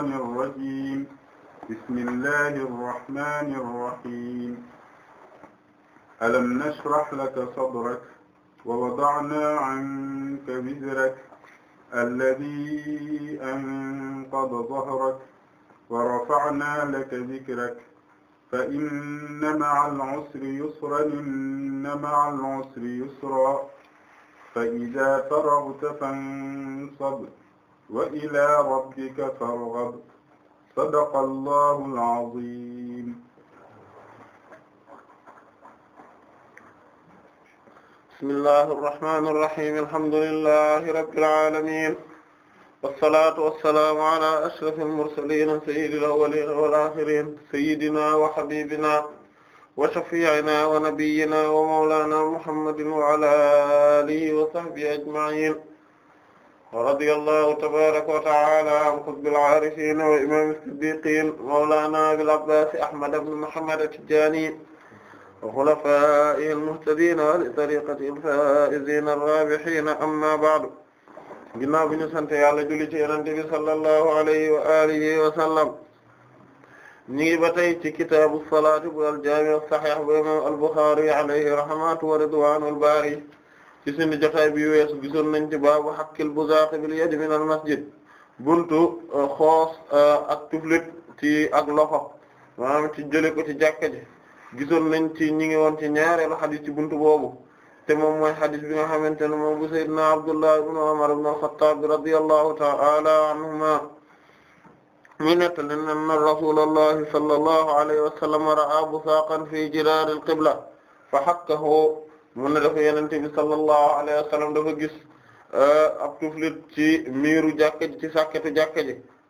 الشيطان الرجيم بسم الله الرحمن الرحيم ألم نشرح لك صدرك ووضعنا عنك وزرك الذي أنقض ظهرك ورفعنا لك ذكرك فإن مع العسر يسرا إن مع العسر يسرا فإذا فرغت فانصب wa ilaa rabbika farghab sadaqa allahu al-azim bismillahi irrahmani irrahim alhamdulillahi rabbil alamin wassalatu wassalaamu ala ashrafi almursalin sayyidil awwalin wal akhirin sayyidina wa habibina wa shafi'ina wa nabiyyina wa mawlana muhammadin wa ala alihi wa sahbihi ajma'in radiyallahu tabaraka wa ta'ala an qutbil aarifin wa imam as-siddiqin mawlana abil abbas ahmad ibn muhammad at-tijani wa khulafa'ihi al-muhtadin wa li tariqatihi al-faa'izin ar-raabihin amma ba'du ginnaaw bi ñu sant yàlla julli ci yonent bi sallallahu alayhi wa alihi wa sallam ñu ngi ba tey ci kitaabu salaat bu al-jaami' as-sahih bu imam al-Bukhari alayhi rahmatu wa ridwaanul baari ci suñu jotaay bi weesu gisoon nañ ci baabu haqqil buzaaq bil yadi min al masjid buntu euh, xoos euh, ak tuflit ci ak loxo maanaam ci jële ci jàkka ji gisoon nañ ci ñi ngi woon ci ñaareelu xadis ci buntu boobu te moom mooy xadis bi nga xamante ne moom bu sayyidina Abdullah ibn Umar ibn al-Khattab radiyallahu ta'ala anhuma mi nettali anna rasulallahi sallallahu alayhi ra'a busaaqan fi jiraar al-qibla fa haqqahu mun na dafa yenente bi sallallahu alayhi wa sallam dafa gis euh, ab tuflit ci miiru jàkka ci sàkketu jàkka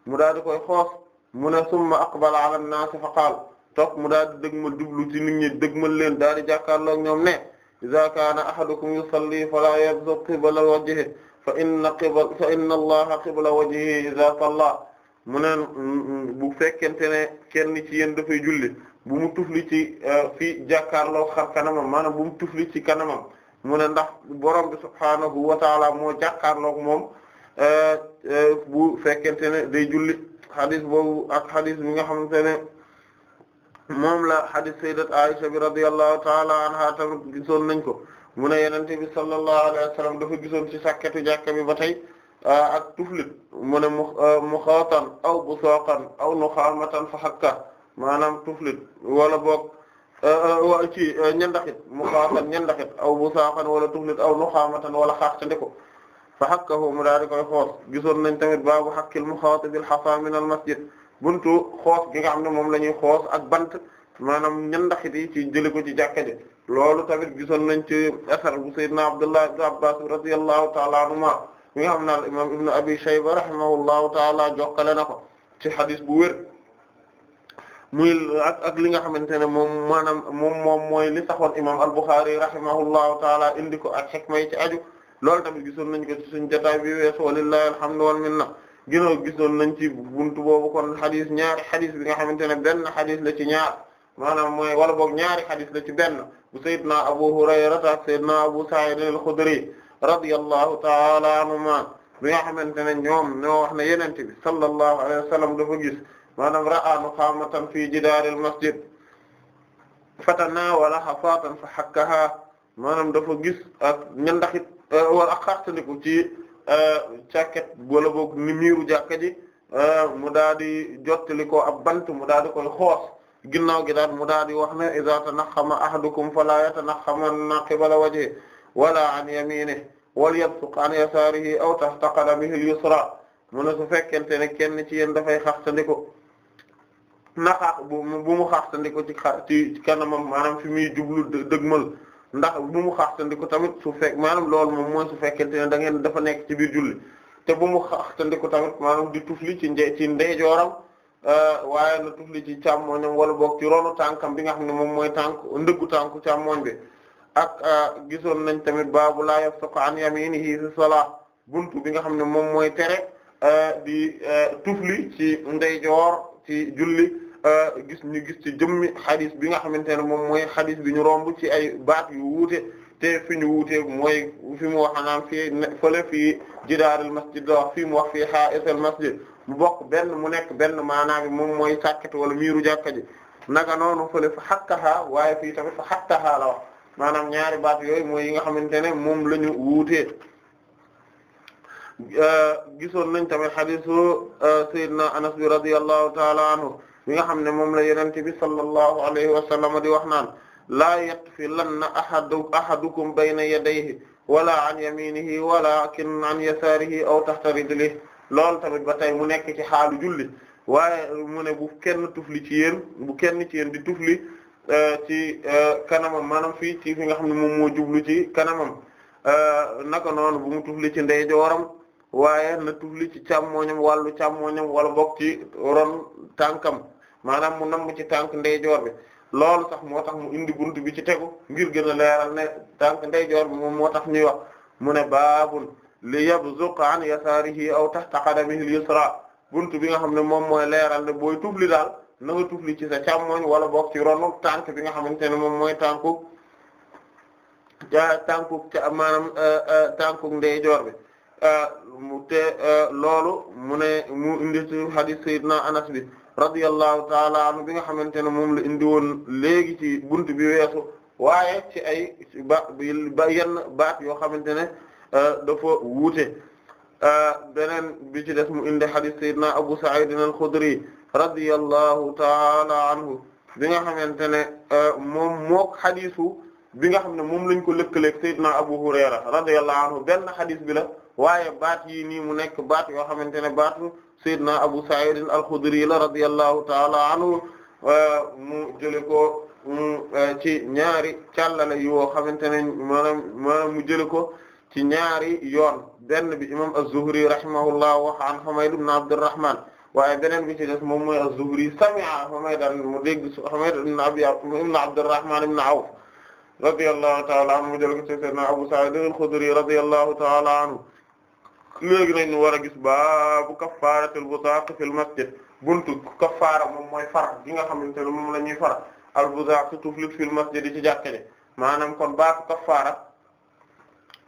mu daal di koy xoos mu ne summa aqbala ala an-nas fa qaal toog mu daal di dëgmal jublu ci nit ñi dëgmal leen daal di jàkkaarloo ñoom ne idha kana ahadukum yusalli fala yabzu qibla wajhihi fa inna qibla fa inna allaha qibla wajhihi idha salla mu ne mm, mm, bu fekkente ne kenn ci yéen dafay julli bu mu tufli ci euh, fi jàkkaarloo xar kanamam maanaam bu mu tufli ci kanamam mu ne ndax borom bi subhaanahu wa taala moo jàkkaarloog moom euh, euh, bu fekkente ne day julli xadis boobu ak xadis bi nga xamante ne moom la xadis sayyidat Aisha bi radiyallahu taala anha tamit gisoon nañ ko mu ne yenente bi sallallahu alayhi wa dafa gisoon ci sàkketu jàkka bi ba tey ak tuflit mu mu muxaatan aw busooqan aw nuxaamatan fa hakka maanaam tuflit wala boog ci euh, euh, euh, ñandaxit mu xaasan ñandaxit aw bu saaxan wala tuflit aw nu xaamatan wala xaaxtandiko fa xakkahu mu daal di koy xoos gisoon nañ tamit baabu xakkil mu xaata bil xasa min al masjid buntu xoos gi nga xam ne moom la ñuy xoos ak bant maanaam ñandaxit yi ci jëli ko ci jàkka ji loolu tamit gisoon nañ ci asar bu sayyidina Abdullah ibn Abbas radiyallahu ta'ala anhuma mi nga xam ne al imam ibnu abi shayba rahimahullahu ta'ala jokkale na ko ci xadis bu muy ak ak li nga xamante ne moom maanaam moom moom mooy li taxoon imam al-Bukhari rahimahullahu taala indi ko ak xekma yi ci aju loolu tamit gisoon nañ ko ci suñu jotaay bi weesu walillahi alhamdu wal minna ginnaaw gisoon nañ ci buntu boobu kon xadis ñaari xadis bi nga xamante ne benn xadis la ci ñaar maanaam mooy wala boog ñaari xadis la ci benn bu sayyidna Abu Hurayra ak sayyidna Abu Sa'id al-Khudri radiyallahu taala anhuma bi nga xamante ne ñoom ñoo wax ne yenente bi sallallahu alayhi wa sallam dafa gis maanaam ra'a nuqaamatan fii jidaaril masjid fatanawala hasaatan fa hakkaha maanaam dafa gis ak euh, wala ak ci euh, càkket wala boog ni miiru jàkka ji euh, mu daa di jottali ko ab bant mu daa di koy xoos ginnaaw gi daal mu daa di wax ne iza tanakhama ahadukum fala yatanakhama qibala wajhi wala an yaminihi wal yabsuq an yasarihi aw tahtaqa bihi al yusra mu ne su fekkente ne kenn ci yéen dafay xartaliku na xaax bu mu xaaxtandiku ci xa ci kanamam maanaam fi muy jublu dëgmal ndax bu mu xaaxtandiku tamit su fekk maanaam loolu moom mooy su te ne da ngeen dafa nekk ci biir julli te bu mu xaaxtandiku tamit maanaam di tufli ci nde ci ndeyjooram euh, waaye na tufli ci càmmoñam wala boog ci ronu tànkam bi nga xam ne moom mooy tànk ndëggu tànku càmmoñ bi ak euh, gisoon nañ tamit baabu laa yafsuqu an yaminihi fi salaat buntu bi nga xam ne moom mooy tere euh, di tufli ci ndeyjoor. ci julli euh, gis ñu gis ci jëmmi xadis bi nga xamante ne moom mooy xadis bi ñu romb ci ay baat yu wuute te fi ñu wuute mooy fi mu wax naan fii fële fii jidaarul masjid la wax fi mu wax fii ha'isul masjid mu bokk benn mu nekk benn maanaam moom mooy sàkket wala miiru jàkka ji naka noonu fële fa haqqaha waaye fii tamit fa haqqaha la wax maanaam ñaari baat yooyu mooy yi nga xamante ne moom lañu ñu gisoon nañ tamit hadisu euh, Seydina Anas bi radiyallahu taala anhu mi nga xam ne moom la yonent bi sallallahu alayhi wa sallam di wax naan laa yatfilanna ahadu ahadukum bayna yadayhi wala an yaminihi walakin an yasarihi aw tahta rijlihi lool tamit ba tey mu nekk ci xaalu julli waaye mu ne bu kenn tufli ci yéen bu kenn ci yéen di tufli euh, ci e kanamam maanaam fii ci fi nga xam ne moom moo jublu ci kanamam naka noonu bu mu tufli ci ndeyjooram waaye na tufli ci càmmooñam wàllu càmmooñam wala bokk ci ron tànkam maanaam mu na ci tànk ndeyjoor bi loolu sax moo tax mu indi bunt bi ci tegu ngir gën a leeral ne tànk ndeyjoor bi moom moo tax mu ne baabun li yabzuq an yasaarihi aw tahta bunt bi nga xam ne moom mooy leeral ne booy tufli daal na nga tufli ci sa càmmooñ wala bokk ci ronu tànk bi nga xamante ne moom mooy tànku tànku maanaam euh, euh, tànku ndeyjoor bi Euh, te euh, loolu mu ne mu indi ci hadis Seydina Anas bi radiyallahu taala anhu bi nga xamante ne moom la indi woon léegi ci buntu bi weesu waaye ci ay ba ba yenn baat yoo xamante ne euh, dafa wuute beneen bi ci des mu indi hadis Seydina Abu Sa'id al-Khudri radiyallahu taala anhu bi nga xamante ne moom mook hadisu bi nga xam ne moom lañ ko lëkkaleeg Seydina Abu Hurayra radiyallahu anhu benn hadis bi la waaye baat yi nii mu nekk baat yoo xamante ne baatu sayyidina Abu Sa'id al-Khudri la radiyallahu ta'ala anhu euh, mu jële ko euh, ci ñaari càllala yoo xamante ne maanaam maanaam mu jële ko ci ñaari yoon benn bi imam az-Zuhri rahimahullah wa an Humayd ibn Abdurrahman waaye beneen bi ci des moom mooy az-Zuhri sami'a Humayd mu dégg Humayd ibn Abi ibn Abdurrahman ibn Awf radiyallahu ta'ala anhu mu jële ko ci sayyidina Abu Sa'id al-Khudri radiyallahu ta'ala anhu léegi nañ war a gis baabu kaffaratul busaaq fil masjid buntu kaffaara moom mooy far gi nga xamante ne moom la ñuy far al busaaq tuflit fil di ci jàkka ji maanaam kon baabu kaffaara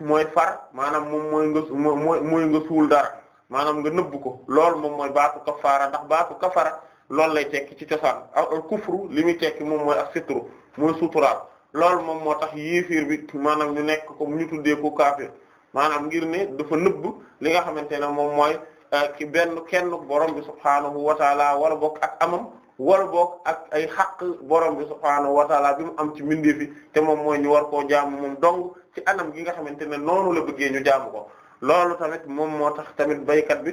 mooy far maanaam moom mooy nga mooy mooy nga suul dara maanaam nga nëbbu ko loolu moom mooy baatu kafaara ndax baatu kafaara loolu lay tekki ci cosaan al kufru li muy tekki moom mooy ak sitru mooy suturaal lool moom moo tax yéefiir bi maanaam ñu nekk ko ñu tuddee ko kaafir maanaam ngir ne dafa nëbb li nga xamante ne moom mooy euh, ki benn kenn borom bi subhaanahu wa taala book ak amam war book ak ay xaq borom bi subhaanahu wa bi mu am ci mbindeef yi te moom mooy ñu war koo jaamu moom dong ci anam gi nga xamante ne noonu la bëggee ñu jaamu ko loolu tamit moom moo tax tamit baykat bi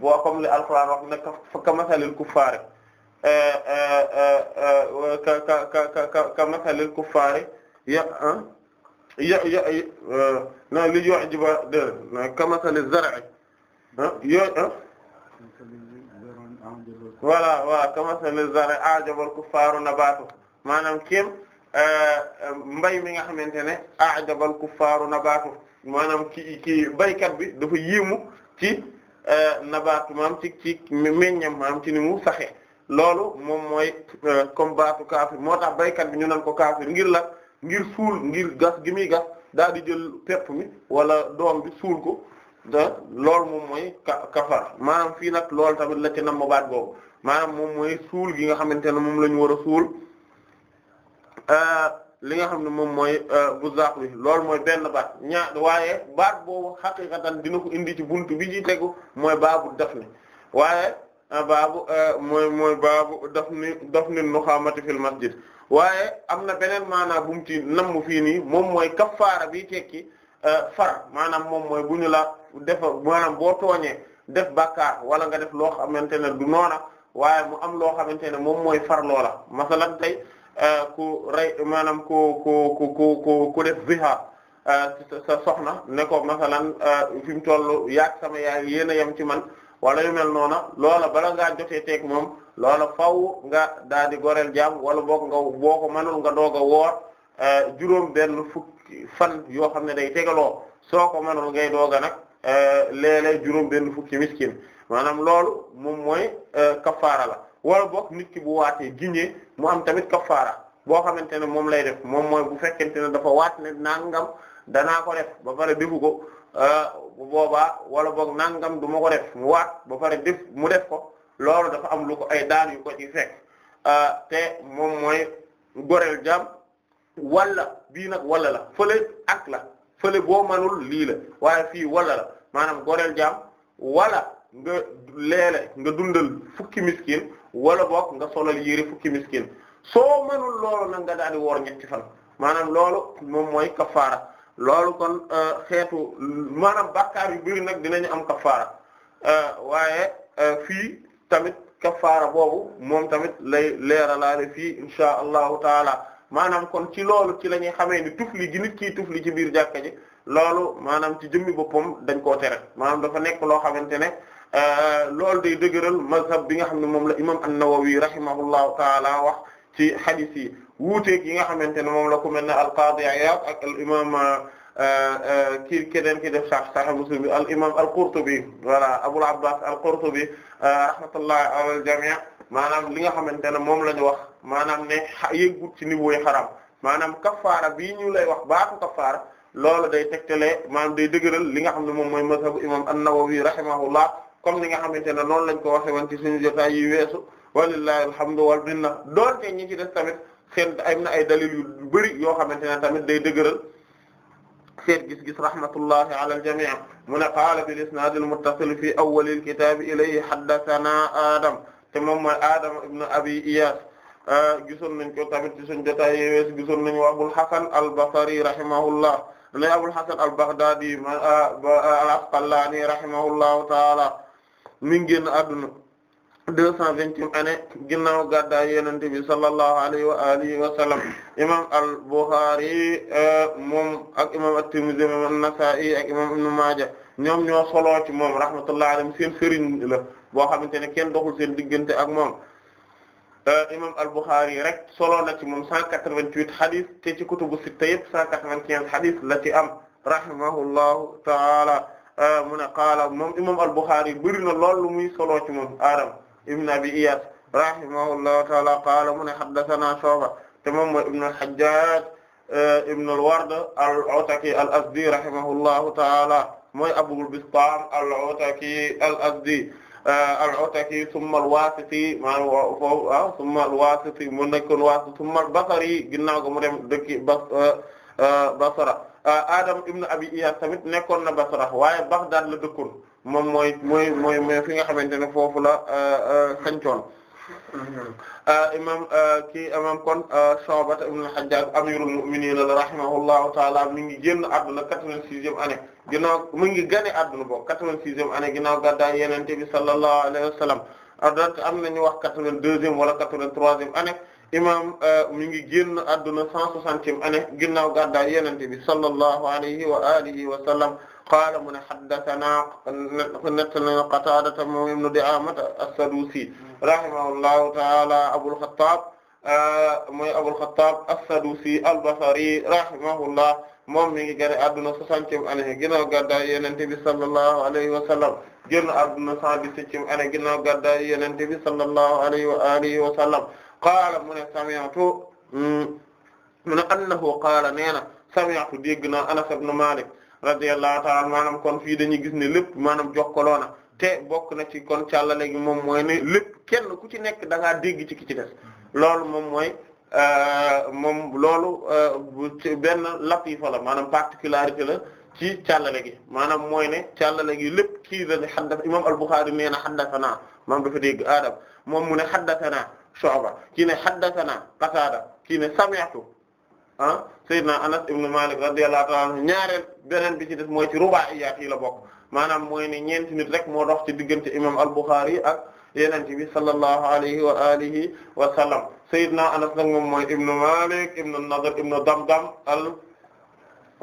boo comme li alxuraan wax ne fa ka masalil kuffaari euh, euh, ka ka ka ya ya na euh, li yu'jiba de kamasali zar'i ah, yo ah. voilà voilà kamasali zar'i ajabal kuffaaru nabaatu maanaam kéem euh, mbay mi nga xamante ne ajabal kuffaaru nabaatu maanaam ki ki baykat bi dafa yéemu ci euh, nabaatu maam ci ci meññam maam ci ni mu saxe loolu moom mooy comme baatu kaafir moo tax baykat bi ñu nan ko kaafir ngir la ngir suul ngir gas gi muy gas daal di jël pepp mi wala doom bi suul ko da loolu moom mooy kafar maanaam fii nag lool tamit la ci nam ma baat boobu maanaam moom mooy suul gi nga xamante ne moom la war a suul euh, li nga xam ne moom mooy euh, bu zaax bi loolu mooy benn baat ñaar waaye baat boobu xaqiqatan dina ko indi ci buntu bi ci tegu mooy baabu dafni waaye euh, baabu mooy mooy baabu dafni dafni nuxaamati fil masjid waaye am na beneen maanaam bu mu ci namm fii nii moom mooy kaffaara bi tekki euh, far maanaam moom mooy bu ñu la defa maanaam boo tooñee def baka wala nga def loo xamante ne du noona waaye mu am loo xamante ne moom mooy far loola masalan tey euh, ku rey maanaam ku ku ku ku ku def ziha euh, sa soxna ne ko masalan fi mu toll yaag sama yaay yéen a yem ci man wala yu mel noona loola bala ngaa jotee teeg moom loola faw nga daal di goreel jaam wala boog nga boo ko mënul nga doog a woor eh, juróom benn fukki fan yoo xam ne day tegaloo soo ko mënul ngay doog a nag eh, léeg-léeg juróom benn fukki miskin maanaam loolu moom mooy eh, kafaara la wala boog nit ki bu waatee giñee mu am tamit kafaara boo xamante ne moom lay def moom mooy bu fekkente ne dafa waat ne nangam danaa ko def ba pare defu ko bu boobaa wala boog nangam du ma ko def mu waat ba pare def mu def ko loolu dafa am lu ko ay daan yu ko ci fekk ah, te moom mooy goreel jàmm walla bii nag walla la fële ak la fële boo manul lii la waaye fii walla la maanaam goreel jàmm walla nga leele nga dundal fukki miskin walla boog nga solal yére fukki miskin soo manul loolu nag nga daal woor ñetti fan maanaam loolu moom mooy kafaara loolu kon ah, xeetu maanaam bàkkaar yu bari nag dinañu am kafaara ah, waaye fii tamit kafaara boobu moom tamit lay leeralaale fii insha allahu taala maanaam kon ci loolu ci la ñuy xamee ni tufli gi nit kii tufli ci biir jàkka ji loolu maanaam ci jëmmi boppam dañ koo tere maanaam dafa nekk loo xamante ne euh, loolu day dëgëral mazhab bi nga xam ne moom la imam an-Nawawi rahimahullahu taala wax ci hadith yi wuuteeg yi nga xamante ne moom la ku mel ne al-Qadi Iyad ak al imam euh, Euh, euh, ki keneen ki def sax Sahih Muslim bi al imam al-Qurtubi voilà Abul Abbas al-Qurtubi euh, rahmatullahi ala al a maanaam li nga xamante ne moom la ñu wax maanaam ne yëggut ci niveau yi xaram maanaam kafaara bii ñu lay wax baatu kafaara loolu day tegtale maanaam day dëgëral li nga xam ne moom mooy mazhabu imam an-Nawawi rahimahullah comme ni nga xamante ne noonu lañ ko waxe woon ci suñu jotaay yi weesu walillahi alhamdu wal minna doonte ñi ci des tamit seen ay na ay dalil yu bëri yoo xamante ne tamit day dëgëral seen gis-gis rahmatullahi ala al-jamii' mu ne qaala bil-isnaad al-muttasil fii awwal al-kitaab ilayhi haddathanaa Adam te moom mooy Adam ibn Abi Iyaas ah, gisoon nañ ko tamit ci suñu jotaay yi wees gisoon nañu Abul Hasan al-Basri rahimahullah ne Abul Hasan al-Baghdadi ah, ah, al-Asqalaani rahimahullahu ta'aala mi ngi génn àdduna deux cent vingtième année ginnaaw gàddaay yonent bi sallallahu alayhi wa alihi wa sallam imam al-Bukhari euh, moom ak imam at-Tirmidhi imam an-Nasa'i ak imam Ibn Maaja ñoom ñoo soloo ci moom rahmatullahi alayhim seen sëriñ la boo xamante ne kenn doxul seen diggante ak moom euh, imam al-Bukhari rek soloo na ci moom cent quatre-vingt-huit hadith te kutubu sitta yépp cent quatre-vingt-quinze hadith la ci am rahimahullahu ta'ala euh, mu ne qaala moom imam al-Bukhari bëri na lool lu muy soloo ci ibn abi iyas rahimahullahu taala qaala mu ne haddathana shu'ba te moom mooy ibn al-hajjaj eh, ibn al-ward al-utaki al-asdi rahimahullahu taala mooy abul bistam al-utaki al-asdi eh, al-Utaki thumma al-Wasiti maanaam waa foofu ah thumma al-Wasiti mu nekkoon Wasiti thumma al-Basri ginnaaw ga mu dem dëkk Bas eh, Basra Adam ibn Abi Iyas tamit nekkoon na Basra waaye Baghdad la dëkkoon moom mooy mooy mooy mooy fi nga xamante ne foofu la sancoon euh, euh, mm-hmm. euh, imam kii imam kon Shu'bata ibn al-Hajjaj amirul mu'minin la rahimahullahu taala mi ngi génn àdduna quatre-vingt-sixième année ginnaaw mi ngi gane àdduna boobu quatre-vingt-sixième année ginnaaw gàddaay Yonent bi sallallahu alayhi wa sallam donc am nañu wax quatre-vingt-deuxième wala quatre-vingt-troisième année imam mi ngi génn àdduna cent soixantième année ginnaaw gàddaay Yonent bi sallallahu alayhi wa alihi wa sallam qaala mu ne haddathanaa nettana Qataadata moom ibnu Di'aamata as-Sadusi rahimahullahu ta'ala Abul Khattaab mooy Abul Khattaab as-Sadusi al-Basri rahimahullah moom mi ngi génn adduna soixantième année ginnaaw gàddaay Yonent bi sallallahu alayhi wa sallam génn adduna cent dix-septième année ginnaaw gàddaay Yonent bi sallallahu alayhi wa alihi wa sallam qaala mu ne sami'tu mm, mu ne annahu qaala nee na sami'tu dégg naa Anas ibn Malik radiyallahu ta'ala maanaam kon fii dañuy gis ne lépp maanaam jokkaloo na te bokk na ci kon càllale gi moom mooy ne lépp kenn ku ci nekk da dégg ci ki ci des loolu moom mooy euh, moom loolu euh, benn latifa la maanaam particularité la ci càllale gi maanaam mooy ne càllale gi lépp kii la ne xaddas imam al-Bukhari nee na xaddasanaa maam dafa dégg Adam moom mu ne xaddasanaa Shu'ba kii ne xaddasanaa Qataada kii ne sami'tu ah Seydina Anas ibn Malik radiyallahu ta'ala anhu ñaareel beneen bi ci des mooy ci rubaa'iyaat yi la bokk maanaam mooy ne ñeenti nit rek moo dox ci diggante imam al-Bukhari ak Yonent bi sallallahu alayhi wa alihi wa sallam Seydina Anas nag moom mooy ibn Malik ibn an-Nadr ibn Damdam al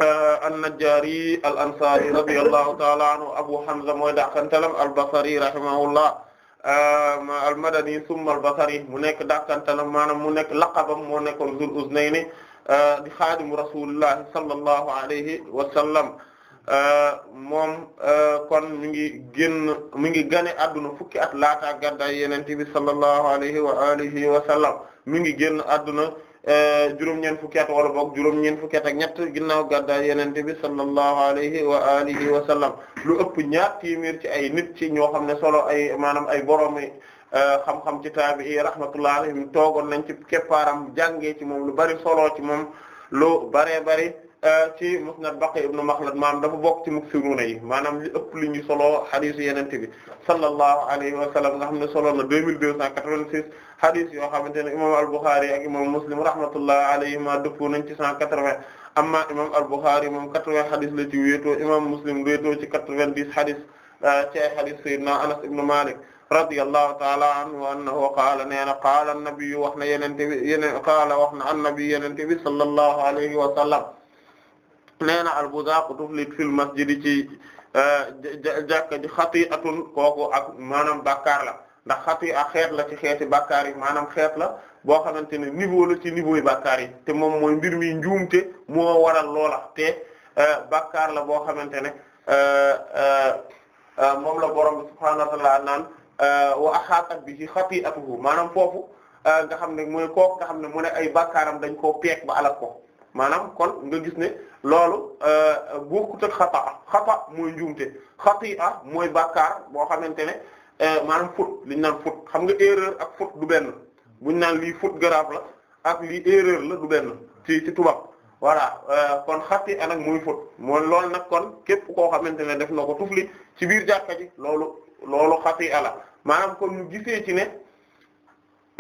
euh, an-Najjari al-Ansari radiyallahu ta'ala anhu Abu Hamza mooy dàqantalam al-Basri rahimahullah euh, al-Madani summa al-Basri mu nekk dàqantalam maanaam mu nekk laqabam moo nekkoon Zul Uznayni di xaadimu rasulillahi sallallahu alayhi wa sallam moom kon mu ngi génn mu ngi gane adduna fukki at laata gàddaay yonent bi sallallahu alayhi wa alihi wa sallam mi ngi génn adduna euh, juróom-ñeent fukki at wala boog juróom-ñeent fukki at ak ñett ginnaaw gàddaay yonent bi sallallahu alayhi wa alihi wa lu ëpp ñaar téeméer ci ay nit ci ñoo xam ne solo ay maanaam ay boroom Euh, xam-xam ci taabi'i rahmatullahi alayhim toogoon nañ ci keppaaram jàngee ci moom lu bari solo ci moom lu bare bari euh, ci musnad Baqi ibn Makhlad maanaam dafa bokk ci muksiruuna yi maanaam li ëpp li ñu solo xadisu yenente bi sallallahu alayhi xam ne solo na deux mille deux cent quatre xadis yoo xamante ne imam al-Bukhari ak imam Muslim rahmatullahi alayhima dëppoo nañ ci cent quatre-vingts amma imam al-Bukhari moom quatre-vingts xadis la ci wéetoo imam Muslim wéetoo ci quatre-vingt-dix xadis euh, ci ay xadis sayyidina Anas ibn Malik radiyallahu ta'ala anhu annahu qaala nee na qaala annabiyyu wax na yenente bi yeneen qaala wax na annabi yenente bi sallallahu alayhi wa sallam nee na albuzaaq tuflit fil masjidi ci e, jàkka ji xati'atun kooku ak maanaam bàkkaar la ndax xati'a xeet la ci xeeti bàkkaar yi maanaam xeet la boo xamante ne niveau la ci niveau yi bàkkaar yi te moom mooy mbir mi njuumte moo waral loola te e, bàkkaar la boo xamante ne e, moom la borom subhaanahu wa ta'aala naan wa ahaatat bihi xati'atuhu maanaam foofu euh, nga xam ne mooy kooku nga xam ne mu ne ay bàkkaaram dañ koo peek ba alak ko maanaam kon nga gis ne loolu euh, bokkut ak xata xata mooy njuumte xati'a mooy bàkkaar boo xamante ne euh, maanaam fut li ñu naan fut xam nga erreur ak fut du benn bu ñu naan lii fut grave la ak lii erreur la du benn ci ci tubaab voilà kon xati'a nag muy fut mooy loolu nag kon képp koo xamante ne def na ko tufli ci biir jàkka ji loolu loolu xati'a la maanaam kon mu gisee ci ne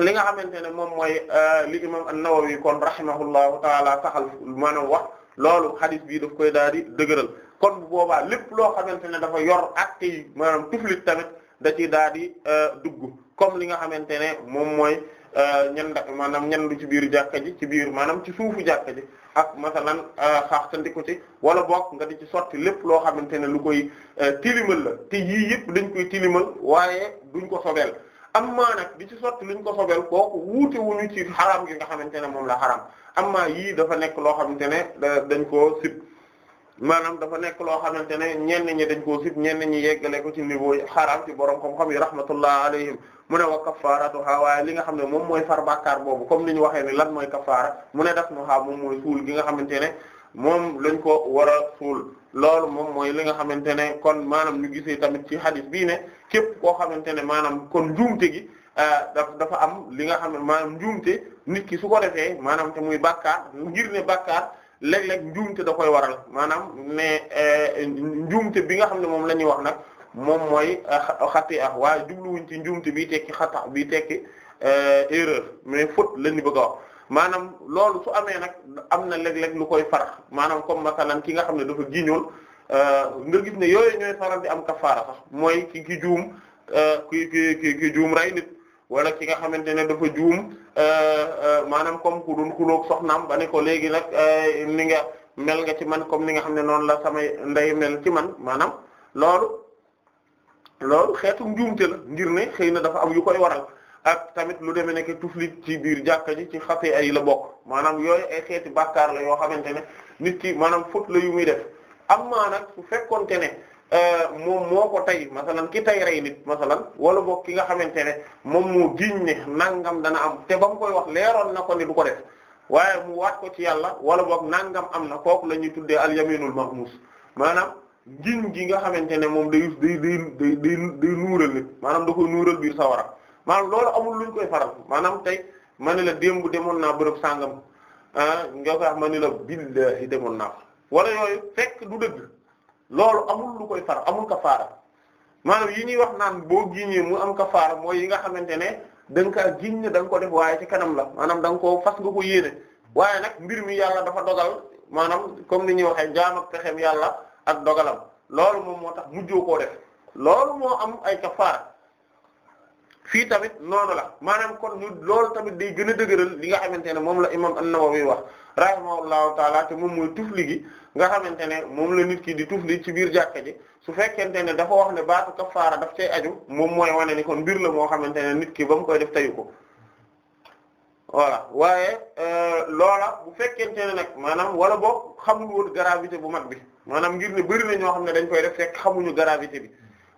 li nga xamante ne moom mooy euh, li imam an-Nawawi kon rahimahullahu taala saxal maanaam wax loolu hadith bii daf koy daal di dëgëral kon bu boobaa lépp loo xamante ne dafa yor acte yi maanaam tuflit tamit da ci daal di euh, dugg comme li nga xamante ne moom mooy Euh, ñanda maanaam ñandu ci biir jàkka ji ci biir maanaam ci suufu jàkka ji ak masalan euh, xaaxtandiku ci wala bokk nga di ci sotti lépp loo xamante ne lu koy euh, tilimal la te yii yëpp dañ koy tilimal waaye duñ ko sobeel amma nag di ci sotti luñ ko sobeel kooku wuute wuñu ci xaraam gi nga xamante ne moom la xaram amma yii dafa nekk loo xamante ne dañ koo sib maanaam dafa nekk loo xamante ne ñenn ñi dañ koo sib ñenn ñi yeggale ko ci niveau xaraam ci borom xam-xam yi rahmatullah alayhim mu ne wa kafaratuha waaye li nga xam ne moom mooy far bàkkaar boobu comme ni ñu waxee ne lan mooy kafaara mu ne daf nuhaa moom mooy suul gi nga xamante ne moom lañ ko war a suul loolu moom mooy li nga xamante ne kon maanaam ñu gisee tamit ci hadith bii ne képp koo xamante ne maanaam kon njuumte gi euh, daf dafa am li nga xam ne maanaam njuumte nit ki su ko defee maanaam te muy bàkkaar ngir ne bàkkaar léeg-léeg njuumte da koy waral maanaam mais eh, njuumte bi nga xam ne moom la ñuy wax nag moom mooy eh, xati ah waaye jubluwuñ ci njuumte bi tekki xata bi tekki eh, erreur mais faute la ñu bëgg a maanaam loolu su amee nag am na léeg-léeg lu koy farax maanaam comme masalan ki nga xam ne dafa giñool nga gis ne yooyu ñooy faral di am kafaara sax mooy ki ki juum ki ki ki ki juum rey nit wala ki nga xamante ne dafa juum euh, euh, maanaam comme ku doon xulóog soxnaam ba ne ko léegi nag euh, ni nga mel nga ci man comme ni nga xam ne noonu la samay ndey mel ci man maanaam loolu loolu xeetu njuumte la ngir ne xëy na dafa am yu koy waral ak tamit lu demee nekk tuflit ci biir jàkka ji ci xasee ay la bokk maanaam yooyu ay xeeti bàkkaar la yoo xamante ne nit ki maanaam faute la yu muy def am maa nag su fekkonte ne Euh, moom moo ko tay masalan ki tay rey nit masalan wala boog ki nga xamante ne moom moo giñ ne nangam dana am te ba mu koy wax leeroon na ko ni du ko def waaye mu waat ko ci yàlla wala boog nangam am na kooku la ñuy tuddee alyaminul mahmus maanaam giñ gii nga xamante ne moom day day day day day nuural nit maanaam da koy nuural biir sawara maanaam loolu amul luñ koy faral maanaam tey ma ne la démb demoon naa bërëb sàngam ah nga ko wax la billahi demoon naa wala yooyu loolu amul lu koy far amul kafaara maanaam yi ñuy wax naan boo giñee mu am kafaara mooy yi nga xamante ne da nga kaa giñ ne da nga ko def waaye ci kanam la maanaam da nga koo fas nga ko yéene waaye nag mbir mi yàlla dafa dogal maanaam comme ni ñuy waxee jaam ak yàlla ak dogalam loolu moom moo tax mujjoo koo def loolu moo am ay kafaara fii tamit noonu la maanaam kon loolu tamit day gën a dëgëral li nga xamante ne moom la imam an-Nawawi wax rahimahullahu taala te moom mooy tufli gi nga xamante ne moom la nit ki di tufli ci biir jàkka ji su fekkente ne dafa wax ne baatu kafaara daf cay aju moom mooy wane ni kon mbir moo xamante ne nit ki ba koy def tayu ko voilà euh, loola bu fekkente ne nag maanaam wala boog xamul woon gravité bu mag bi maanaam ngir ne bëri na ñoo xam ne dañ koy def fekk xamuñu gravité bi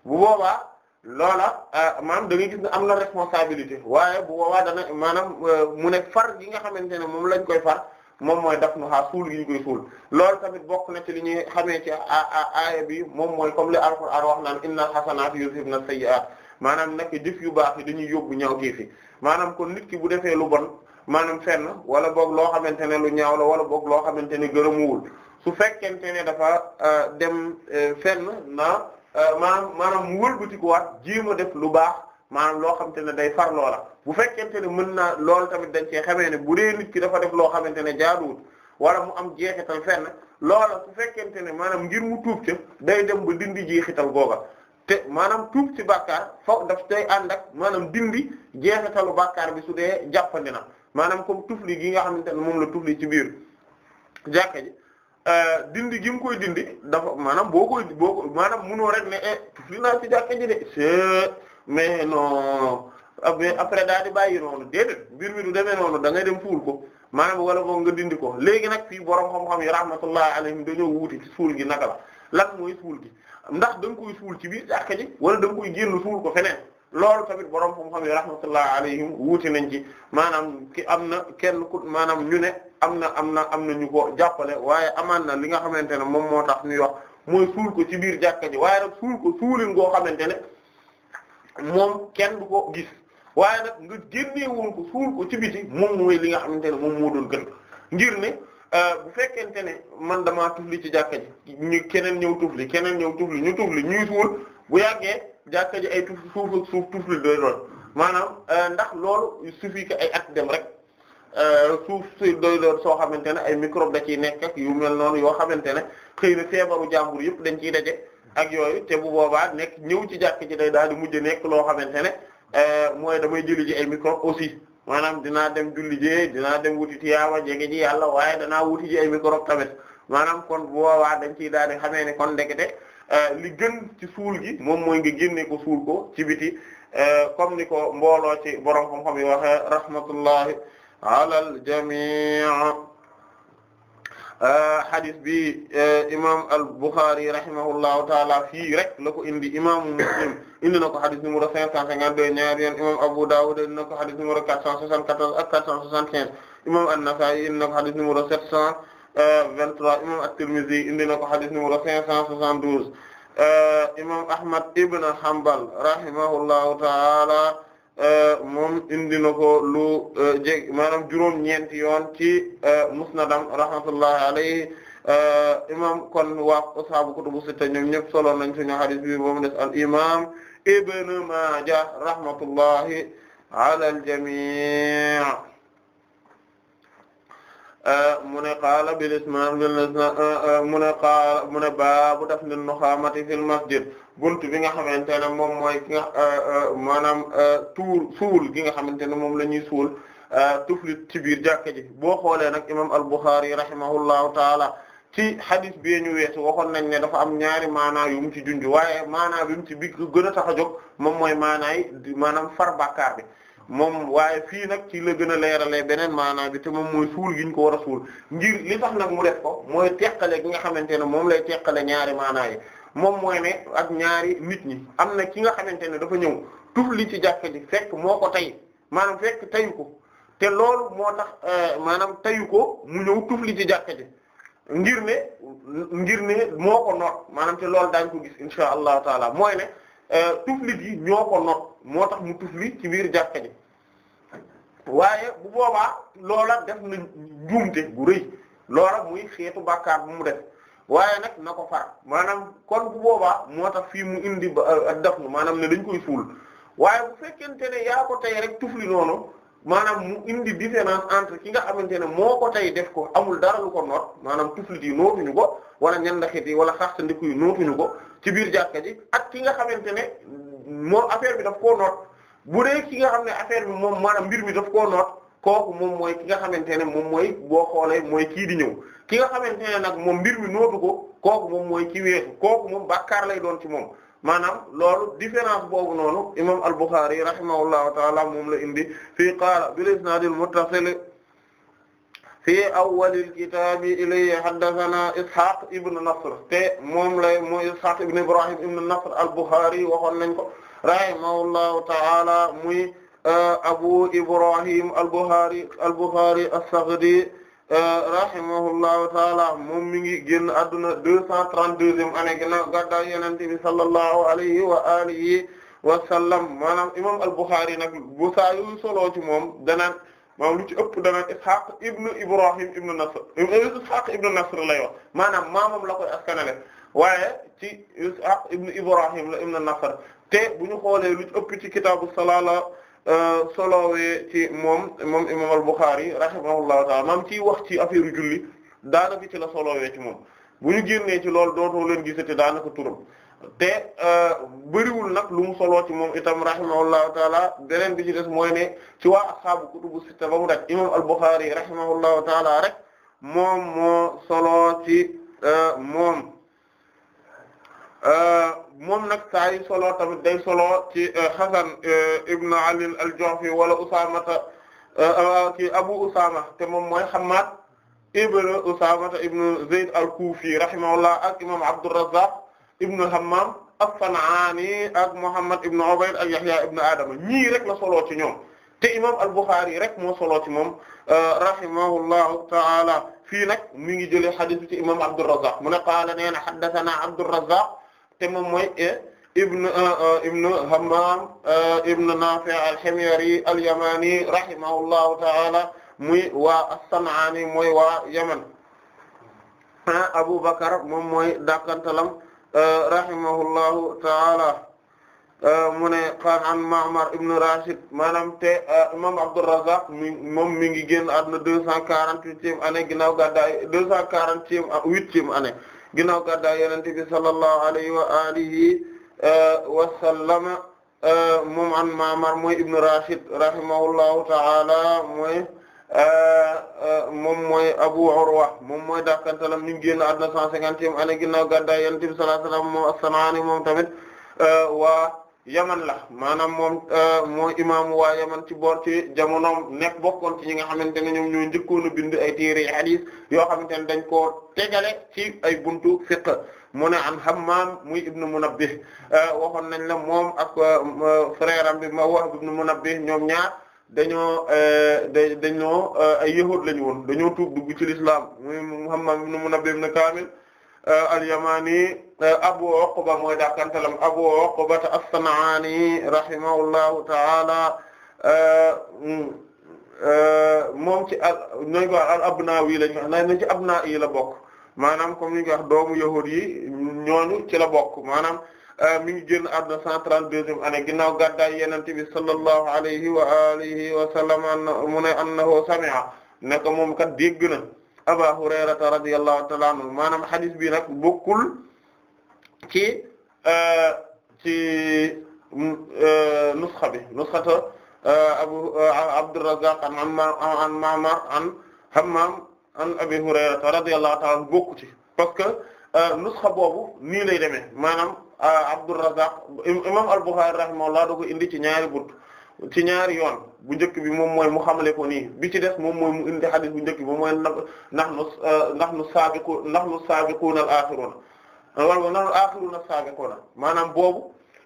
bu boobaa loola euh, maanaam da ngay gis ne am na responsabilité waaye bu boobaa dana maanaam euh, mu ne far gi nga xamante ne moom lañ koy far moom mooy daf nu xaa suul gi ñu koy suul loolu tamit bokk na ci li ñuy xamee ci aaya bi moom mooy comme li alquran wax naan innal xasanaati yuzhibna sayyi'aat maanaam nag jëf yu baax yi dañuy yóbbu ñaaw kii fi maanaam kon nit ki bu defee lu bon maanaam fenn wala boog loo xamante ne lu ñaaw la wala boog loo xamante ne gërëmuwul su fekkente ne dafa euh, dem euh, fenn na euh, maanaam maanaam mu wëlbatikuwaat jéem a def lu baax maanaam loo xamante ne day far loola bu fekkente ne mën naa loolu tamit dañ cee xamee ne bu dee nit ki dafa def loo xamante ne jaaduwul wala mu am jeexital fenn loola bu fekkente ne maanaam ngir mu tuub day dem ba dindi jeexital googa te maanaam tuub ci bàkkaar foofu daf day ànd ak maanaam dindi jeexitalu bàkkaar bi su dee jàppandi na maanaam comme tufli gi nga xam xamante ne moom la tufli ci biir jàkka ji euh, dindi gi koy dindi dafa maanaam boo koy boo maanaam munoo rek ne eh, tufli naa ci jàkka de c'est mais non ah, après daal di bàyyi noonu déedéet mbir mi du demee noonu da ngay dem fuul ko maanaam wala boog nga dindi ko léegi nag fii borom xam-xam yi rahmatullahi alayhim dañoo wuute ci suul gi naka la lan mooy suul gi ndax da nga koy suul ci biir jàkka ji wala da nga koy génn suul ko feneen loolu tamit borom xam-xam yi rahmatullahi alayhim wuute nañ ci maanaam ki am na kenn ku maanaam ñu ne am na am na am na ñu ko jàppale waaye amaan na li nga xamante ne moom moo tax ñuy wax mooy suul ko ci biir jàkka ji waaye nag suul ko suulin goo xamante ne. moom kenn du ko gis waaye nag nga génneewul ko suul ko ci biti moom mooy li nga xamante ne moom moo doon gën ngir ne euh, bu fekkente ne man damaa tufli ci jàkka keneen ñëw tufli keneen ñëw tufli ñu tufli ñuy suul bu yàggee jàkka ji ay tuf suuf ak suuf tufli maanaam euh, ndax loolu il suffit ay at dem rek euh, suuf si doy doon soo xamante ne ay microbe da ciy nekk ak yu mel noonu yoo xamante ne xëy na feebaru jàmbur yëpp dañ ciy daje. ak yooyu te bu boobaa nekk ñëw ci jàkk ci day daal di mujj nekk loo xamante ne euh, mooy damay julli ji ay microbe aussi maanaam dinaa dem julli ji dinaa dem wuti tiyaaba jege ji yàlla waaye danaa wuti ji ay microbe tamit maanaam kon bu boobaa dañ ciy daal di xamee ne kon ndekete euh, li gën ci suul gi moom mooy nga génne ko suul ko ci biti euh, comme ni ko mbooloo ci borom xam-xam yi waxe rahmatullahi ala al Euh, hadis bi euh, imam al-Bukhari rahimahullahu taala fii rek la ko indi imaamu Muslim indi na ko hadis numéro 552 ñaari yoon imam Abu Dawud indi na ko hadis numéro 474 ak 475 imam an-Nasa'i indi na ko hadis numéro 723 imam at-Tirmidhi indi na ko hadis numéro 572 euh, imam Ahmad ibn Hanbal rahimahullahu taala Euh, moom indi na ko lu euh, jég maanaam juróom ñeenti yoon ci euh, musnadam rahmatullahi alayhi imam kon waa ashaabu kutubu sitta ñoom ñëpp solo nañ suñu hadis bi moom des al imam ibn Maaja rahmatullahi ala al mu ne qaala bil isnad mu ne qaala mu ne baabu dafni nuxaamati fil masjid buntu bi nga xamante ne moom mooy ki nga maanaam tuur suul gi nga xamante ne moom la ñuy suul tuflit ci biir jàkka ji boo xoolee nag imam al-Bukhari rahimahullahu taala ci hadith bi ñu weesu waxoon nañ ne dafa am ñaari maanaa yu mu ci junj waaye maanaa bi mu ci bi gën a tax a jóg moom mooy maanaay maanaam far bàkkaar bi moom waaye fii nag ci la gën a leeralee beneen maanaam bi te moom mooy suul gi ñu ko war a suul ngir li tax nag mu def ko mooy teqale gi nga xamante ne moom lay teqale ñaari maanaa yi moom mooy ne ak ñaari nit ñi am na ki nga xamante ne dafa ñëw tuf li ci jàkka ji fekk moo ko tey maanaam fekk tayu ko te loolu moo tax euh, maanaam tayu ko mu ñëw tuf ci jàkka ji ngir ne ngir ne moo ko noot maanaam te loolu daañ ko gis insha allah taala mooy ne euh, tuflit yi ñoo ko noot moo tax mu tufli ci biir jàkka ji waaye bu boobaa loola def na njuumte gu rëy loola muy xeetu bàkkaar bu mu def waaye nag na ko far maanaam kon bu boobaa moo tax fii mu indi ba euh, ak dafnu maanaam ne dañ koy suul waaye bu fekkente ne yaa ko tey rek tufli noonu maanaam mu indi différence entre ki nga xamante ne moo ko tey def ko amul dara lu ko noot maanaam tuflit yi nootuñu ko wala ñandaxit yi wala xarsandiku yi nootuñu ko ci biir jàkka ji ak ki nga xamante ne moo affaire bi daf ko noot bu dee ki nga xam ne affaire bi moom maanaam mbir mi daf koo noot kooku moom mooy ki nga xamante ne moom mooy boo xoolee mooy kii di ñëw ki nga xam ne nag moom mbir mi nootu ko kooku moom mooy ki weesu kooku moom bàkkaar lay doon ci moom maanaam loolu différence boobu noonu imam al-Bukhari rahimahullahu taala moom la indi fii qaala bil isnaadil muttasil fii awwalil kitaabi ilayhi haddathana Ishaq ibn Nasr te moom lay mooy Ishaq ibn Ibrahim ibn Nasr al-Bukhari waxoon nañ ko rahimahullahu ta'ala muy uh, Abu Ibrahim al-Bukhari al-Bukhari as-Saghdi uh, rahimahullahu ta'ala moom mi ngi génn adduna deux cent trente-deuxième année ginnaaw gàddaay Yonent bi sallallahu alayhi wa alihi wa sallam maanaam imam al-Bukhari nag bu saa yu solo ci moom danaan maanaam lu ci ëpp danaan Ishaq ibn Ibrahim ibn Nasr Ishaq ibn Nasr lay wax maanaam maamam la koy askanale waaye ci Ishaq ibn Ibrahim la ibn Nasr te bu ñu xoolee lu ëpp ci kitaabu salaa la euh, solowee ci moom moom imaam al-Bukhari rahimahullahu maam ciy wax ci affaire julli daanaka ci la solowee ci moom bu ñu génnee ci loolu dootoo leen gisati daanaka turam te euh, bëriwul nag lu mu soloo ci moom itam rahimahullahu taala beneen bi ci des mooy ne ci waa ashaabu kutubu sitta ba mu daj imaam al-Bukhari rahimahullahu rek moom moo soloo ci euh, moom moom nag saa yu solo tamit day solo ci euh, Hasan euh, ibn Ali al-Ju'fi wala Usaamata euh, ki Abu Usaama te moom mooy Hammaad ibn Usaamata ibn Zayd al-Kufi rahimahullah ak imam Abdurrazzaq ibn Hammam as-San'aani ak Muhammad ibn Ubayd ak Yahya ibn Adama ñii rek la solo ci ñoom te imam al-Bukhari rek moo solo ci moom rahimahullahu ta'ala fii nag mi ngi jëlee hadith ci imam Abdurrazzaq mu ne qaala nee na haddathana Abdurrazzaq te moom mooy e, e, e, ibn Hammam ibn Nafi' al-Himyari al-Yamani rahimahullahu ta'ala muy waa as-San'ani mooy wa Yaman Abu Bakr moom mooy dakantalam rahimahullahu ta'ala mu ne xan an Ma'mar ibn Rashid maanaam te imam Abdurrazzaq mi moom mi ngi génn àdduna deux cent quarante-huitième année ginnaaw gàddaay deux cent quarante-huitième année ginnaaw gàddaa yonent bi sallallahu alayhi wa alihi eh, wa sallam eh, moom an Ma'mar mooy ibnu Rashid rahimahullahu ta'ala mooy eh, moom mooy Abu Urwa moom mooy dàkantalam ñu ngi génn àdduna cent cinquantième année ginnaaw gàddaa yonent bi sallallahu sallam moom as-San'aani moom tamit waa yaman la maanaam moom euh, mooy imaamu waa yaman ci boor ci jamonoom nekk bokkoon ci ñi nga xamante ne ñoom ñoo njëkkoon a bind ay téere hadith yoo xamante ne dañ koo tegale ci ay buntu fiqh mu ne an Hammam muy ibnu Munabbih euh, waxoon nañ la moom ak euh, frère am bi ma wax ibnu Munabbih ñoom ñaar dañoo dañoo ay yahuud lañu woon dañoo tuub dugg ci l'islam muy Hammam ibnu Munabbih ibnu Kaamil Euh, al-Yamani euh, Abu Uqba mooy dàqantalam Abu Uqba as-San'ani rahimahullahu ta'ala euh, mm, moom ci nañ ko al-Abnawi lañ wax ci abna yi la bokk maanaam comme ni ñu ko wax doomu yahuud yi ñooñu ci la bokk maanaam mi ngi génn àdduna 132e année ginnaaw gàddaay Yonent bi sallallahu alayhi wa alihi wa sallam mu ne annahu sami'a ne ko moom kat dégg Aba Hurayrata radiyallahu ta'ala anhu maanaam hadith bi nag bokkul ci euh, euh, nusxa bi nusxata euh, Abu Abdurrazzaq an an Ma'mar Hurayrata radiyallahu ta'ala anhu bokku parce que nusxa boobu nii lay demee maanaam Abdurrazzaq imam Al-Bukhari rahimahullah da ko indi ci ñaari bunt ci ñaari yoon bu njëkk bi moom mooy mu xamle ko nii bi ci des moom mooy mu indi xadis bu njëkk bi moom mooy nahnu euh, nahnu saabiqu nahnu saabiquuna al axiruna wala nahnu al axiruna saabiquuna maanaam boobu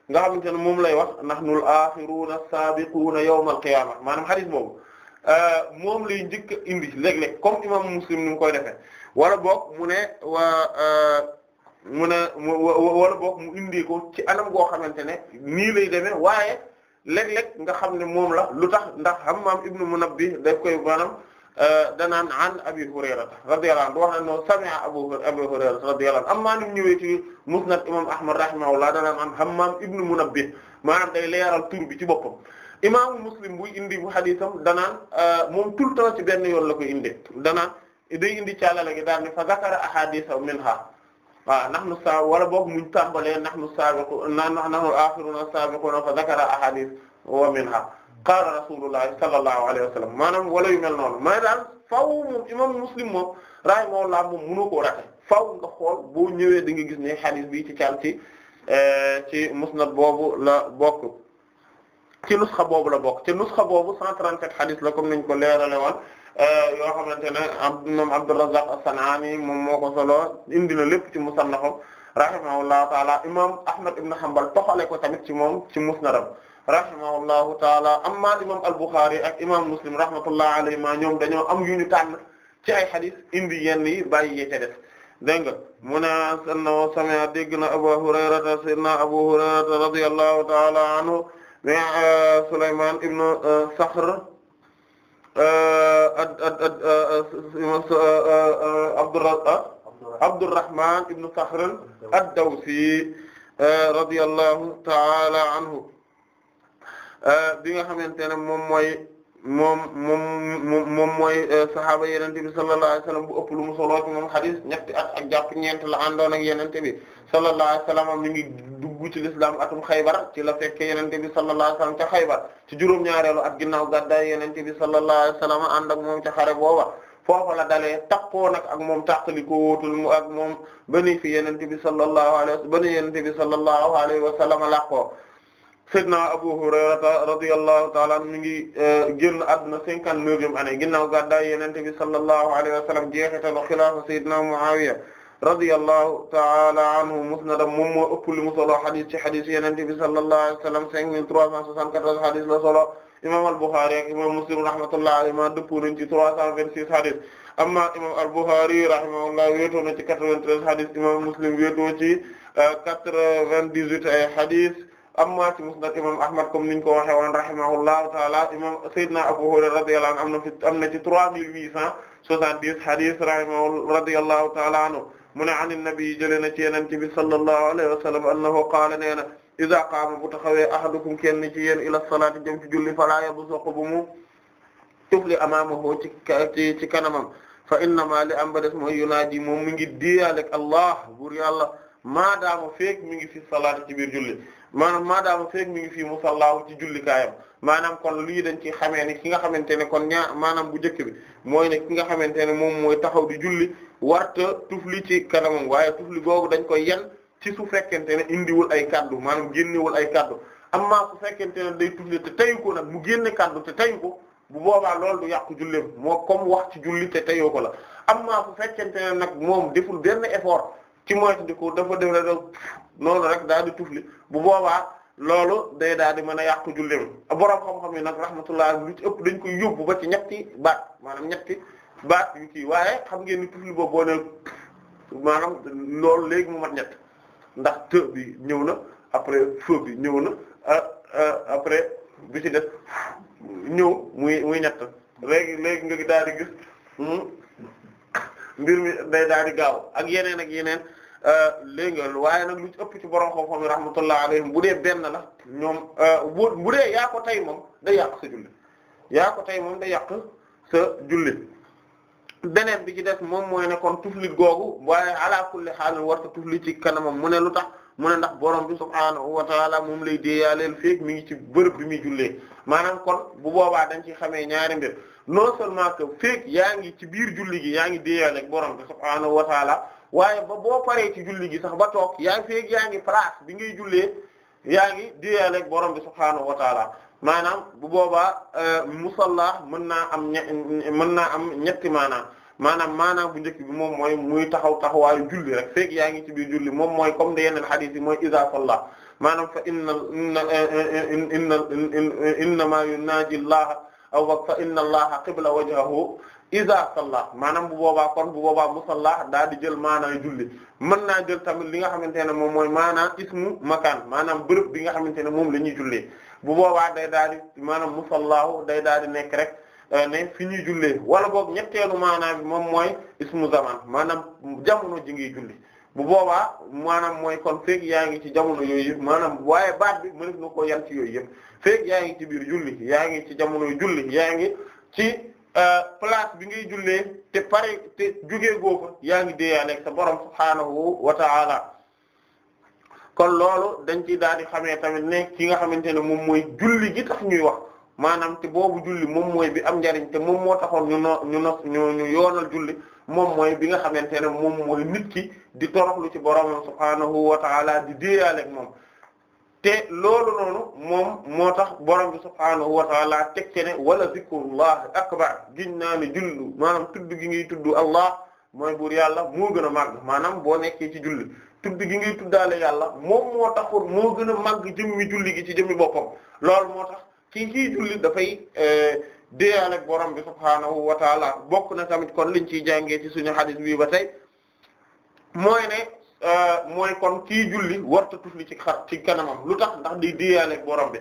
nga xamante ne moom lay wax nahnu al axiruna saabiquuna yawm al qiyaama maanaam xadis boobu euh, moom lay njëkk indi léeg-léeg comme imam muslim ni mu koy defee wala boog mu ne wa euh, mu ne wala boog mu indi ko ci anam goo xamante ne nii lay demee waaye léeg-léeg nga xam ne moom la lu tax ndax Hammam ibnu Munabbi daf koy maanaam euh, danaan an Abi Hurayra radiyallahu anhu wax na no sami'a Abu Hurayra radiyallahu anhu amma ni ñëwee ci Musnad imam Ahmad rahimahullah danaan an Hammam ibnu Munabbi maanaam day leeral tur bi ci boppam imaamu Muslim buy indi bu hadisam danaan euh, moom tout le ci benn yoon la koy indi danaan day indi caalala gi daal ne fa zakara ahadisa minha waaw nahnu saa wala boog muñ tàmbalee nahnu saabiqu nahnu aaxiruna saabiquna fa zakara ahadith wa minha qaala rasulullahi sallallahu alayhi wa sallam maanaam wala yu mel noonu ma daal faw moom imam muslim moom rahimahullah moom mënu koo rate faw nga xool boo ñëwee di nga gis ne hadith bi ci can ci eh, ci musnad boobu la bokk ci nusxa boobu la bokk ci nusxa boobu 137 hadith la comme nañ ko leerale woon Euh, yoo xamante ne ab moom Abdurrazzaq as-San'ani moom moo ko solo indi na lépp ci musannafam rahimahullahu taala imam Ahmad ibn Hanbal toxale ko tamit ci moom ci musnadam rahimahullahu taala amma imam al-Bukhari ak imam Muslim rahmatullahi alayhima ñoom dañoo am yu ñu tànn ci ay xadis indi yenn yi bàyyi yee ca def dégg nga mu ne annahu sami'a dégg na Abu Hurayrata sayyidina Abu Hurayrata radiyallahu taala anhu euh, Sulaymaan ibn euh, Sakhr Abdurrahman ibn Sakhr ad-Dawsi radiyallahu ta'ala anhu bi nga xamante ne moom mooy moom moom moom mooy euh, saxaaba yenente bi sallallahu alayhi wasallam bu ëpp lu mu soloo ci moom xadis ñetti at ak la àndoon ak yenente bi sallallahu alayhi wasallam mi ngi duggu ci lislaam atum xaybar ci la fekke yenente bi sallallahu alayhi wasallam ca xaybar ci juróom-ñaareelu at ginnaaw gàddaay yenente bi sallallahu alayhi wasallam ànd ak moom ca xare booba foofa la dalee takkoo nag ak moom tàqali ko wóotul mu ak moom bani fi yenente bi sallallahu alayhi bani yenente bi sallallahu alayhi wasallam làqoo Seydina Abu Hurayra radiyallahu ta'ala anhu mi ngi eh, génn àdduna cinquante-neuvième année ginnaaw gàddaay Yonent bi sallallahu alayhi wa sallam jeexitalu xilaafa Seydina Muawiya radiyallahu ta'ala anhu musnadam moom moo ëpp lu mu solo xadis ci xadis Yonent bi sallallahu alayhi wa sallam cinq mille trois cent soixante-quatorze xadis la solo imaam al-Bukhari Muslim rahmatullahi alayhi ma dëppoo ci trois cent vingt-six xadis amma imaam al-Bukhari rahimahullah ci quatre-vingt-treize xadis imaam Muslim wéetoo ci eh, quatre-vingt-dix-huit ay amma ci musnad imam ahmad comme niñ ko waxe woon rahimahullahu taala imam sayyidina abu hurayra radiyallahu anhu am na fi am na ci trois mille huit cent soixante-dix hadith rahimahu radiyallahu taala anhu mu ne an nabi jëlee na ci yonent bi sallallahu alayhi wa sallam annahu qaala nee na iza qaama bu taxawee ahadukum kenn ci yéen ila salaati jëm ci julli falaa yabsuq bu mu tufli amaamahu ci ci ci kanamam fa innama li am ba des mooy yunaaji moom mi ngi diyaaleeg Allah buur yàlla maadaama feek mi ngi fi salaati ci biir julli maanaam maadaama feek mi ngi fi fii musallaahu ci jullikaayam maanaam kon lii dañ ci xamee ni ki nga xamante ne kon ñaa maanaam bu njëkk bi mooy ne ki nga xamante ne moom mooy taxaw di julli warta tufli ci kanamam waaye tufli googu dañ koy yen ci su fekkente ne indiwul ay kaddu maanaam génnewul ay kaddu amma su fekkente ne day tufli te tayu ko nag mu génne kaddu te tayu ko bu boobaa loolu du yàqu julleem moo comme wax ci julli te tayoo ko la am su fekkente ne nag moom deful benn effort ci moytandiku dafa def rek noonu rek daal di tufli bu boobaa loolu day daal di mën a yàqu julleem borom xam-xam yi nag rahmatullah lu ci ëpp dañ koy yóbbu ba ci ñetti baat maanaam ñetti baat yu kii waaye xam ngeen ni tufli boobu boo ne maanaam loolu léegi mu mat ñett ndax te bi ñëw na après feu bi ñëw na après bi ci def ñëw muy muy ñett léegi léegi nga daal di gis hmm, mbir mi day daal di gaaw ak yeneen ak yeneen Euh, léegi waaye nag lu ëpp ci borom xam-xam yi bu dee benn la ñoom euh, bu bu dee yaa ko tey moom day yàq sa julli yaa ko tey moom da yàq sa julli beneen bi ci des moom mooy ne kon tuflit googu waaye ala kulli xaal war sa tuflit ci kanamam mu ne lu tax mu ne ndax borom bi subhaanahu wa taala moom lay déeyaaleel feek mi ngi ci bërëb bi muy jullee maanaam kon bu boobaa dañ ci xamee ñaari mbir non seulement que feek yaa ngi ci biir julli gi yaa ngi déeyaaleeg borom bi subhaanahu wa waaye ba boo paree ci julli gi sax ba toog yaa ngi yaa ngi place bi ngay jullee yaa ngi diyeel ak borom bi subhaanahu wa maanaam bu boobaa euh, musalla mën naa am mën naa am ñetti maanaam maanaam maanaam bu njëkk bi moom mooy muy taxaw taxawaayu julli rek feeg yaa ngi ci biir julli moom mooy comme de yeneen xadiis yi mooy iza salla maanaam fa inna inna inna inna ma yunaaji aw fa inna allaha qibla wajhahu iza salla maanaam bu boobaa kon bu boobaa musalla daa di jël maanaay julli mën naa jël tamit li nga xamante ne moom mooy maanaam ismu makaan maanaam bërëb bi nga xamante ne moom la ñuy jullee bu boobaa day daal di maanaam musallaahu day daal di nekk rek euh, ne fi ñuy jullee wala boog ñetteelu maanaam bi moom mooy ismu zaman maanaam jamono ji ngiy julli bu boobaa maanaam mooy kon feeg yaa ngi ci jamono yooyu yëpp maanaam waaye baat bi mënef na ko yan ci yooyu yëpp feeg yaa ngi ci biir julli yaa ngi ci jamono julli yaa ngi ci euh, place bi ngay jullee te pare te jugee goo yaa ngi déeyaa nekk borom subhaanahu wa ta'ala kon loolu dañ ci daal di xamee tamit ki nga xamante ne moom mooy julli gi tax ñuy wax maanaam te boobu julli moom mooy bi am njariñ te moom moo taxoon ñu no ñu yoonal julli moom mooy bi nga xamante ne moom mooy nit ki di toroxlu ci boroomam subhaanahu wa taala di déeyaaleeg moom te loolu noonu moom moo tax borom bi subhaanahu wa taala teg te ne wala zikrullah akbar giñ naa ne jullu maanaam tudd gi ngi tudd allah mooy buur yàlla moo gën a màgg maanaam boo nekkee ci julli tudd gi ngay tuddaale yàlla moom moo taxoon moo gën a màgg jëmmi julli gi ci jëmmi boppam loolu moo tax kii kii julli dafay euh, déeyal borom bi subhaanahu wa taala bokk na tamit kon liñ ciy jàngee ci suñu hadith wii ba tey mooy ne euh, mooy kon kii julli warta tufli ci xar ci kanamam lu tax ndax di déeyal ak borom bi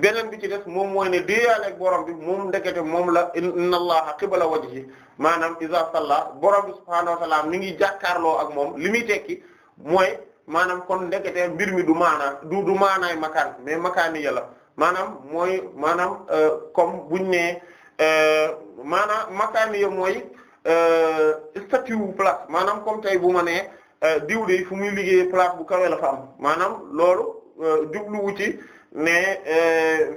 beneen bi ci des moom mooy ne déeyal ak borom bi moom ndekete moom la inna allaha qibla wajhi maanaam iza salla borom bi subhaanahu wa taala mi ngi jàkkaarloo ak moom li muy tekki mooy maanaam kon ndekete mbir mi du maanaa du du maanaay makaan mais makaani yàlla maanaam mooy maanaam euh, comme buñ ne euh, maanaam makaani yo mooy euh, statut wu place maanaam comme tey bu ma nee diw de fu muy liggéey place bu kawe la fa am maanaam loolu jubluwu ci ne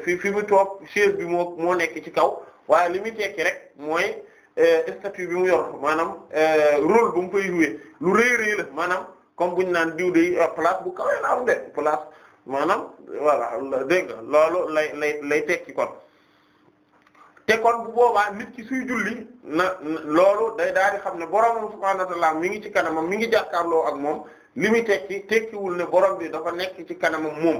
fi fi mu toog chaise bi moo moo nekk ci kaw waaye li muy tekki rek mooy statut bi mu yor maanaam rôle bu mu koy jouer lu rëy rëy la maanaam comme bu ñu naan diw de place bu kawe la am de place maanaam voilà dégg nga loolu lay lay lay tekki kon te kon bu boobaa nit ki suy julli na loolu day daal di xam ne borom subhaanahu wa ta'aala mi ngi ci kanamam mi ngi jàkkaarloo ak moom li muy tekki tekkiwul ne borom bi dafa nekk ci kanamam moom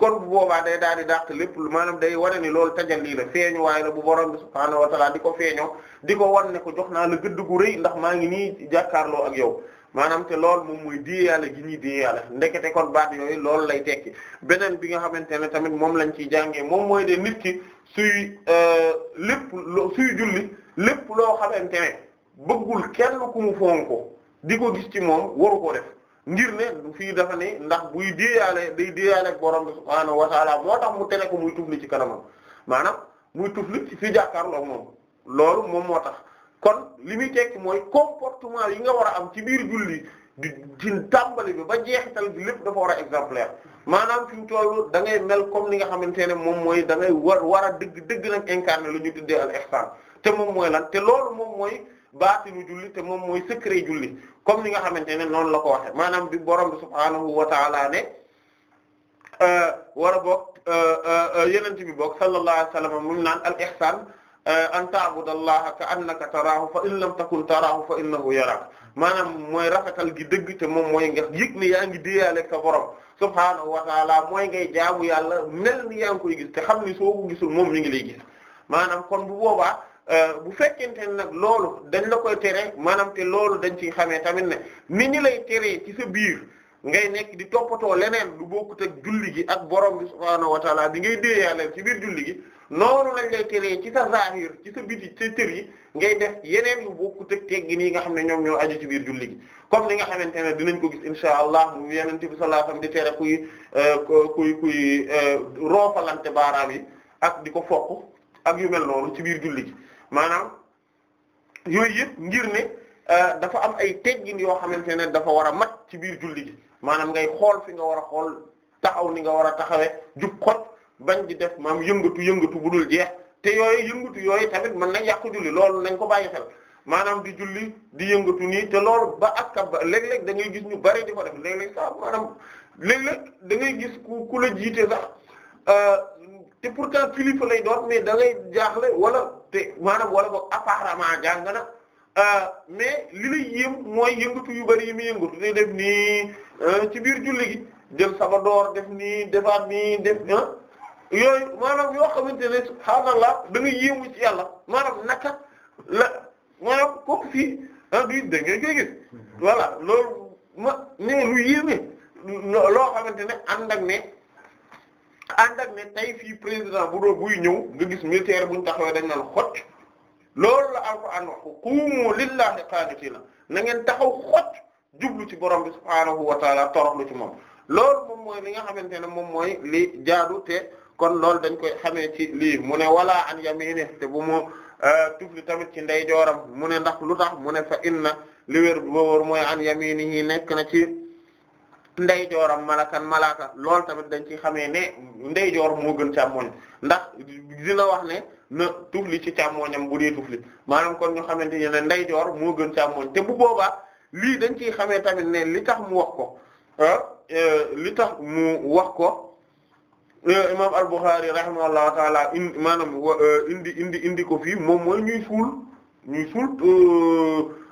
kon bu boobaa day daal di dàq lépp maanaam day wara ni loolu tajalli la feeñu waaye la bu borom bi subhaanahu wa ta'aala di ko feeñoo di ko wan ne ko jox naa la gëdd gu rëy ndax maa ngi nii jàkkaarloo ak yow maanaam te loolu moom muy diyaale gi ñuy diyaale ndekete kon baat yooyu loolu lay tekki beneen bi nga xamante ne tamit moom lañ ciy jàngee moom mooy de nit ki suy euh, lépp loo suy julli lépp loo xamante ne bëggul kenn ku mu fonk ko di ko gis ci moom waru ko def ngir ne fii dafa ne ndax buy diyaale day diyaale ak borom bi subhaanahu wa moo tax mu tere ko muy tufli ci kanamam maanaam muy tufli ci fi jàkkaarloo moom loolu moom moo tax. kon li muy tekki mooy comportement yi nga war a am ci biir julli di ci tàmbali bi ba jeexital bi lépp dafa war a exemplaire maanaam fi mu toll da ngay mel comme li nga xamante ne moom mooy dangay ngay war war a dëgg dëgg nag incarner lu ñu tuddee al ihsan te moom mooy lan te loolu moom mooy baatinu julli te moom mooy secret julli comme ni nga xamante ne noonu la ko waxe maanaam bi borom bi subhaanahu wa ta'ala ne euh, war a euh, euh, bi book sallallahu alayhi wa sallam mu naan al ihsan an ta'budallaha ka annaka taraahu fa in lam takun taraahu fa innahu yaraak maanaam mooy rafetal gi dëgg te moom mooy nga yëg ni yaa ngi déeyaaleeg sa borom subhaanahu wa taala mooy ngay jaamu yàlla mel ni yaa ngi gis te xam ni soo ko gisul moom mi ngi lay gis maanaam kon bu boobaa euh, bu fekkente ne nag loolu dañ la koy tere maanaam te loolu dañ ciy xamee tamit ne ni ñi lay teree ci sa biir ngay nekk di toppatoo leneen lu bokkut ak julli gi ak borom bi subhaanahu wa taala bi ngay déeyaaleel ci biir julli gi noonu lañ lay teree ci sa zahir ci sa biti sa tër yi ngay def yeneen yu bokku tëg teggin yi nga xam ne ñoom ñoo aju ci biir julli gi comme li nga xamante ne dinañ ko gis insha allah yeneen bi sallallahu alayhi wasallam di tere kuy euh, kuy kuy euh, roofalante yi ak di ko fokk ak yu mel noonu ci biir julli gi maanaam yooyu yëpp ngir ne euh, dafa am ay teggin yoo xamante ne dafa war a mat ci biir julli gi maanaam ngay xool fi nga war a xool taxaw ni nga war a taxawee jub xot bañ di def maam yëngatu yëngatu bu dul jeex te yooyu yëngatu yooyu tamit man nañ yàqu julli loolu nañ ko bàyyi xel maanaam di julli di yëngatu ni te loolu ba ak kaba léeg-léeg da gis ñu bari di ko def léeg-léeg sax maanaam léeg-léeg da ngay gis ku ku la jiite sax euh, te pourtant kilifa lay doon mais da ngay jaaxle wala te maanaam wala boog apparemment jàng na euh, mais li lay yéem mooy yëngatu yu bari yi muy yëngatu day def nii euh, ci biir julli gi jël sabadoor def nii defaat nii def ah yooyu maanaam yoo xamante ne subhaanallah da nga yéemu ci yàlla maanaam naka la maanaam kooku fii ah du da ngay koy gis mm-hmm. voilà loolu ma ne lu yéeme loo xamante ne ànd ak ne ànd ak ne fii président bu doo buy ñëw nga gis militaire buñ taxawee dañ naan xocc loolu la alquran wax qumu lillahi qaanitina na ngeen taxaw xocc jublu ci borom bi subhaanahu wa taala toroxlu ci moom loolu moom mooy li nga xamante ne moom mooy li jaadu te kon loolu dañ koy xamee ci lii mu ne wala an yamini te bu mu euh, tufli tamit ci ndeyjooram mu ne ndax lu tax mu ne fa inna li wér boobu mooy an yaminihi nekk na ci ndeyjooram malakan malaka loolu tamit dañ ci xamee ne ndeyjoor moo gën càmmoñ ndax dina wax ne na tufli ci càmmoñam bu dee tufli maanaam kon ñu xamante ne ndeyjoor moo gën càmmoñ te bu boobaa lii dañ ciy xamee tamit ne li tax mu wax ko euh, euh, li tax mu wax ko. Euh, imam al-Bukhari rahimahullahu taala euh, indi indi indi ko fii moom mooy ñuy suul ñuy suul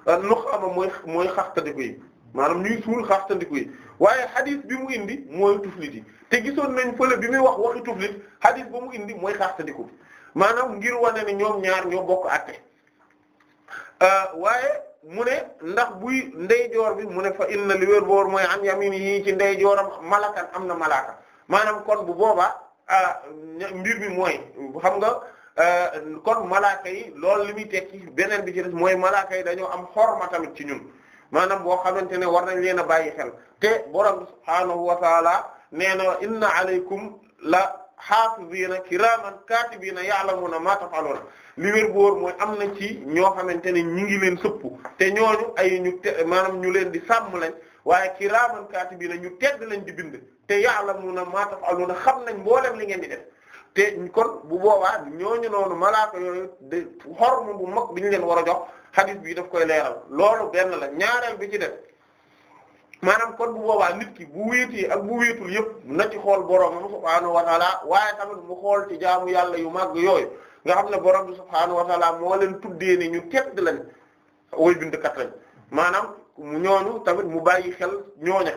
euh, nuxaama mooy mooy xaxtandiku yi maanaam ñuy suul xaxtandiku yi waaye hadith bi mu indi mooy tuflit te gisoon nañ fële bi muy wax waxi tuflit hadith ba mu indi mooy xaxtandiku maanaam ngir wane ne ñoom ñaar ñoo bokk àtte waaye mu ne ndax buy joor bi mu ne fa inna li wér boor mooy am yamini yi ci ndeyjooram malakan am na malaaka maanaam kon bu boobaa ah, mbir mi mooy xam nga eh, kon malaaka yi lool li muy tekki beneen bi ci des mooy malaaka yi dañoo am xor ma tamit ci ñun maanaam boo xamante ne war nañ leen a bàyyi xel te borom subhaanahu wa taala nee na inna alaykum la bii haafiziina kiraaman kaatibiina ya'lamuuna maa taf'aluuna li wér boor mooy am na ci ñoo xamante ne ñi ngi leen sëpp te ñooñu ay ñu te maanaam ñu leen di sàmm leen waaye kiraaman kaatibiina ñu tedd lañ di bind te ya'lamuuna maa taf'aluuna xam nañ mboolem li ngeen di def te kon bu boobaa ñooñu noonu malaaka yooyu de xorma bu mag bi ñu leen war a jox hadith bi daf koy leeral loolu benn la ñaareel bi ci def maanaam kon bu boobaa nit ki bu wéetee ak bu wéetul yëpp na ci xool boroomam subhaanahu wa ta'aala waaye tamit mu xool ci jaamu yàlla yu màgg yooyu nga xam ne borom bi subhaanahu wa ta'aala moo leen tuddee ne ñu tedd lañ way bind kat lañ maanaam ñooñu tamit mu bàyyi xel ñooña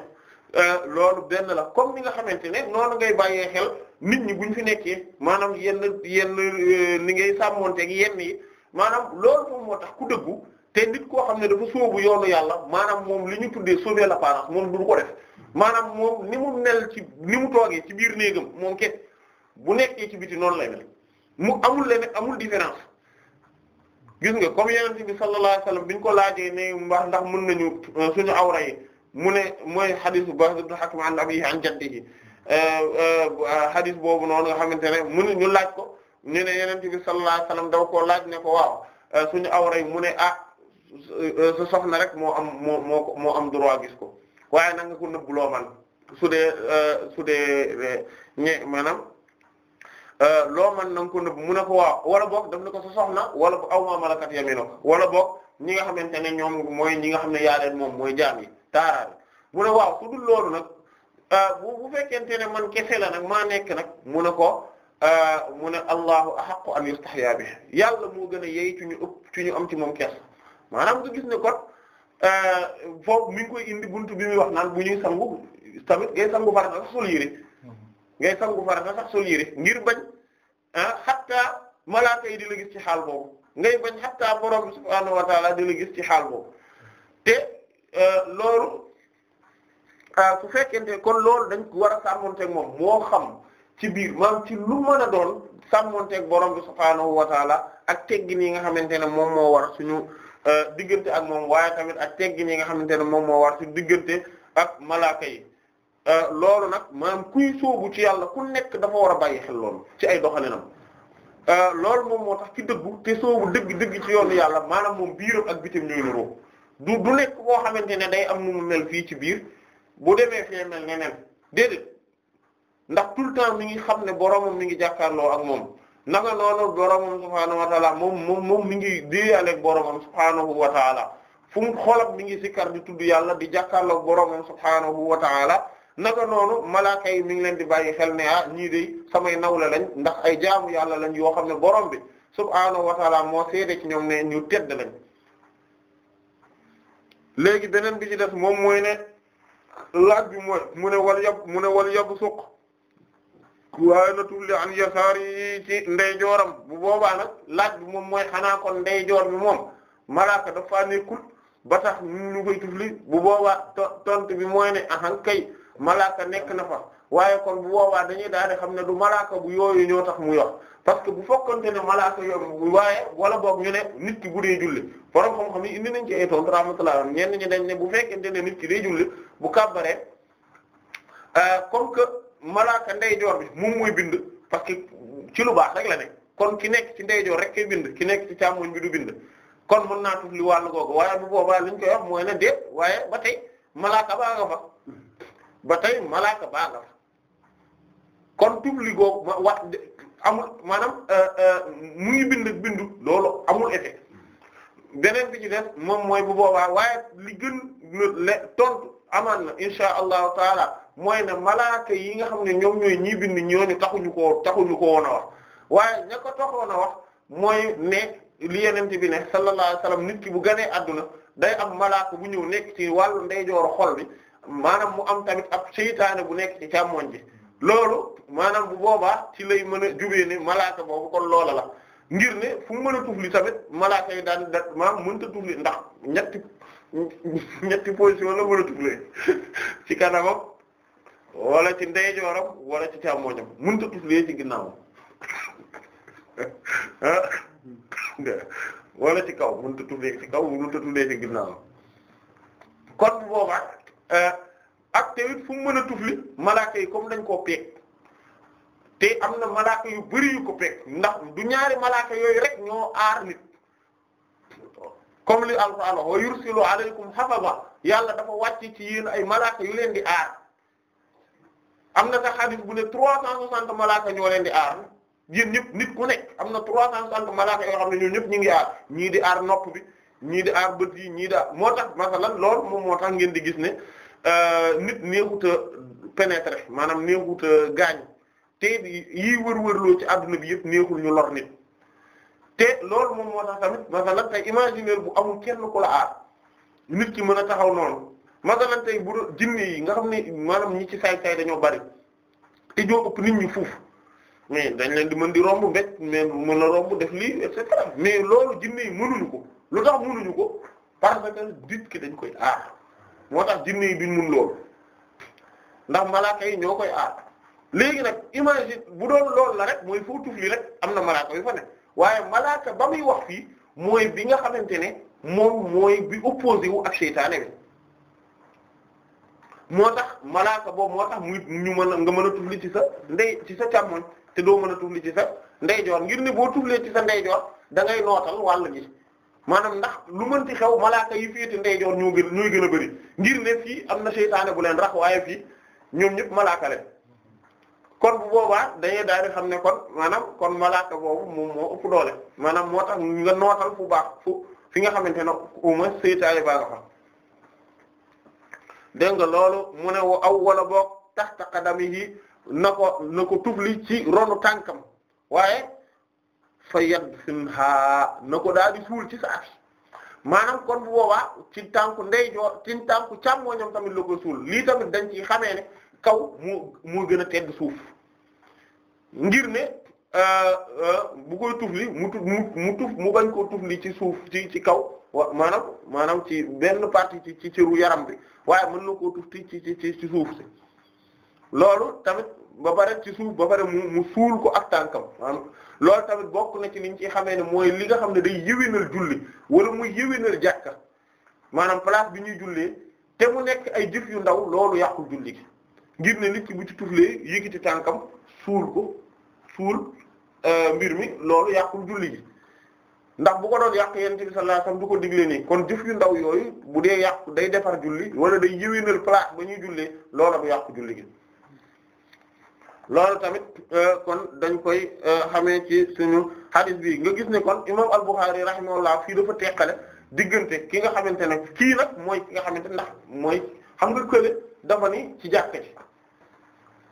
euh, loolu benn la comme ni nga xamante ne noonu ngay bàyyee xel nit ñi buñ fi nekkee maanaam yenn yenn euh, ni ngay sàmmonteeg yenn yi maanaam loolu moom moo tax ku dëggu te nit koo xam ne dafa sóobu yoonu yàlla maanaam moom li ñu tuddee sauver l'apparence moom du ko def maanaam moom ni mu mel ci ni mu toogee ci biir néegam moom kenn bu nekkee ci biti noonu lay mel mu amul leneen amul différence gis nga comme yonent bi sallallahu alayhi wasallam biñ ko laajee ne mbaax ndax mun nañu euh, suñu awra yi mu ne mooy hadith Bahz ibn Hakam an abihi an jaddihi hadith euh, euh, boobu noonu nga xamante ne mu ñu laaj ko ñu ne yonent bi sallallahu alayhi daw koo laaj ne ko waaw suñu awra yi mu ne ah sa soxna rek moo am moo moo moo am droit gis ko waaye nag nga ko nëbb loo man su dee su dee ñe Euh, loo man na ko nëbb mu ne ko waaw wala boog daf ne ko sa soxna wala aw ma malakat yamino wala boog ñi nga xamante ne ñoom mooy ñi xam ne yaa leen moom mooy jaam yi taaraar mu waaw su loolu nag euh, bu fekkente ne man kese la nag maa nekk nag mu ne ko euh, mu a allahu ahaqqu an yustahya bi yàlla moo gën a yey ci ñu ëpp ci ñu am ci moom kees maanaam nga gis ne kon foofu mi ngi koy indi buntu bi muy wax naan bu ñuy sangu tamit ngay sangu farata sul yëre ngay sangu farata sax sol yére ngir bañ ah xatta malaaka yi di la ci xaal boobu ngay bañ xatta borom subhaanahu wa taala di la gis ci xaal boobu te euh, loolu ah, su fekkente kon loolu dañ ko war a sàmmonteeg moom moo xam ci biir maam ci lu mën a doon sàmmonteeg borom bi subhaanahu wa taala ak teggin yi nga xamante ne moom moo war suñu euh, diggante ak moom waaye tamit ak teggin yi nga xamante ne moom moo war suñu diggante ak malaaka yi Euh, loolu nag maanaam kuy sóobu ci yàlla ku nekk dafa war a bàyyi xel loolu ci ay doxalinam euh, loolu moom moo tax ci dëggu te sóobu dëgg dëgg ci yoonu yàlla maanaam moom biiram ak bitim ñooy niroo du du nekk boo xamante ne day am nu mu mel ci biir bu demee fee mel neneen déedéet ndax tout le temps mi ngi xam ne boromam mi ngi jàkkaarloo ak moom naka noonu boromam subhaanahu wa taala moom moom moom mi ngi déyaaleeg boromam subhaanahu wa fu mu xolam mi ngi sikkar di tudd yàlla di jàkkaarloo boromam subhaanahu wa taala naka noonu malaaka yi mi ngi leen di bàyyi xel ne ah ñii de samay nawla lañ ndax ay jaamu yàlla lañ yoo xam ne borom bi subhaanahu wa taala moo seede ci ñoom ne ñu tedd lañ léegi beneen bi ci des moom mooy ne laaj bi mooy mu ne wal yab mu ne wal yab suq waaye na tulli an yasaar yi ci ndeyjooram bu boobaa nag laaj bi moom mooy xanaa kon ndeyjoor bi moom malaaka dafa nekkul ba tax ñu koy tufli bu boobaa tont bi mooy ne ahan kay malaaka nekk na fa waaye kon bu boobaa dañuy daal xam ne du malaaka bu yooyu ñoo tax mu wax parce que bu fokkonte ne malaaka yooyu waaye wala boog ñu ne nit ki bu dee julli borom xam-xam yi indi nañ ci ay tontu rahmatullah ñenn ñi dañ ne bu fekkente ne nit ki day julli bu kàbbaree euh, comme que malaaka ndeyjoor bi moom mooy bind parce que ci lu baax rek la ne kon ki nekk ci ndeyjoor rek kay bind ki nekk ci càmmoñ bi du bind kon mën naa tuf li wàllu googu waaye bu boobaa li koy wax mooy ne déet waaye ba tey malaaka baa nga fa ba tey malaaka baa nga fa kon tubli googu ma wax amul maanaam euh, euh, mu ngi bind bindu loolu amul effet beneen bi ci def moom mooy bu boobaa waaye li gën le tontu amaan na insha allahu taala mooy ne malaaka yi nga xam ne ñoom ñooy ñii bind ñooñu taxuñu koo taxuñu ko woon a wax waaye ña ko taxoon a wax mooy ne li yenent bi ne sallallahu alayhi nit ki bu ganee adduna day am malaaka bu ñëw nekk ci wàllu ndeyjooru xol bi maanaam mu am tamit ab seytaane bu nekk ci càmmoñ bi loolu maanaam bu boobaa ci lay mën a jubee ni malaaka boobu kon loola la ngir ne fu mu mën a tufli tamit malaaka yi daan da maam mënta tufli ndax ñetti ñetti position la mën a tuflee ci kanamam wala ci ndeyjooram wala ci càmmoñam mënta tuflee ci ginnaaw ah wala ci kaw mënta tuflee ci kaw mënta tuflee ci boobaa Euh, ak tamit fu mën a tufli malaaka yi comme dañ koo peeg te am na malaaka yu bëri yu ko peeg ndax du ñaari malaaka yooyu rek ñoo aar nit comme li alquran wa yursilu alaykum hafaza yàlla dafa wàcc ci yéen ay malaaka yu leen di aar am na sax hadith bu ne trois cent soixante malaaka ñoo leen di aar yéen ñëpp nit ku nekk am na trois cent soixante malaaka yoo xam ne ñoo ñëpp ñu ngi aar ñii di aar nopp bi ñii di aar bët yi ñii di aar moo tax masalan lool moom moo tax ngeen di gis ne euh, nit néexut a maanaam néexut gaañ te yii wër-wërloo ci àdduna bi yëpp néexul ñu lor nit te loolu moom moo tax tamit masalan tey imaginaire bu amul kenn ko la aar nit ki mën a taxaw noonu masalan tey bu jinne yi nga xam ne maanaam ñi ci saay-saay dañoo bari te joo ëpp nit ñi fuuf mais dañ leen di mën di romb mbéj mais mën la romb def lii et cetera mais loolu jinne yi mënuñu ko lu tax munuñu ko parce que nit ki dañ koy aar moo tax jinne yi duñ mun loolu ndax malaaka yi ñoo koy aar léegi nag imagine bu doon loolu la rek mooy foo tufli rek am na malaaka yu fa ne waaye malaaka ba muy wax fii mooy bi nga xamante ne moom mooy bi opposé ak seytaane bi moo tax malaaka boobu moo tax muy ñu mën nga mën a tufli ci sa ndey ci sa càmmoñ te doo mën a tufli ci sa ndeyjoor ngir ne boo tuflee ci sa ndeyjoor da nootal wàll gi maanaam ndax lu mënti xew malaaka yi féete ndeyjoor ñoo gën ñuy gën a bëri ngir ne fii am na seytaane bu leen rax waaye fii ñoom ñëpp malaaka leen kon bu boobaa dañuy daal di xam ne kon maanaam kon malaaka boobu moom moo ëpp doole maanaam moo tax nga nootal fu baax fu fi nga xamante ne au moins seytaane baa nga fa dégg loolu mu ne wa aw wala boog taxta qadamihi na ko na ko tufli ci ronu tànkam waaye fa yedd sin haa na ko daal di suul ci saati maanaam kon bu boobaa ci tànku ndeyjoor ci tànku càmmooñam tamit la ko suul lii tamit dañ ci xamee ne kaw mu mu gën a tedd suuf ngir ne euh, euh, bu koy tufli mu tuf koo tufli ci suuf ci ci kaw maanaam maanaam ci benn partie ci ci cëru yaram bi waaye mën na koo tufti ci ci ci suuf si loolu tamit ba pare ci suuf ba pare mu mu suul ko ak tànkam maanaam loolu tamit bokk na ci niñ ci xamee ne mooy li nga xam ne day yëwénal julli wala muy yëwénal jàkka maanaam place bi ñuy jullee te mu ay jëf yu ndaw loolu yàqul julli gi ngir ne nit ki bu ci tuflee yëkkati tànkam suul ko suul euh, mbir mi loolu yàqul julli gi ndax bu ko doon yàq yonent bi sallallahu alayhi du ko digle nii kon jëf yu ndaw yooyu bu dee yàq day defar julli wala day yëwénal place ba ñuy jullee loola du yàqu julli gi loolu tamit euh, kon dañ koy euh, xamee ci suñu hadith bi nga gis ne kon imam al-Bukhari rahimahullah fii dafa teqale diggante ki nga xamante ne kii nag mooy ki nga xamante ndax mooy xam nga kële dafa ni ci jàkka ji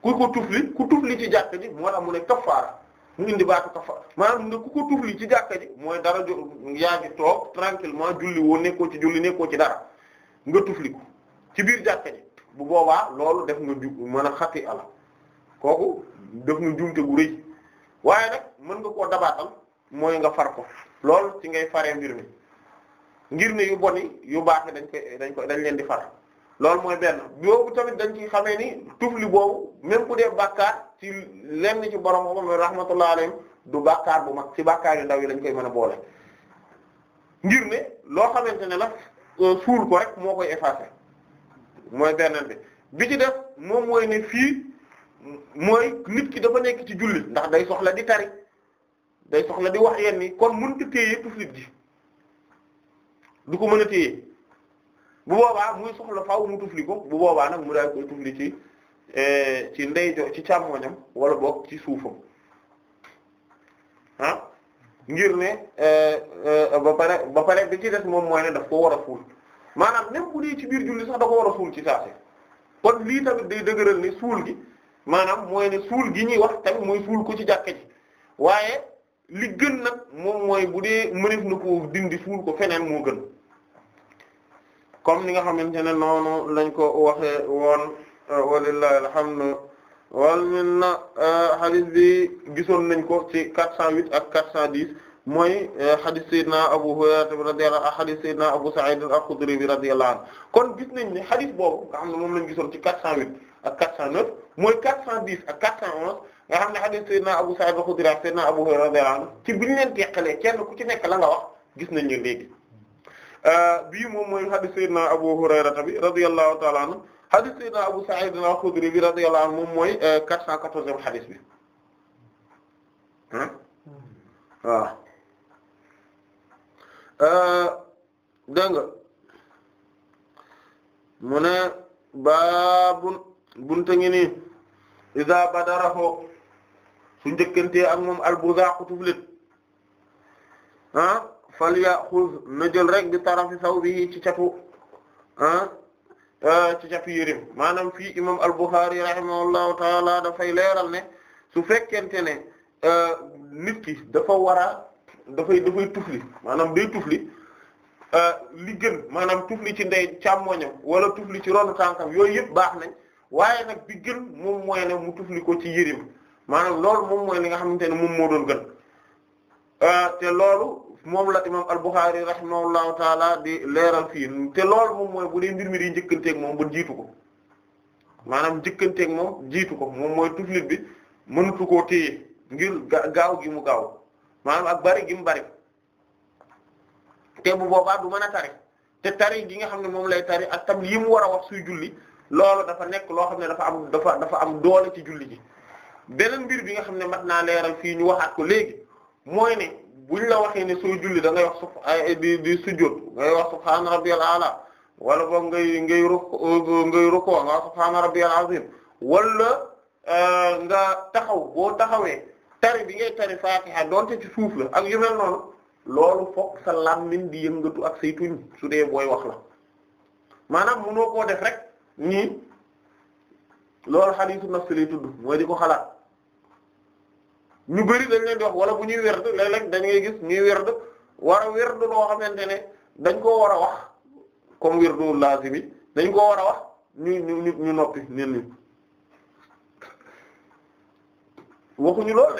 ku ko tufli ku tufli ci jàkka ji moo tax mu ne indi baatu kafaara maanaam nga ku ko tufli ci jàkka ji mooy dara jo yaa ngi toog tranquillement julli woo nekkoo ci julli nekkoo ci dara nga tufli ko ci biir jàkka ji bu boobaa loolu def nga ju mën a xati ala kooku def na jumte gu rëy waaye nag mën nga koo dabaatal mooy nga far ko lool ci ngay faree mbir mi ngir ne yu bon yu baax dañ koy dañ koy dañ leen di far loolu mooy benn boobu tamit dañ ci xamee ni tufli boobu même ku dee bàkkaar ci lenn ci borom moom rahmatullah alayhi du bàkkaar bu mag ci bàkkaar yu ndaw yi lañ koy mën a boole ngir ne loo xamante ne la euh, suul ko rek moo koy effacer mooy benn bi ci def moom mooy ne fii mooy nit ki dafa nekk ci julli ndax day soxla di tari day soxla di wax yenn yi kon mënut a téye tuflit gi du ko mën a téye bu boobaa muy soxla faw mu tufli bu boobaa nag mu daal koy tufli ci eh, ci ndeyjo ci càmmoñam wala boog ci suufam ah ngir ne eh, eh, ba pare ba pare bi ci des moom mooy ne daf ko war a suul maanaam même bu dee ci biir julli sax da ko war a suul ci saa si kon lii tamit day dëgëral ni suul gi. maanaam mooy ne suul gi ñuy wax tamit mooy suul ko ci jàkka ji waaye li gën nag moom mooy bu dee mënef na ko dindi suul ko feneen moo gën comme ni nga xamante ne noonu lañ ko waxe woon euh, walillahi alhamdu wal minna euh, hadith bi gisoon nañ ko ci 408 ak 410 mooy euh, hadith sayyidina Abu Hurayra radiyallahu anhu hadith sayyidina Abu Sa'id al-Khudri bi radiyallahu anhu kon gis nañ ne hadith boobu nga xam moom lañ gisoon ci 408 ak 409 mooy 410 ak 411 nga xam ne hadith Seydina Abu Sa'id al-Khudri ak Seydina Abu Hurayra radiyallahu anhu ci biñ leen teqalee kenn ku ci nekk la nga wax gis nañ ne léegi euh, bii moom mooy hadith Seydina Abu Hurayra tabi radiyallahu ta'ala anhu hadith Abu Sa'id al-Khudri bi radiyallahu anhu moom mooy 414 euh, bi ah hmm? euh, waaw dégg nga mu bunta ngi nii iza badarahu su njëkkantee ak moom albuzaaqu tuflit ah falyaxuz na jël rek bi tarafi bi ci catu ah, ah ci catu yërim maanaam fii imam al-Bukhari rahimahullahu taala dafay leeral ne su fekkente ne ah, nit ki dafa war a dafay dafay tufli maanaam day tufli ah, li gën maanaam tufli ci ndey càmmoñam wala tufli ci ronu tànkam yooyu yëpp baax nañ waaye nag bi gën moom mooy ne mu tufli ko ci yërim maanaam loolu moom mooy li nga xamante ne moom moo doon gën euh, te loolu moom la imam al-Bukhari rahimahullahu taala di leeral fii te loolu moom mooy bu dee mbir mi di njëkkanteeg moom bu jiitu ko maanaam njëkkanteeg moom jiitu ko moom mooy tuflit bi mënutu ko téye ngir gaaw gi mu gaaw maanaam ak bari gi mu bari te bu boobaa du mën a tari te tari gi nga xam ne moom lay tari ak tam yi mu war a wax suy julli loolu dafa nekk loo xam ne dafa am dafa dafa am doole ci julli ji beneen mbir bi nga xam ne mat naa leeral fii ñu waxaat ko léegi mooy ne buñ la waxee ne soo julli da ngay wax su di di sujjóot ngay wax subhaana rabbiyal aala wala boog ngay ngay ruk ngay rukoo nga wax subhaana rabbiyal azim euh, nga taxaw boo taxawee tari bi ngay tari faatiha doonte ci suuf ak yu mel noonu loolu fokk sa làmmiñ di yëngatu ak say tuñ su dee booy wax la maanaam mënoo koo def rek nii loolu xadiisu nafs lay tudd mooy di ko xalaat ñu bëri dañ leen dox wax wala bu ñuy werd léeg-léeg dañ ngay gis ñuy werd war a werd loo xamante ne dañ koo war a wax kom werdu lazimi bi dañ koo war a wax ñu ñu ñu noppi neen ñi waxuñu loolu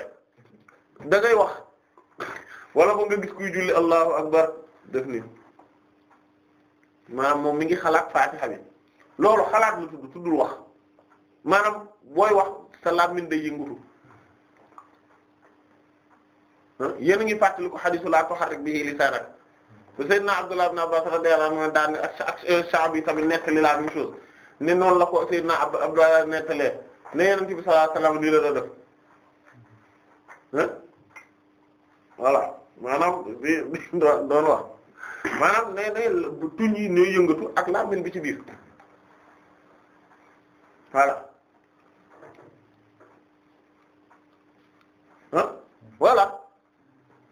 de da wax wala ba nga gis kuy julli allahu akbar def ni maanaam moom mi ngi xalaat faatiha bi loolu xalaat la tudd tuddul wax maanaam booy wax sa làmmiñ day yëngutu yéen a ngi fàttali ko hadiisu laa tuharrik bihi lisaanak te Seydina Abdullah ibn Abbas radiyallahu anhu daan ak ak Sha'bi tamit nettali la même chose ne noonu la ko Seydina Abdullah nettalee ne Yonent bi sallallahu alayhi wasallam nii la doon def ah voilà maanaam di doon wax maanaam nee na tuñ yi ñooy yëngatu ak làmmiñ bi ci biir. voilà ah voilà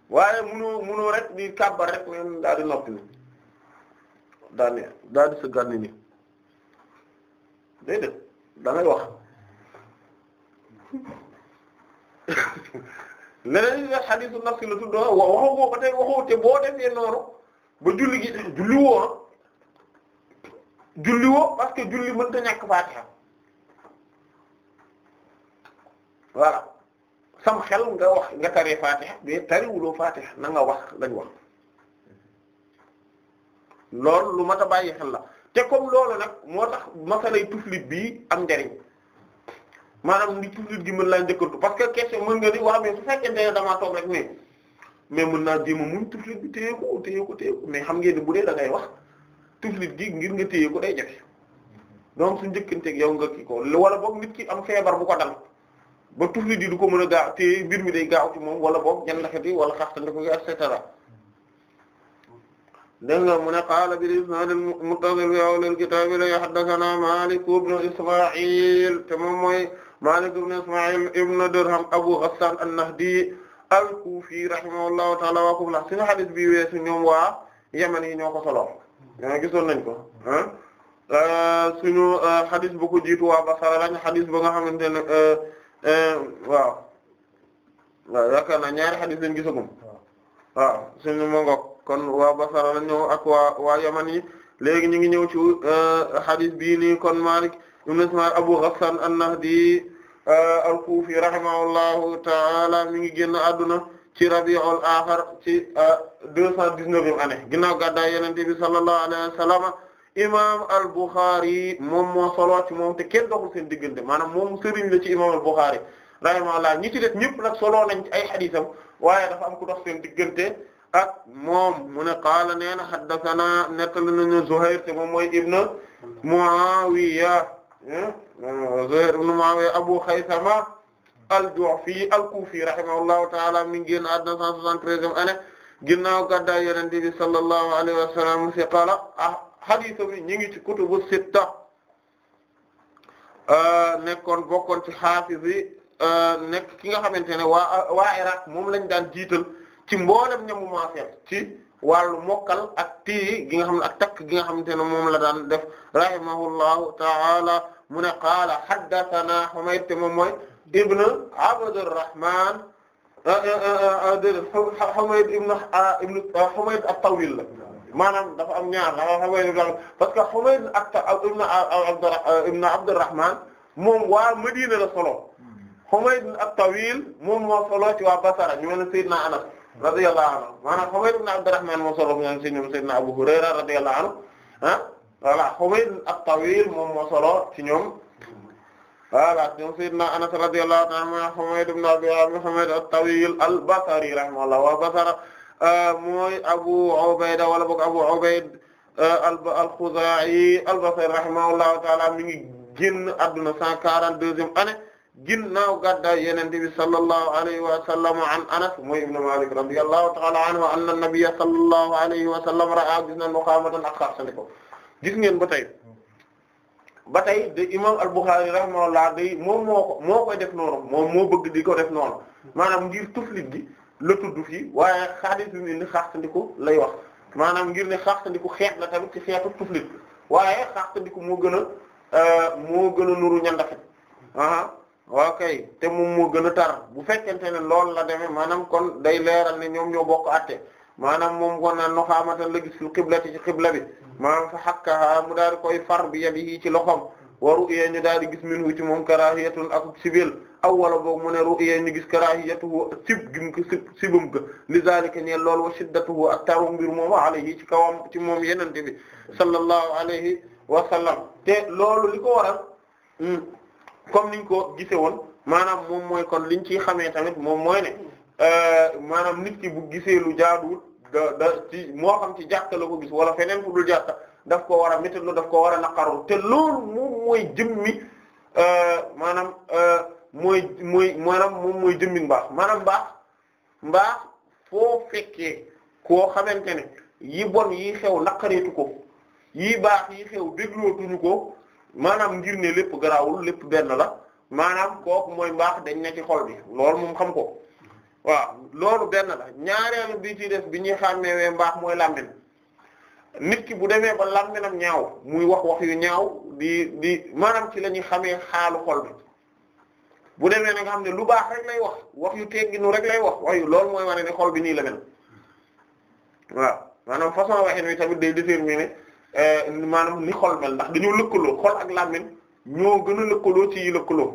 waaye munoo munoo rek di kàbba rek leen daal di daal di daal di ni déedéet da ngay wax leneen li xadiisu nafsi la tudd waxoo ko ba tey te boo defee noonu ba julli gi julli woo julli woo parce que julli mënta ñàkk faatiha voilà sam xel nga wax nga taree fatiha mais tariwuloo fatiha na nga wax lañ wax loolu lu mat a bàyyi xel la te comme loolu nag moo tax masalay tuflit bii am njariñ maanaam ni tuflit gi mën laa njëkkantu parce que question mën nga ni waaw mais su fekkente ne damaa toog rek mais mën naa jéem a muñ tuflit bi téye ko téye ko mais xam ngeen ne bu dee da ngay wax tuflit gi ngir nga téye ko day jafe donc su njëkkanteeg yow nga kii ko wala boog nit ki am feebar bu ko dal ba tufli di du ko mën a gaaw te mbir mi day gaaw moom wala boog jandaxeti wala xaxtandi ko et cetera dégg nga mu a qaala bil isnaad al muttasil fi awwal al kitaab la haddathana Maalik ibn Ismaa'iil te moom mooy Maalik ibn Ismaa'iil ibn Dirham Abu Ghassan an al-Kufi rahimahullahu ta'ala wa kullu sunu hadith bi weesu ñoom waa Yemen yi ñoo ko solo ñoo gisoon nañ ko ah suñu hadith bu ko xamante Eh, waaw waaw yaakaar naa ñaari xadis lañ gisagum waaw suñu ma kon waa Basra la ak waa waa Yaman yi léegi ñu ngi ñëw ci eh, xadis bii nii kon Malik ibn Ismaïl Abu Ghassan an-Nahdi eh, al-Kufi rahimahullahu ta'ala mi ngi génn àdduna ci Rabi'ul Akhir ci deux cent dix-neuvième année ginnaaw gàddaay Yonent bi sallallahu alayhi wa imam al-Bukhari moom moo solo ci moom te kenn doxul seen diggante maanaam moom sëriñ la ci imam al-Bukhari rahimahullah ñi ci def ñëpp nag solo nañ ci ay xadisam waaye dafa am ku dox seen ak moom mu ne qaala nee na te moom mooy ibn Muawiya Zuhair ibn Muawiya Abu Khaysama al-Ju'fi al-Kufi rahimahullahu ta'ala mi ngi génn àdduna 173e année ginnaaw gàddaay Yonent bi sallallahu alayhi xadiisam yi ñu ngi ci kutubu sitta euh, nekkoon bokkoon ci xaafis yi euh, nekk ki nga xamante ne waa waa Iraq moom lañ daan jiital ci mboolem ñamu maafeel ci wàllu mokkal ak tii gi nga xam ne takk gi nga xamante ne moom la daan def rahimahullahu ta'ala mu ne qaala haddathana Humayd te moom mooy ibn Abdurrahman euh, Humayd la maanaam dafa am ñaar dafa Humayd ibn parce que Humayd ak ibn euh, ibn Abdurrahman moom waa Madina la solo Humayd at-Tawil moom moo solo ci waa Basra ñu ne Seydina Anas radiyallahu anhu maanaam Humayd ibn Abdurrahman moo solo ñu ne Seydina Abu Hurayra radiyallahu anhu ah voilà Humayd at-Tawil moom moo solo ci ñoom voilà ñoom Seydina Anas radiyallahu anhu Humayd ibn Abi Humayd at-Tawil al-Basri rahimahullah waa Basra Euh, mooy Abu Ubayda wala boog Abu Ubayd euh, al-Khuzaa'i al-Basri rahimahullahu ta'ala mi ngi génn adduna cent quarante-deuxième année ginnaaw gàddaay Yonent bi sallallahu alayhi wa sallam an Anas mooy ibn Malik radiyallahu ta'ala anhu anna nabiyya sallallahu alayhi wa sallam ra'a gis nañ muqaamatan ak ngeen ba tey de imam al-Bukhari rahimahullah day moom moo ko moo koy def noonu moom moo bëgg di ko def noonu maanaam ngir tuflit gi la tudd fii waaye xaalis bi mu indi xaaxtandiku lay wax maanaam ngir ne xaaxtandiku xeet la tamit ci xeetu tuflit waaye xaaxtandiku moo gën a euh, moo gën a nuru ñandafit aha waaw kay te moom moo gën a tar bu fekkente ne loolu la demee maanaam kon day leeral ne ñoom ñoo bokk atte maanaam moom kon naan noxaamatan la gis fil qiblati ci qibla bi maanaam fa hakkaha mu daal koy far bi yi ci loxom wa ru'ya ñu daal di gis minhu ci moom karahiyatun ak sibil aw wala boog mu ne ru'ya ñu gis karahiyatuhu sib gim ko sib sibum ko li zalika ñeel loolu wa shiddatuhu ak taru mbir moom a alayhi ci kawam ci moom yenente bi sallallahu alayhi wa sallam te loolu li ko waral hmm, comme niñ ko gise woon maanaam moom mooy kon liñ ciy xamee tamit moom mooy ne euh, maanaam nit ki bu gisee lu jaaduwut da ci moo xam ci jàkka la ko gis wala feneen fu dul daf ko war a métitlu daf ko war a naqaru te loolu moom mooy jëmmi euh, maanaam euh, mooy mooy maanaam moom mooy jëmmi mbaax maanaam mbaax mbaax foo fekkee koo xamante ne yi bon yi xew naqareetu ko yi baax yi xew déglootuñu ko maanaam ngir ne lépp garaawul lépp benn la maanaam kook mooy mbaax dañ ne ci xol bi loolu moom xam ko waaw loolu benn la ñaareelu bi ci def bi ñuy xàmmee mbaax mooy làmmiñ nit ki bu demee ba làmminam ñaaw muy wax wax yu ñaaw di di maanaam ci la ñuy xamee xaalu xol bi bu demee na nga xam ne lu baax rek lay wax wax yu tegginu rek lay wax wax yu loolu mooy wane ne xol bi nii la mel maanaam façon waxin tamit day déterminer euh, maanaam ni xol mel ndax dañoo lëkkaloo xol ak làmmin ñoo gën a lëkkaloo ci lëkkaloo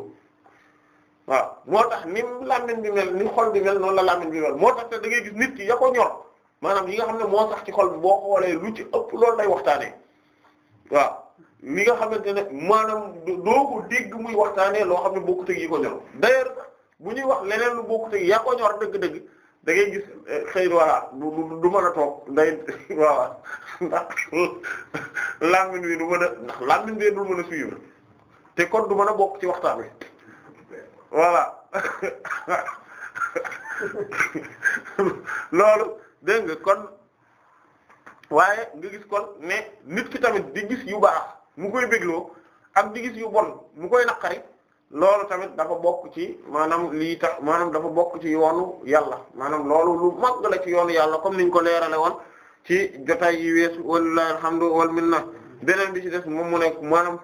waaw moo tax ni làmmin bi mel ni xol bi mel noonu la làmmin bi mel moo tax te da gis nit ki ya ko ñor maanaam yi nga xam ne moo sax ci xol bi boo xoolee lu ci ëpp loolu lay waxtaanee waaw mi nga xamante ne maanaam doo ko dégg muy waxtaanee loo xam ne bokkut ak yi ko ñor d'ailleurs bu ñuy wax leneen lu bokkut ak yaa ko ñor dëgg-dëgg da ngay gis eh, xëy na du du mën a toog nday waaw ndax làmmiñ wi du mën a ndax làmmiñ bi du mën a suivre te kon du mën a bokk ci waxtaan wi voilà loolu. dégg nga kon waaye nga gis kon ne nit ki tamit di gis yu baax mu koy bégloo ak di gis yu bon mu koy naqari loolu tamit dafa bokk ci maanaam lii tax maanaam dafa bokk ci yoonu yàlla maanaam loolu lu mag la ci yoonu yàlla comme niñ ko leerale woon ci jotaay yi weesu walilahi alhamdu wal beneen bi ci des moom mu nekk maanaam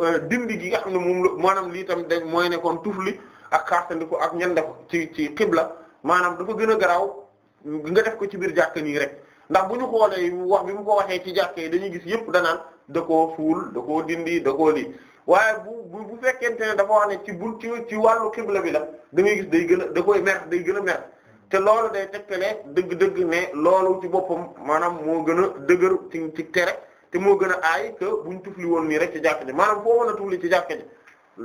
euh, dindi gi nga xam ne moom la maanaam lii tamit da mooy nekkoon tufli ak xaartandiko ak ñan def ci ci xibla maanaam dafa gën a garaaw nga def ko ci biir jàkka nii rek ndax bu ñu xoolee wax bi mu ko waxee ci jàkka yi dañuy gis yëpp danaan da koo fuul da koo dindi da koo lii waaye bu bu fekkente ne dafa wax ne ci bu ci ci wàllu xibla bi la da day gën a da koy mer day gën a mer te loolu day tegtale dëgg-dëgg ne loolu ci boppam maanaam moo gën a dëgër ci ci tere te moo gën a aay que buñ tufli woon nii rek ci jàkka ji maanaam foo mën a tufli ci jàkk ji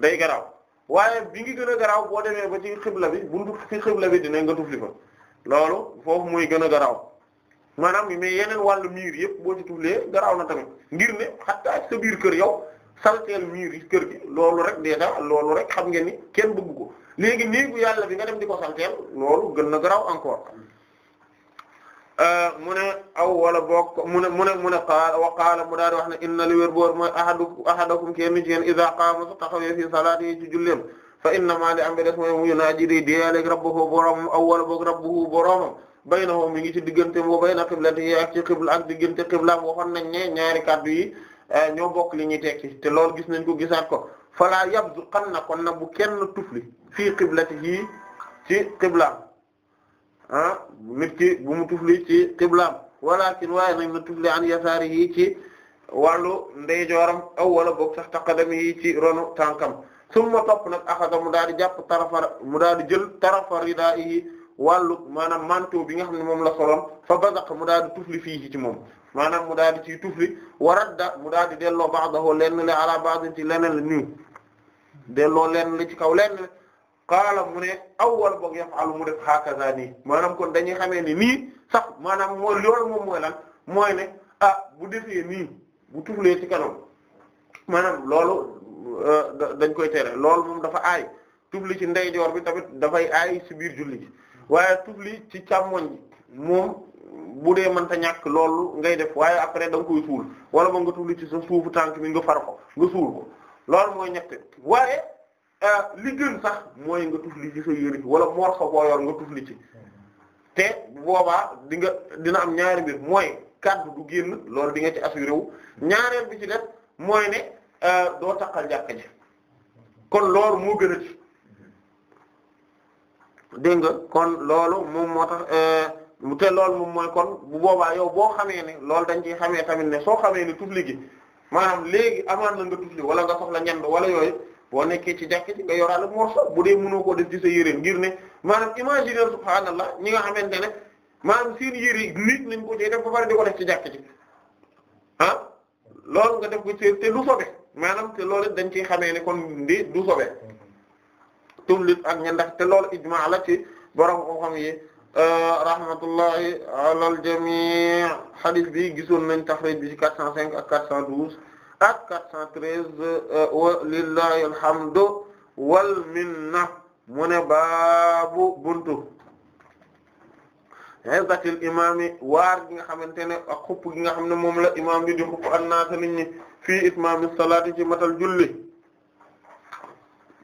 day garaaw waaye bi ngi gën a garaaw boo demee ba ci xibla bi buntu fi xibla bi dina nga tufli fa loolu foofu muy gën a garaaw maanaam mais yeneen wàllu miir yëpp boo ci tuflee garaaw na tamit ngir ne xataa sa biir kër yow salteel miir yi kër gi loolu rek déjà loolu rek xam ngeen ni kenn bëgg ko léegi néegu yàlla bi nga dem di ko salteel loolu gën na garaaw encore euh, mu ne aw wala boog mu ne mu ne mu ne qaala wa qaala mu daal wax ne inna li wér boor mooy ahadu ahadakum kenn ci yéen iza qaama su taxawee fi salaati ci julleem fa innamaa li am bi des mooy mu yunaaji day déyaaleeg rabbahu boroomam boog rabbahu boroomam baynahu mi ngi ci diggante mu bayna qiblatihi ak ci qibla ak diggante qiblaam waxoon nañ ne ñaari kàddu yi eh, ñoo bokk li ñuy tekki te loolu gis nañ ko gisaat ko falaa yabdu xam na kon nag bu kenn tufli fii qiblatihi ci qiblaam ah nit ki bu ci qiblaam walakin waaye nag na tufli an yasaarihi ci wàllu ndeyjooram aw wala boog sax taqadami yi ci ronu tànkam summa topp nag axada mu daal di mu daal di jël tarafa ridaahi wàllu maanaam manteau bi nga xam ne moom la soloon fa bazaq mu daal di tufli fii ci moom maanaam mu daal di ciy tufli wa da mu daal di delloo ba'dahu lenn le ala ba'din ci leneen la nii delloo lenn la ci kaw lenn le qaala mu ne awwal boog yaf'alu mu def hakaza nii maanaam kon dañuy xamee ni nii sax maanaam mooy loolu moom mooy lan mooy ne ah bu defee nii bu tuflee ci kanam maanaam loolu Euh, dañ koy tere loolu moom dafa aay tufli ci ndeyjoor bi tamit dafay aay ci biir julli gi waaye tufli ci càmmoñ moom bu dee mënta ñàkk loolu ngay def waaye après da nga koy suul wala ba nga tufli ci sa suufu tànk mi nga far ko nga suul ko mooy ñett waaye euh, li sax mooy nga tufli ci sa yëri wala morso boo nga tufli ci te boobaa di nga dina am ñaari mbir mooy kaddu du génn loolu di nga ci assuré wu ñaareel bi ci def mooy ne Euh, doo takkal jàkka kon loolu mu gën a ci nga kon loolu moom moo tax euh, te loolu moom mooy kon bu boobaa yow boo xamee ne loolu dañ ciy xamee tamit ne soo xamee ne tufli gi léegi amaan na nga tufli wala nga soxla ñand wala yooyu boo nekkee ci jàkk ci nga yoraale morceau bu dee mënoo koo def ngir ne maanaam imaginer subhaanallah ñi nga xamante ne maanaam seen yére nit nañ ko ci def ba di ko def ci jàkk ci ah loolu nga def ko ci te lu sobe maanaam te loolu dañ ciy xamee ne kon ndi du sobe tuflit ak ña ndax te loolu ijmaa la ci borom ko xam yi euh, rahmatullahi ala al jami' bi gisoon nañ taxrij bi ci 405 ak 412 ak 413 euh, wa lillahi alhamdu wal minna mu ne baabu buntu izzatil imaami waar gi nga xamante ne ak xupp gi nga xam ne moom la imaam bi di xupp annaata nit ñi fii itmaami salaati ci matal julli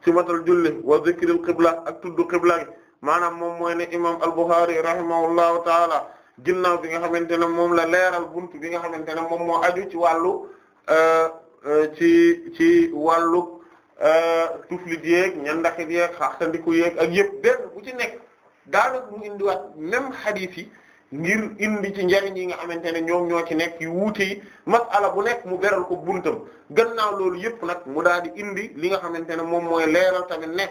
ci matal julli wa zikril qibla ak tudd qibla gi maanaam moom mooy ne imaam al-Bukhari rahimahullahu taala ginnaaw bi nga xamante ne moom la leeral buntu bi nga xamante ne moom moo aju ci wàllu euh, euh, ci ci wàllu euh, tuflit yeeg ñandaxit yeeg xaxtandiku yeeg ak yëpp benn bu ci nekk daanaka mu indiwaat même hadith yi ngir indi ci njariñ yi nga xamante ne ñoom ñoo ci nekk yu wuute yi masala bu nekk mu beral ko buntam gannaaw loolu yëpp nag mu daal di indi li nga xamante ne moom mooy leeral tamit ne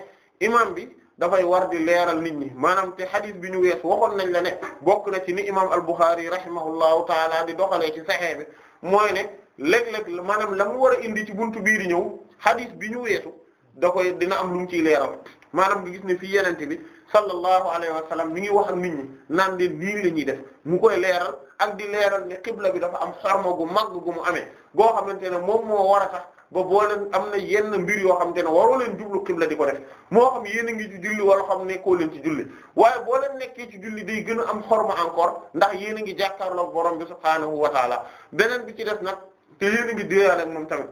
imam bi dafay war di leeral nit ñi maanaam te hadith bi ñu wees waxoon nañ la ne bokk na ci ni imam al-Bukhari rahimahullahu taala di doxalee ci Sahih bi mooy ne léeg-léeg maanaam la mu war a indi ci buntu bii di ñëw hadith bi ñu weesu da koy dina am lu mu ciy leeral maanaam nga gis ne fii yenente bi sallallahu alayhi wa sallam mi ngi wax ak nit ñi naan de lii la ñuy def mu koy leeral ak di leeral ne xibla bi dafa am ma gu mag gu mu amee goo xamante ne moom moo war a ba boo leen am na yenn mbir yoo xamante ne waroo leen jublu xibla di ko def moo xam yéen a ngi ci julli wala xam koo leen ci julli waaye boo leen nekkee ci julli day gën a am xorma encore ndax yéen a ngi jàkkaarloo borom bi subhaanahu wa taala beneen bi ci def nag te yéen a ngi moom tamit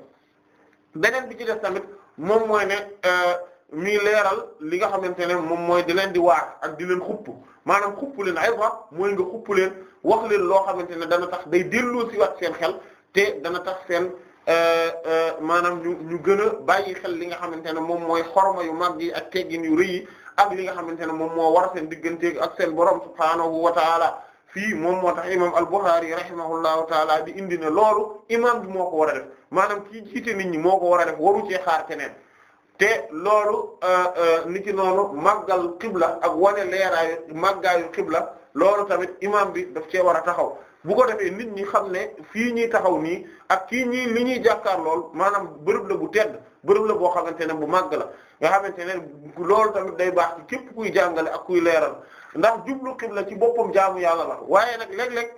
beneen bi ci def tamit moom mooy ne. Euh, mii leeral li nga xamante ne moom mooy di leen di waat ak di leen xupp maanaam xupp leen ay wax mooy nga xupp leen wax leen loo xamante ne dana tax day delloo si waat seen xel te dana tax seen euh, euh, maanaam ñu ñu gën a bàyyi xel li nga xamante ne moom mooy xorma yu mag yi ak teggin yu rëy ak li nga xamante ne moom moo war seen digganteeg ak seen borom subhaanahu wa taala fii moom moo tax imam al-Bukhari rahimahullahu taala di indi ne loolu imam bi moo ko war a maanaam kii jiite nit ñi moo ko war a def waru cee keneen te loolu euh, euh, ni ki noonu màggal xibla ak wane leeraayu màggaayu xibla loolu tamit imam bi daf cee war a taxaw bu ko defee nit ñi xam ne fii ñuy taxaw nii ak kii ñii li ñuy jàkkaar lool maanaam bërëb la bu tedd bërëb la boo xamante ne bu màgg la nga xamante ne loolu tamit day baax ci képp kuy jàngale ak kuy leeral ndax jublu xibla ci boppam jaamu yàlla la waaye nag léeg-léeg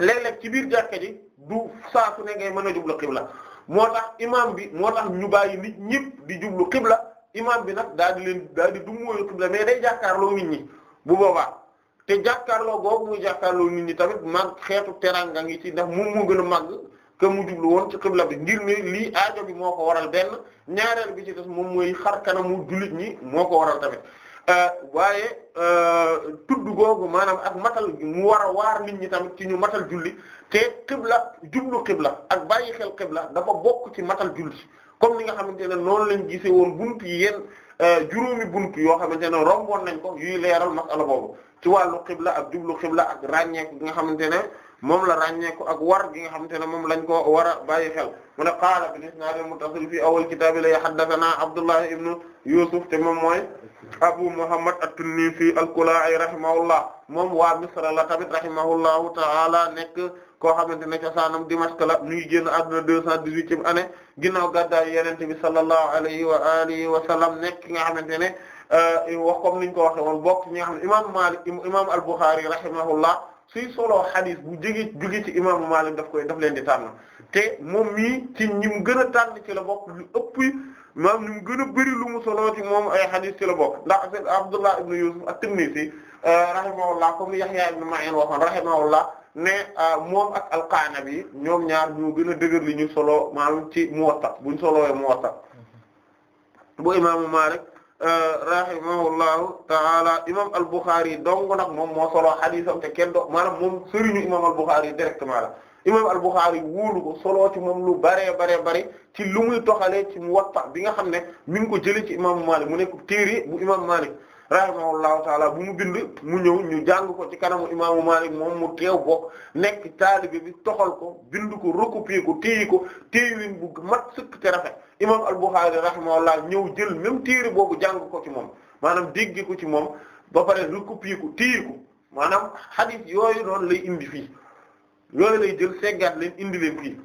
léeg ci biir jàkka ji du saa su ne ngay mën a jublu xibla moo tax imaam bi moo tax ñu bàyyi nit ñëpp di jublu xibla imaam bi nag daal di leen daal di dummóoyu xibla mais day jàkkaarloo nit ñi bu boobaa te jàkkaarloo boobu muy jàkkaarloo nit ñi tamit mag xeetu teraanga ngi ci ndax moom moo gën a màgg mu jublu woon ci xibla bi ngir ne lii aajo bi moo ko waral benn ñaareel bi ci des moom mooy xar kanamu jullit ñi moo ko waral tamit euh, waaye euh, tudd googu maanaam ak matal mu war a waar nit ñi tamit ci ñu matal julli te qibla jublu qibla ak bàyyi xel qibla dafa bokk ci matal julli comme ni nga xamante ne noonu lañ gisee woon buntu yi yenn euh, juróomi buntu yoo xamante ne romboon nañ ko yuy leeral masala boobu ci wàllu qibla ak jublu qibla ak ràññeeku gi nga xamante ne moom la ràññeeku ak war gi nga xamante ne moom lañ ko war a bàyyi xel mu ne qaala bi isnaadil muttasil fii awal kitaab la haddathana Abdullah ibn Yusuf te moom mooy Abu Muhammad at-Tinnisi al-Kalaa'i rahimahullah moom wa Misra la tamit rahimahullahu ta'ala nekk koo xamante ne cosaanam Dimashq la mi ngi génn àdduna deux cent dix-huitième année ginnaaw gàddaay Yonent bi sallallahu alayhi wa alihi wa sallam nekk ki nga xamante ne euh, wax comme niñ ko waxe woon bokk ñi nga xam ne imam Malik imam al-Bukhari rahimahullah suy soloo xadis bu jóge jóge ci imaamu Malik daf koy daf leen di tànn te moom mi ci ñi mu gën a tànn ci la bokk lu ëpp maam ñu mu gën a bëri lu mu solo ci moom ay xadis ci la bokk ndax Abdullah ibn Yusuf at-Tinnisi euh, rahimahullah comme Yahya ibn Ma'in waxoon ne ah, moom ak al-Qanabi ñoom ñaar ñoo gën a dëgër li ñu solo maanaam ci Muwatta buñ solowee Muwatta bu imaamu Maalik ah, rahimahullahu taala imam al-Bukhari dong nag moom moo solo xadiisam te kenn do maanaam moom sëriñu imam al-Bukhari directement la imam al-Bukhari wóolu ko solo ci moom lu baree bare bari ci lu muy toxalee ci Muwatta bi nga xam ne mi ko jëlee ci imaamu Maalik mu nekk téere bu imam Maalik rahimahullahu taala bu mu bind mu ñëw ñu jàng ko ci kanamu imaamu Maalik moom mu teew ko nekk taalibe bi toxal ko bind ko recopier ko téye ko téewin bu mat sëkk te rafet imaam al-Bukhari rahimahullah ñëw jël même téere boobu jàng ko ci moom maanaam dégg ko ci moom ba pare recopier ko téye maanaam hadith yooyu noonu lay indi fii yooyu lay jël seggaat leen indi leen fii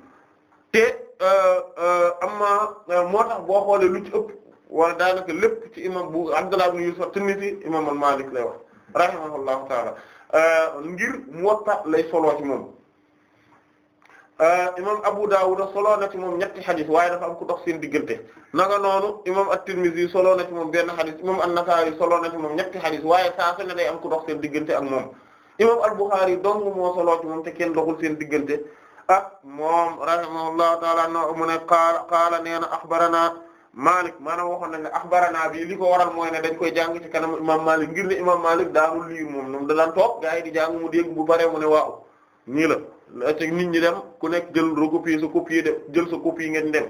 te euh, euh, amma euh, moo tax boo xoolee lu ci ëpp. wala daanaka lépp ci imam bu Abdullah ibn Yusuf Tinnisi imam Malik lay wax rahimahullahu taala euh, ngir Muwatta lay soloo ci moom euh, imam Abu Dawud soloo na ci moom ñetti xadis waaye dafa am ku dox seen diggante naka noonu imam At-Tirmidhi soloo na ci moom benn xadis imam An-Nasa'i soloo na moom ñetti xadis waaye saa su ne day am ku dox seen diggante ak moom imam Al-Bukhari dong moo soloo ci moom te kenn doxul seen diggante ak ah, moom rahimahullahu taala no mu Malik maanaam waxoon nañ ne naa bi li ko waral mooy ne dañ koy jàng ci kanam imam Malik ngir ne imam Malik daanul liir moom moom da daan toog gaa yi di jàng bu bare mu ne waaw nii la la ci nit ñi dem ku nekk jël recopier sa copie de jël sa copie ngeen dem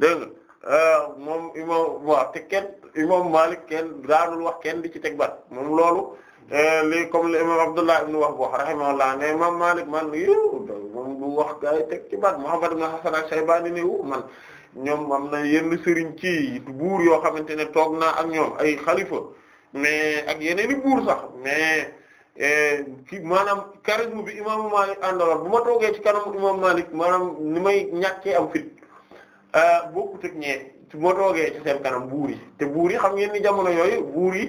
dégg nga euh, moom imam waaw te kenn imam wax kenn di ci teg bat moom loolu euh, li comme le imam Abdullah ibn Wahb wax rahimahullah ne imam Malik man moom du wax gaa yi teg ci bat Muhammad ibn Hasan al-Shaybani ne man ñoom am na yenn sëriñ ci buur yoo xamante ne toog naa ak ñoom ay xalifa mais ak yeneen i buur sax mais ki eh, maanaam charisme bi imaamu Maalik àndaloon bu ma toogee ci kanam imaamu Maalik maanaam ni may ñàkkee am fit eh, bokkut ak ñee bu ma toogee ci seen kanam buur yi te buur yi xam ngeen jamono yooyu buur yi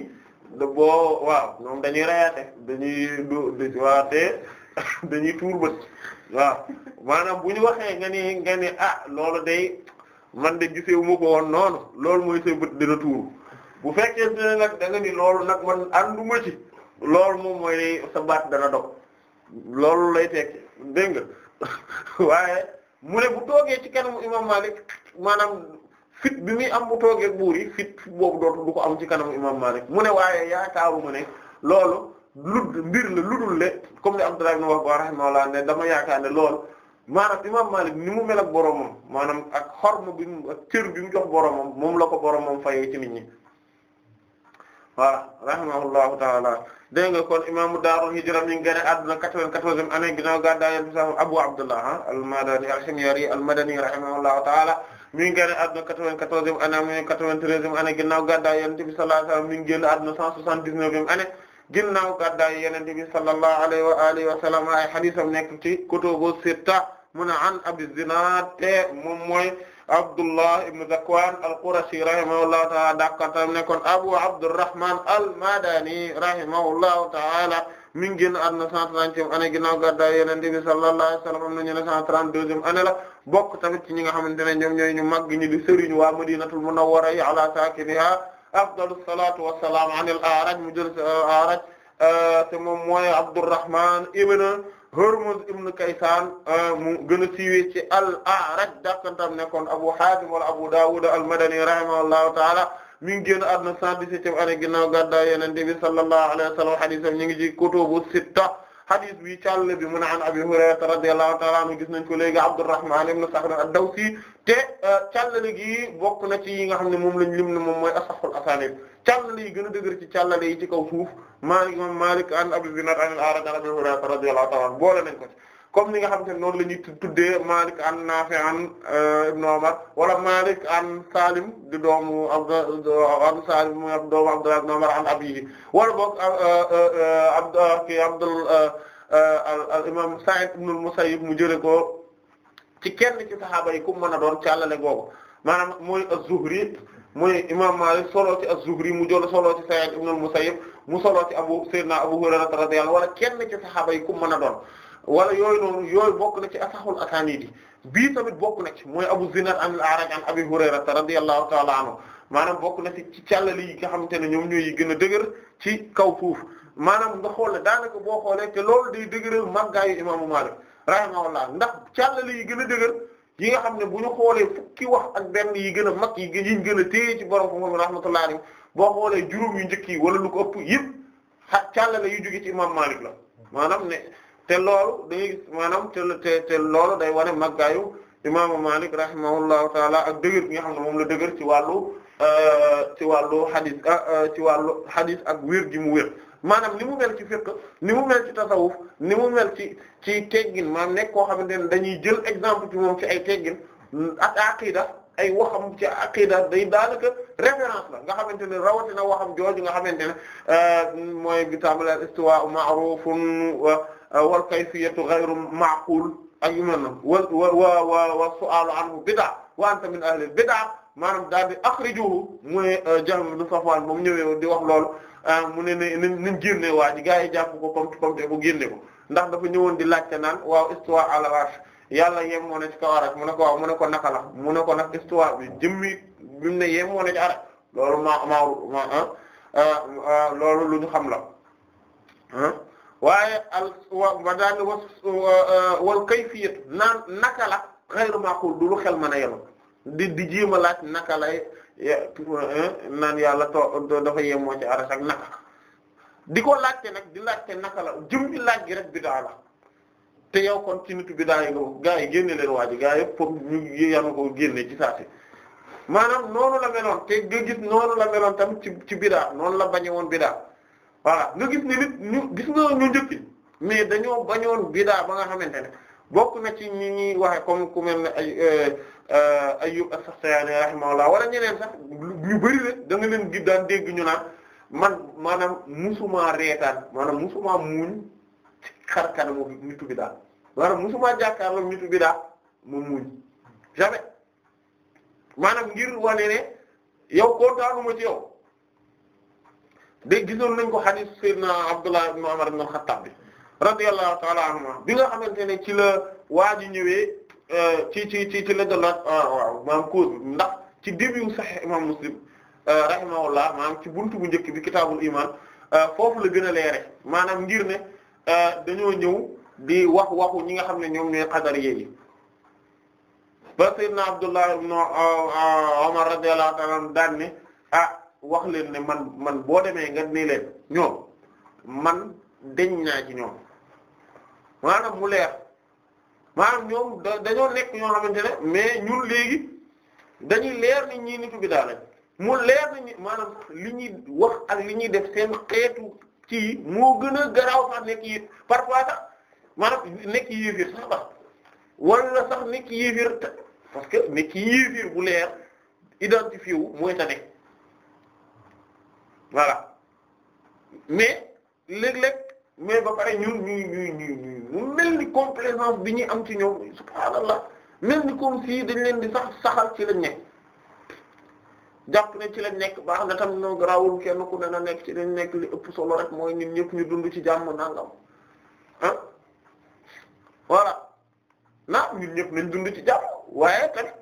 da boo waaw ñoom dañuy rayaate dañuy do waate dañuy tuur bët waaw maanaam bu ñu waxee nga ni nga ni ah loolu day man de gisewu ma ko woon noonu loolu mooy sa bët dina tuuru bu fekkente ne nag da ni loolu nag man ànduma ci loolu moom mooy sa baat dana dog loolu lay tekki dégg nga waaye mu ne bu toogee ci kanamu imam Malik maanaam fit bi muy am bu toogee buur yi fit boobu dootu du ko am ci kanamu imam Malik mu ne waaye yaakaaruma ne loolu lu mbir lu dul le comme ne Abdullah ibn Wahb rahimahullah ne dama yaakaar ne lool maanaam imam Malik ni mu mel ak boromam maanaam ak xorma bi mu ak cër bi jox boromam moom la ko boromam fayee ci nit ñi voilà rahimahullahu taala dégg nga kon imaamu Daaru Hijra mi ngi génn àdduna quatre-vingt-quatorzième année ginnaaw ah, rahimahullahu taala mi ngi génn àdduna quatre-vingt-quatorzième année mi ngi quatre-vingt-treizième année ginnaaw cent soixante-dix-neuvième année ginnaaw gàddaay Yonent bi sallallahu alayhi wa alihi wa sallam ay hadiisam mu ne an Abi Zinaad te moom mooy Abdullah ibn Zakwan al-Qurashi rahimahullahu ta'ala dàqantam nekkoon Abu Abdurrahman al-Madani rahimahullahu ta'ala mi ngi génn àdduna 130 année ginnaaw gàddaay Yonent bi sallallahu alayhi wa sallam am na ñu ne 132 année la bokk tamit ci ñi nga xamante ne ñoom ñooy ñu màgg ñi di sëriñ waa Madinatul Munawwara yi ala saakiniha afdalu salaatu wa salaam an al-A'raj mu jël al-A'raj te moom mooy Abdurrahman ibn Hurmuz ibn Kaysan euh, mu gën a siiwee ci al-A'raj dakkantam nekkoon Abu Hatim wala Abu Dawud al-Madani rahimahullahu ta'ala mi ngi génn àdduna 117e année ginnaaw gàddaay Yonent bi sallallahu alayhi wa sallam hadiisam ñu ngi ci kutubu sitta xadis bi càll bi mu ne an Abi Hurayra radiyallahu ta'ala anhu gis nañ ko léegi Abdurrahman ibn Sakhr ad-Dawsi te euh, càllale gi bokk na ci yi nga xam ne moom lañ lim ne moom mooy asahul asanid càllale yi gën a dëgër ci càllale yi ci kaw suuf Maalik imam Maalik an Abi Zinad an al-A'raj an Abi Hurayra radiyallahu ta'ala nañ ko ci comme ni nga xam te ne noonu la ñuy tuddee Malik an Nafi an euh, ibn Umar wala Malik an Salim di doomu Abdou Abdou Salim mooy doomu Abdullah ibn Umar an abihi wala boog euh, euh, Abdou kii imam Sa'id ibn al mu jëlee ko ci kenn ci saxaaba yi ku mën a doon càllale googu maanaam mooy az-Zuhri mooy imam Malik solo ci az-Zuhri mu jël solo ci Sa'id ibn al mu solo ci abu Sayyidina Abu Hurayra radiyallahu anhu wala kenn ci saxaaba yi ku doon. wala yooyu noonu yooyu bokk na ci asaxul asaaniidi bii tamit bokk na ci mooy Abu Zinad an al-A'raj an Abi Hurayrata radiyallahu ta'ala anhu maanaam bokk na ci ci càllali yi nga xamante ne ñoom ñooy gën a dëgër ci kaw suuf maanaam nga xool daanaka boo xoolee te loolu day dëgëral màggaayu imaamu Maalik rahimahullah ndax càllali yi gën a dëgër yi nga xam ne bu ñu xoolee fukki wax ak benn yi gën a mag yi yiñ gën a téye ci borom ko moom rahmatullahi alayhi boo xoolee juróom yu njëkk yi wala lu ko ëpp yëpp càllale yu jóge ci imaam Maalik la maanaam ne te loolu dañuy maanaam te te te loolu day wane màggaayu imaamu Malik rahimahullahu taala ak dëgër bi nga xam ne moom la dëgër ci wàllu euh, ci wàllu hadith euh, euh, ci wàllu hadith ak wér gi mu wér maanaam ni mu mel ci fiqh ni mu mel ci tasawuf ni mu mel ci ci teggin maanaam nekk koo xamante ne dañuy jël exemple ci moom ci ay teggin ak aqida ay waxam ci aqida day daanaka référence la nga xamante ne rawatina waxam jooju nga xamante ne mooy bi tàmbale istiwa ma'rufun Euh, wal kayfiyatu ghayru ma'qul ak yu mel waa wa wa wa wa su'alu anhu bid'a wa anta min ahli bid'a maanaam daal di mu mooy euh, Jahm ibn Safwan moom ñëwee di wax loolu euh, mu ne ne nañ génne waa gaa yi jàpp ko comme comme te bu génne ko ndax dafa ñëwoon di laajte naan waaw istiwa ala yàlla yemoo na ci kaw mu ne ko waaw ne ko naka la mu ne ko nag istiwa bi jëmmi bi mu ne yemoo na ci arsh ah, loolu lu ñu xam la ah. waaye al wa daani was wal kayfiyat naan naka la ghayru maqul du lu xel ma na yenu di di jéem a laaj naka lay eh, naan yàlla to dafa yemoo ci aras ak naka di ko laajte nag di laajte naka la jëm bi laaj gi rek bidaa la te yow kon ci nitu bidaa yi nga gaa yi génne leen waa ji gaa yëpp pour ñu yanu ko génne ci saati maanaam noonu la meloon te nga gis noonu la meloon tam ci ci bidaa noonu la bañe woon bidaa voilà nga gis ne nit ñu gis nga ñu njëkk mais dañoo bañoon bidaa ba nga xamante ne bokk na ci ñi ñuy waxe comme ku mel ne ay euh, Ayyub as-Saxtiyaani rahimahullah wala ñeneen sax ñu bari la da nga leen gi daan dégg ñu naan man maanaam musuma reetaan maanaam musuma muuñ xar kanamu nitu bidaa maanaam musuma jàkkaarloo nitu bidaa ma muuñ jamais maanaam ngir wane ne yow kontaanuma ci yow. dégg gisoon nañ ko hadith na Abdullah ibn Umar ibn al-Khattab bi nga xamante ne ci la waa ji ñëwee euh, ci ci ci ci la dolaat ah, waaw maam cause ndax ci début Sahih imam Muslim euh, rahimahullah maanaam ci bunt bu njëkk bi kitaabul iman euh, foofu la gën a rek maanaam ngir ne dañoo ñëw di wax waxu ñi nga xam ne ñoom ñooy qadariyé yi ba sayyidina Abdullah ibn Umar radiyallahu ta'ala anhu daan ne ah wax leen ne man man boo demee nga ni leen ñoom man deñ naa ci ñoom maanaam mu leer maanaam ñoom dañoo nekk ñoo xamante ne mais ñun léegi dañuy leer ni ñii nitu bi daal mu leer nañu maanaam li ñuy wax ak li ñuy def seen xeetu ci moo gën a garaaw sax nekk yi parfois sax maanaam nekk yéefir sax ba wala sax nekk yéefir parce que nekk yéefir bu leer identifié wu mooy ta nekk voilà mais léeg-léeg mais ba pare ñun ñuy ñuy ñuy ñu mel ni complaisance bi ñuy am ci ñoom subhaanallah mel ni comme si dañ leen di sax saxal ci lañ nekk jàpp ne ci lañ nekk baax nga tam no garaawul kenn ku ne nekk ci lañ nekk li ëpp solo rek mooy ñun ñëpp ñu dund ci jàmm nangam ah voilà na ñun ñëpp nañ dund ci jàmm waaye tamit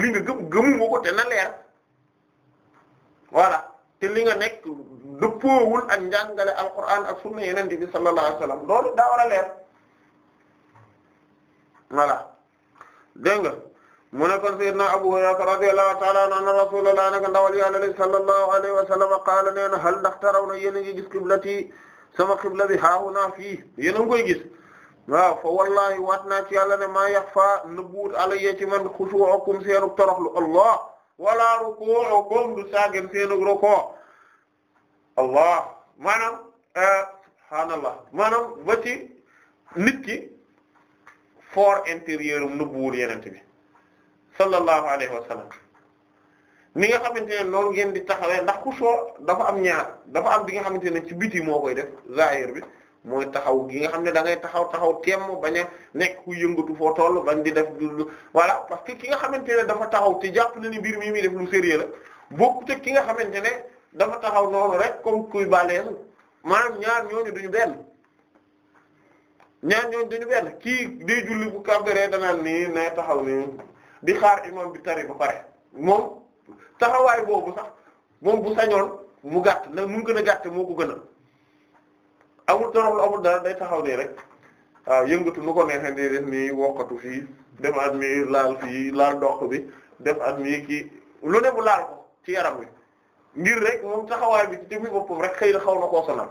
li nga gëm gëmu nga ko te na leer voilà te li nga nekk dëppoowul ak njàngale alquran ak sunna yeneen bi sallallahu alayhi wasallam loolu daa war a leer voilà dégg nga Abu Hurayra radiyallahu ta'ala anhu anna rasulullah naka ndawal yàlla li sallallahu alayhi wasallam qaala nee hal ndax taraw na yéen a ngi gis qiblati sama qibla bi haahuna fii yéen a ngi koy fa wallahi waat naa ci yàlla ne maa yaxfa nubuut alayya ci man xushu'ukum seenu toroxlu allah wala ruku'ukum du saagen seenug ruku' allah maanaam euh, subhaanallah maanaam ba ci nit ki fort intérieur um bi sallallahu alayhi wa sallam ni nga xamante ne noonu ngeen di taxawee ndax ku soo dafa am ñaar dafa am bi nga xamante ne ci biti moo koy def zahir bi mooy taxaw gi nga xam ne da ngay taxaw taxaw moo bañ a nekk ku yëngatu foo toll bañ di def du voilà parce que ki nga xamante ne dafa taxaw te jàpp na ni mbir mi muy def lu sérieux la bokkut ak ki nga xamante ne dafa taxaw noonu rek comme kuy baleelu maanaam ñaar ñooñu duñu benn ñaar ñooñu duñu benn kii day julli bu kàbbaree danaan nii na taxaw ni di xaar imam bi tari ba pare moom taxawaay boobu sax moom bu sañoon mu gàtt na mu gën a gàtte moo ko gën a amul toroxlu amul dara day taxaw nii rek waaw ah, yëngatu nu ko neexee di def nii wokkatu fii dem at mi laal fii laal dox bi dem at mi kii lu ne bu laal ko ci yaram wi ngir rek moom taxawaay bi ci jëmmi boppam rek xëy na xaw na koo sonal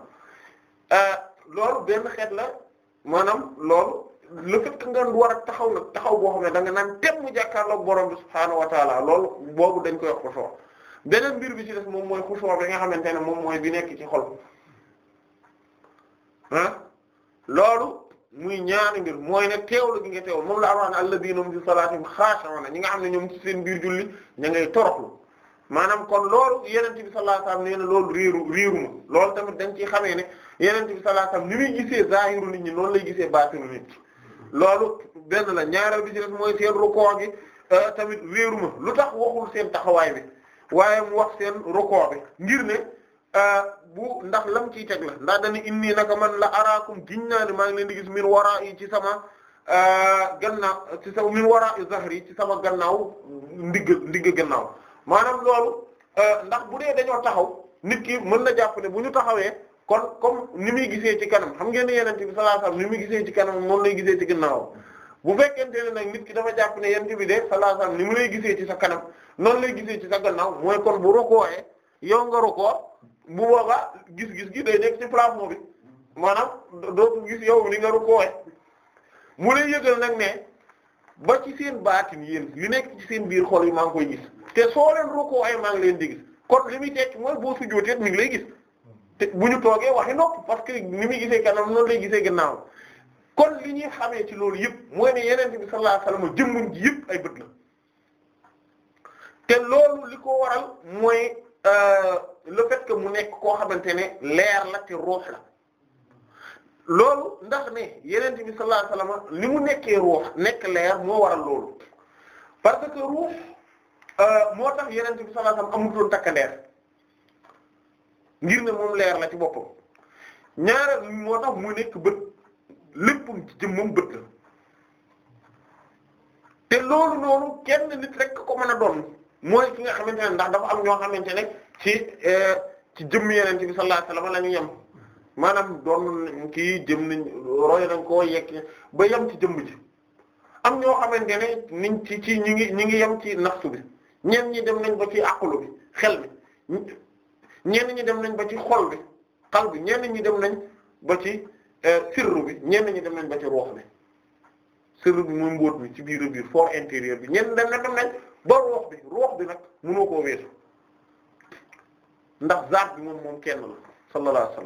ah, loolu benn xeet la maanaam loolu le fait taxaw nag taxaw boo xam ne da nga naan tem mu jàkkaarloog borom bi subhaanahu wa taala boobu dañ koy wax xusoo beneen mbir bi ci def moom mooy xusoo bi nga xamante ne moom mooy bi nekk ci xol ah loolu muy ñaari ngir mooy ne teewlu gi nga teewlu moom la alwaan alladina hum fi salatihim xaashi'uuna ñi nga xam ne ñoom ci seen biir julli ña ngay toroxlu maanaam kon loolu yenente bi sallallahu alayhi wasallam nee na loolu réeru loolu tamit dañ ciy xamee ne yenente bi sallallahu alayhi ni muy gisee zahiru nit ñi noonu lay gisee baatinu nit loolu benn la ñaareel bi ci def mooy seen rukoo gi euh, tamit réeru lu tax waxul seen taxawaay bi waaye mu wax seen rukoo bi ngir ne Euh, bu ndax lam ciy teg la ndax dana inni naka man la araakum giñ naa ne maa ngi leen di gis min waraa yi ci sama euh, gannaaw ci sama min waraa i zahri ci sama gannaaw ndigg ndigg gannaaw maanaam loolu euh, ndax bu dee dañoo taxaw nit ki mën na jàpp ne bu ñu taxawee kon comme ni muy gisee ci kanam xam ngeen ne yonent bi sallallahu alayhi wasallam ni muy ci kanam moom lay gisee ci gannaaw bu fekkente ne nag nit ki dafa jàpp ne yonent bi de sallallahu alayhi wasallam mu lay gisee ci sa kanam noonu lay gisee ci sa gannaaw mooy kon bu rokkooee yow nga rokkoo bu boobaa gis-gis gi day nekk ci plafond bi maanaam dootu gis yow li nga rukkoowe mu lay yëgal nag ne ba ci seen baatin yéen yu nekk ci seen biir xool yi maa ngi koy gis te soo leen rukkoo ay maa ngi leen di gis kon li muy tekki mooy boo sujjóotee mi ngi lay gis te bu ñu toogee waxi nopp parce que ni muy gisee kanam noonu lay gisee gannaaw kon li ñuy xamee ci loolu yëpp mooy ne yeneen bi sallallahu alayhi wasallam jëmmuñ ci yëpp ay bët la te loolu li ko waral mooy Euh, le fait mu nekk koo xamante ne leer la te ruux la loolu ndax ne yeneen bi sallallahu alayhi wasallam li mu nekkee ruux nekk leer moo waral loolu parce que ruux euh, moo tax yeneen bi sallallahu alayhi wasallam amutoon takkandeer ngir ne moom leer la ci boppam ñaareel moo tax mu nekk bët lépp ci jëmmam bët te loolu noonu kenn nit rek ko mën a doon. mooy ki nga xamante ne ndax dafa am ñoo xamante ne ci eh, ci jëmm yeneen bi sallallahu alayhi wasallam la ñu yem maanaam doon kii jëm nañ roy nañ ko yekk ba yem ci jëmm ji am ñoo xamante ne niñ ci ci ñi ngi ñi ngi yem ci nafsu bi ñenn ñi dem nañ ba ci aqlu bi xel bi ñenn ñi dem nañ ba ci xol bi xal bi ñenn ñi dem nañ ba ci eh, sirru bi ñenn ñi dem nañ ba ci ruux bi sirru bi mooy mbóot ci biir biir fort intérieur bi ñenn dem na dem nañ ba ruux bi ruux bi nag mënoo koo weesu ndax zaat bi moom moom kenn la sallallahu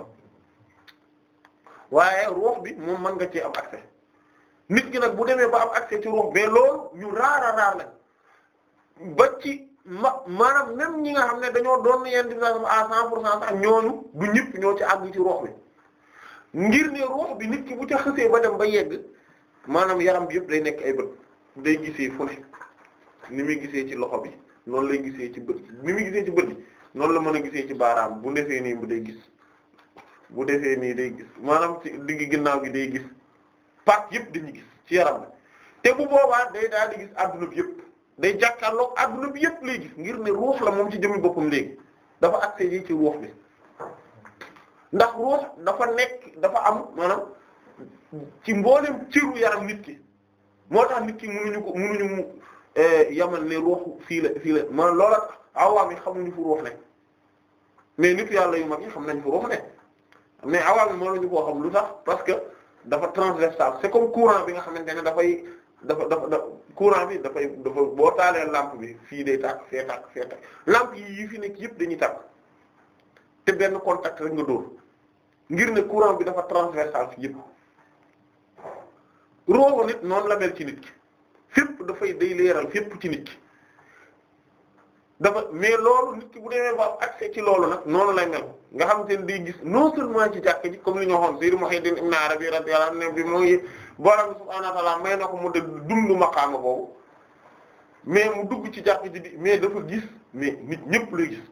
alayhi bi moom mën nga cee am accès nit ki nag bu demee ba am accès ci ruux mais loolu ñu raara raar la ba ci ma maanaam même ñi nga xam ne dañoo doon yenn di sax à cent pour cent sax ñooñu du ñëpp ñoo ci àgg ci ruux bi ngir ne ruux bi nit ki bu ca xësee ba dem ba yegg maanaam yaram bi yëpp day nekk ay bët day gisee fu ne ni muy gisee ci loxo bi noonu lay gisee ci bët ni muy gisee ci bët bi noonu la mën a gisee ci baaraam bu defee nii bu day gis bu defee nii day gis maanaam ci digg ginnaaw gi day gis pàcc yëpp dañuy gis ci yaram la te bu boobaa day daal di gis adduna bi yëpp day jàkkaarloog adduna bi yëpp lay gis ngir ne ruux la moom ci jëmmi boppam léegi dafa accès yi ci ruux bi ndax ruux dafa nekk dafa am maanaam ci mboolem ciru yaram nit ki moo tax nit ki munuñu ko munuñu E yaman ne ruux fii la fii la maanaam loola awaam yi xamuñu fu ruux ne mais nit yàlla yu mag yi xam nañ fu ruux ne mais awaam moo nañu koo xam lu tax parce que dafa transversal c'est comme courant bi nga xamante ne dafay dafa dafa da bi dafay dafa boo taalee làmp bi fii day tàkk fee tàkk fee tàkk lampe yi fi nekk yëpp dañuy tàkk te benn contact rek nga dóor ngir ne courant bi dafa transversal fi yëpp ruuxu nit noonu la mel ci nit ki fépp dafay day leeral fépp ci nit dafa mais loolu nit ki bu demee ba am accès ci loolu nag noonu lay mel nga xam te ne day gis non seulement ci jàkk ji comme li ñu waxoon Sayyid Muhyiddin Ibn Arabi radiyallahu anhu ne bi mooy borom subhaanahu wa ta'aala may na ko mu de dundu maqaama boobu mu dugg ci jàkk ji mais dafa gis mais nit ñëpp lay gis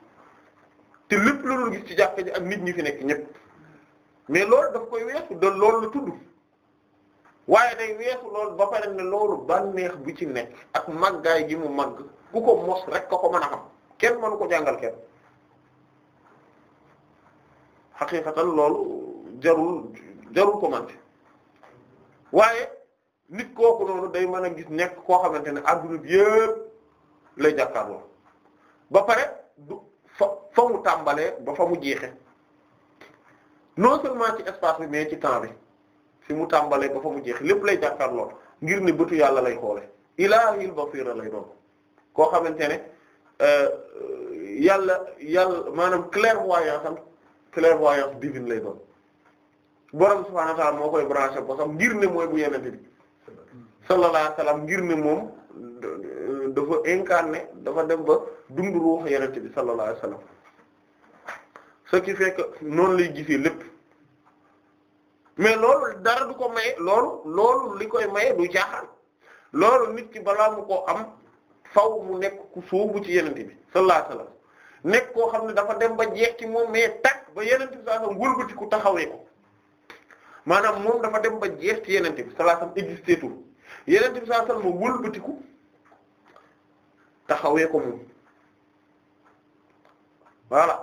te lépp la gis ci jàkk ji ak nit ñi fi nekk ñëpp mais loolu daf koy weesu de loolu la tudd. waaye day weesu loolu ba pare ne loolu bànneex bu ci nekk ak màggaay gi mu màgg ku ko mos rek ka ko mën a xam kenn mënu ko jàngal kenn xaqiiqatan loolu jarul jarul ko mante waaye nit kooku noonu day mën a gis nekk koo xamante ne adduna bi yëpp lay jàkkaarloo ba pare du fa fa mu tàmbalee ba fa mu jeexe non seulement ci espace mi mais ci temps bi fi mu tàmbalee ba fa mu jeex lépp lay jàkkaarloo ngir ne bëtu yàlla lay xoole ilaahil basira lay doon koo xamante ne euh, yàlla yàlla maanaam clairvoyance am clairvoyance divine lay doon borom subhaanahu moo koy branché bosam ngir ne mooy bu yenente bi sallallahu alayhi ngir ne moom euh, dafa incarné dafa dem ba dund ruux yenente bi sallallahu alayhi ce qui fait noonu lay gisee lépp mais loolu dara du ko maye loolu loolu li koy maye du jaaxal loolu nit ki balaa mu koo am faw mu nekk ku sóobu ci yenente bi sallallahu alayhi wasallam nekk koo xam ne dafa dem ba jeex ci moom mais takk ba yenente bi sallallahu alayhi wasallam wëlbati ku taxawee ko maanaam moom dafa dem ba jeex ci yenente bi sallallahu alayhi wasallam existé tul yenente bi sallallahu alayhi wasallam wëlbati ku taxawee ko moom voilà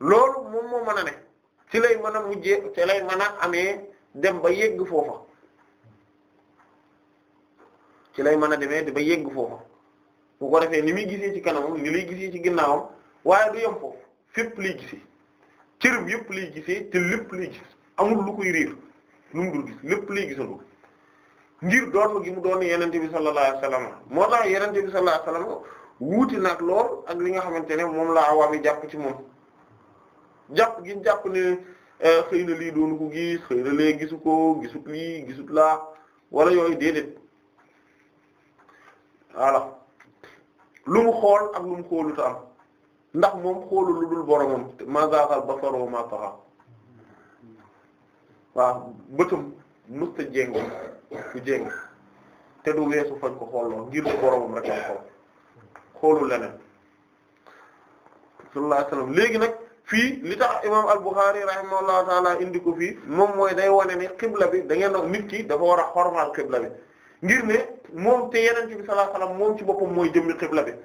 loolu moom moo mën a ne ci lay mën a mujjee ci lay man a amee dem ba yegg foofa ci lay mën a demee ba yegg foofa bu ko defee ni muy gisee ci kanamam ni lay gisee ci ginnaawam waaye du yem foofu fépp lay gisee cërëm yëpp lay gisee te lépp lay gis amul lu koy riir lu mu dul gis lépp lay gisandoo ngir doon gi mu doon yenente bi sallallahu alayhi moo tax yenente bi sallallahu alayhi ak li nga xamante ne moom la awaami jàpp ci moom jàpp gi jàpp ne euh, xëy na lii doonu ko gis xëy na lee gisu ko gisut lii gisut laa wala yooyu déedéet voilà lu mu xool ak lu mu xoolut ndax moom xoolul lu dul boromam ma zaagal basaru ma taxa waaw bëtam mësta jéngo ku jéng te du weesu fañ ko xooloo ngir boromam rek am xool xoolul leneen sallallahu alayhi wasallam léegi nag fii li tax imam al-Bukhari rahimahullahu taala indi ko fii moom mooy day wane ni xibla bi da ngeen nit ki dafa war a xormaal xibla bi ngir ne moom te yenente bi moom ci boppam mooy jëmmi xibla tax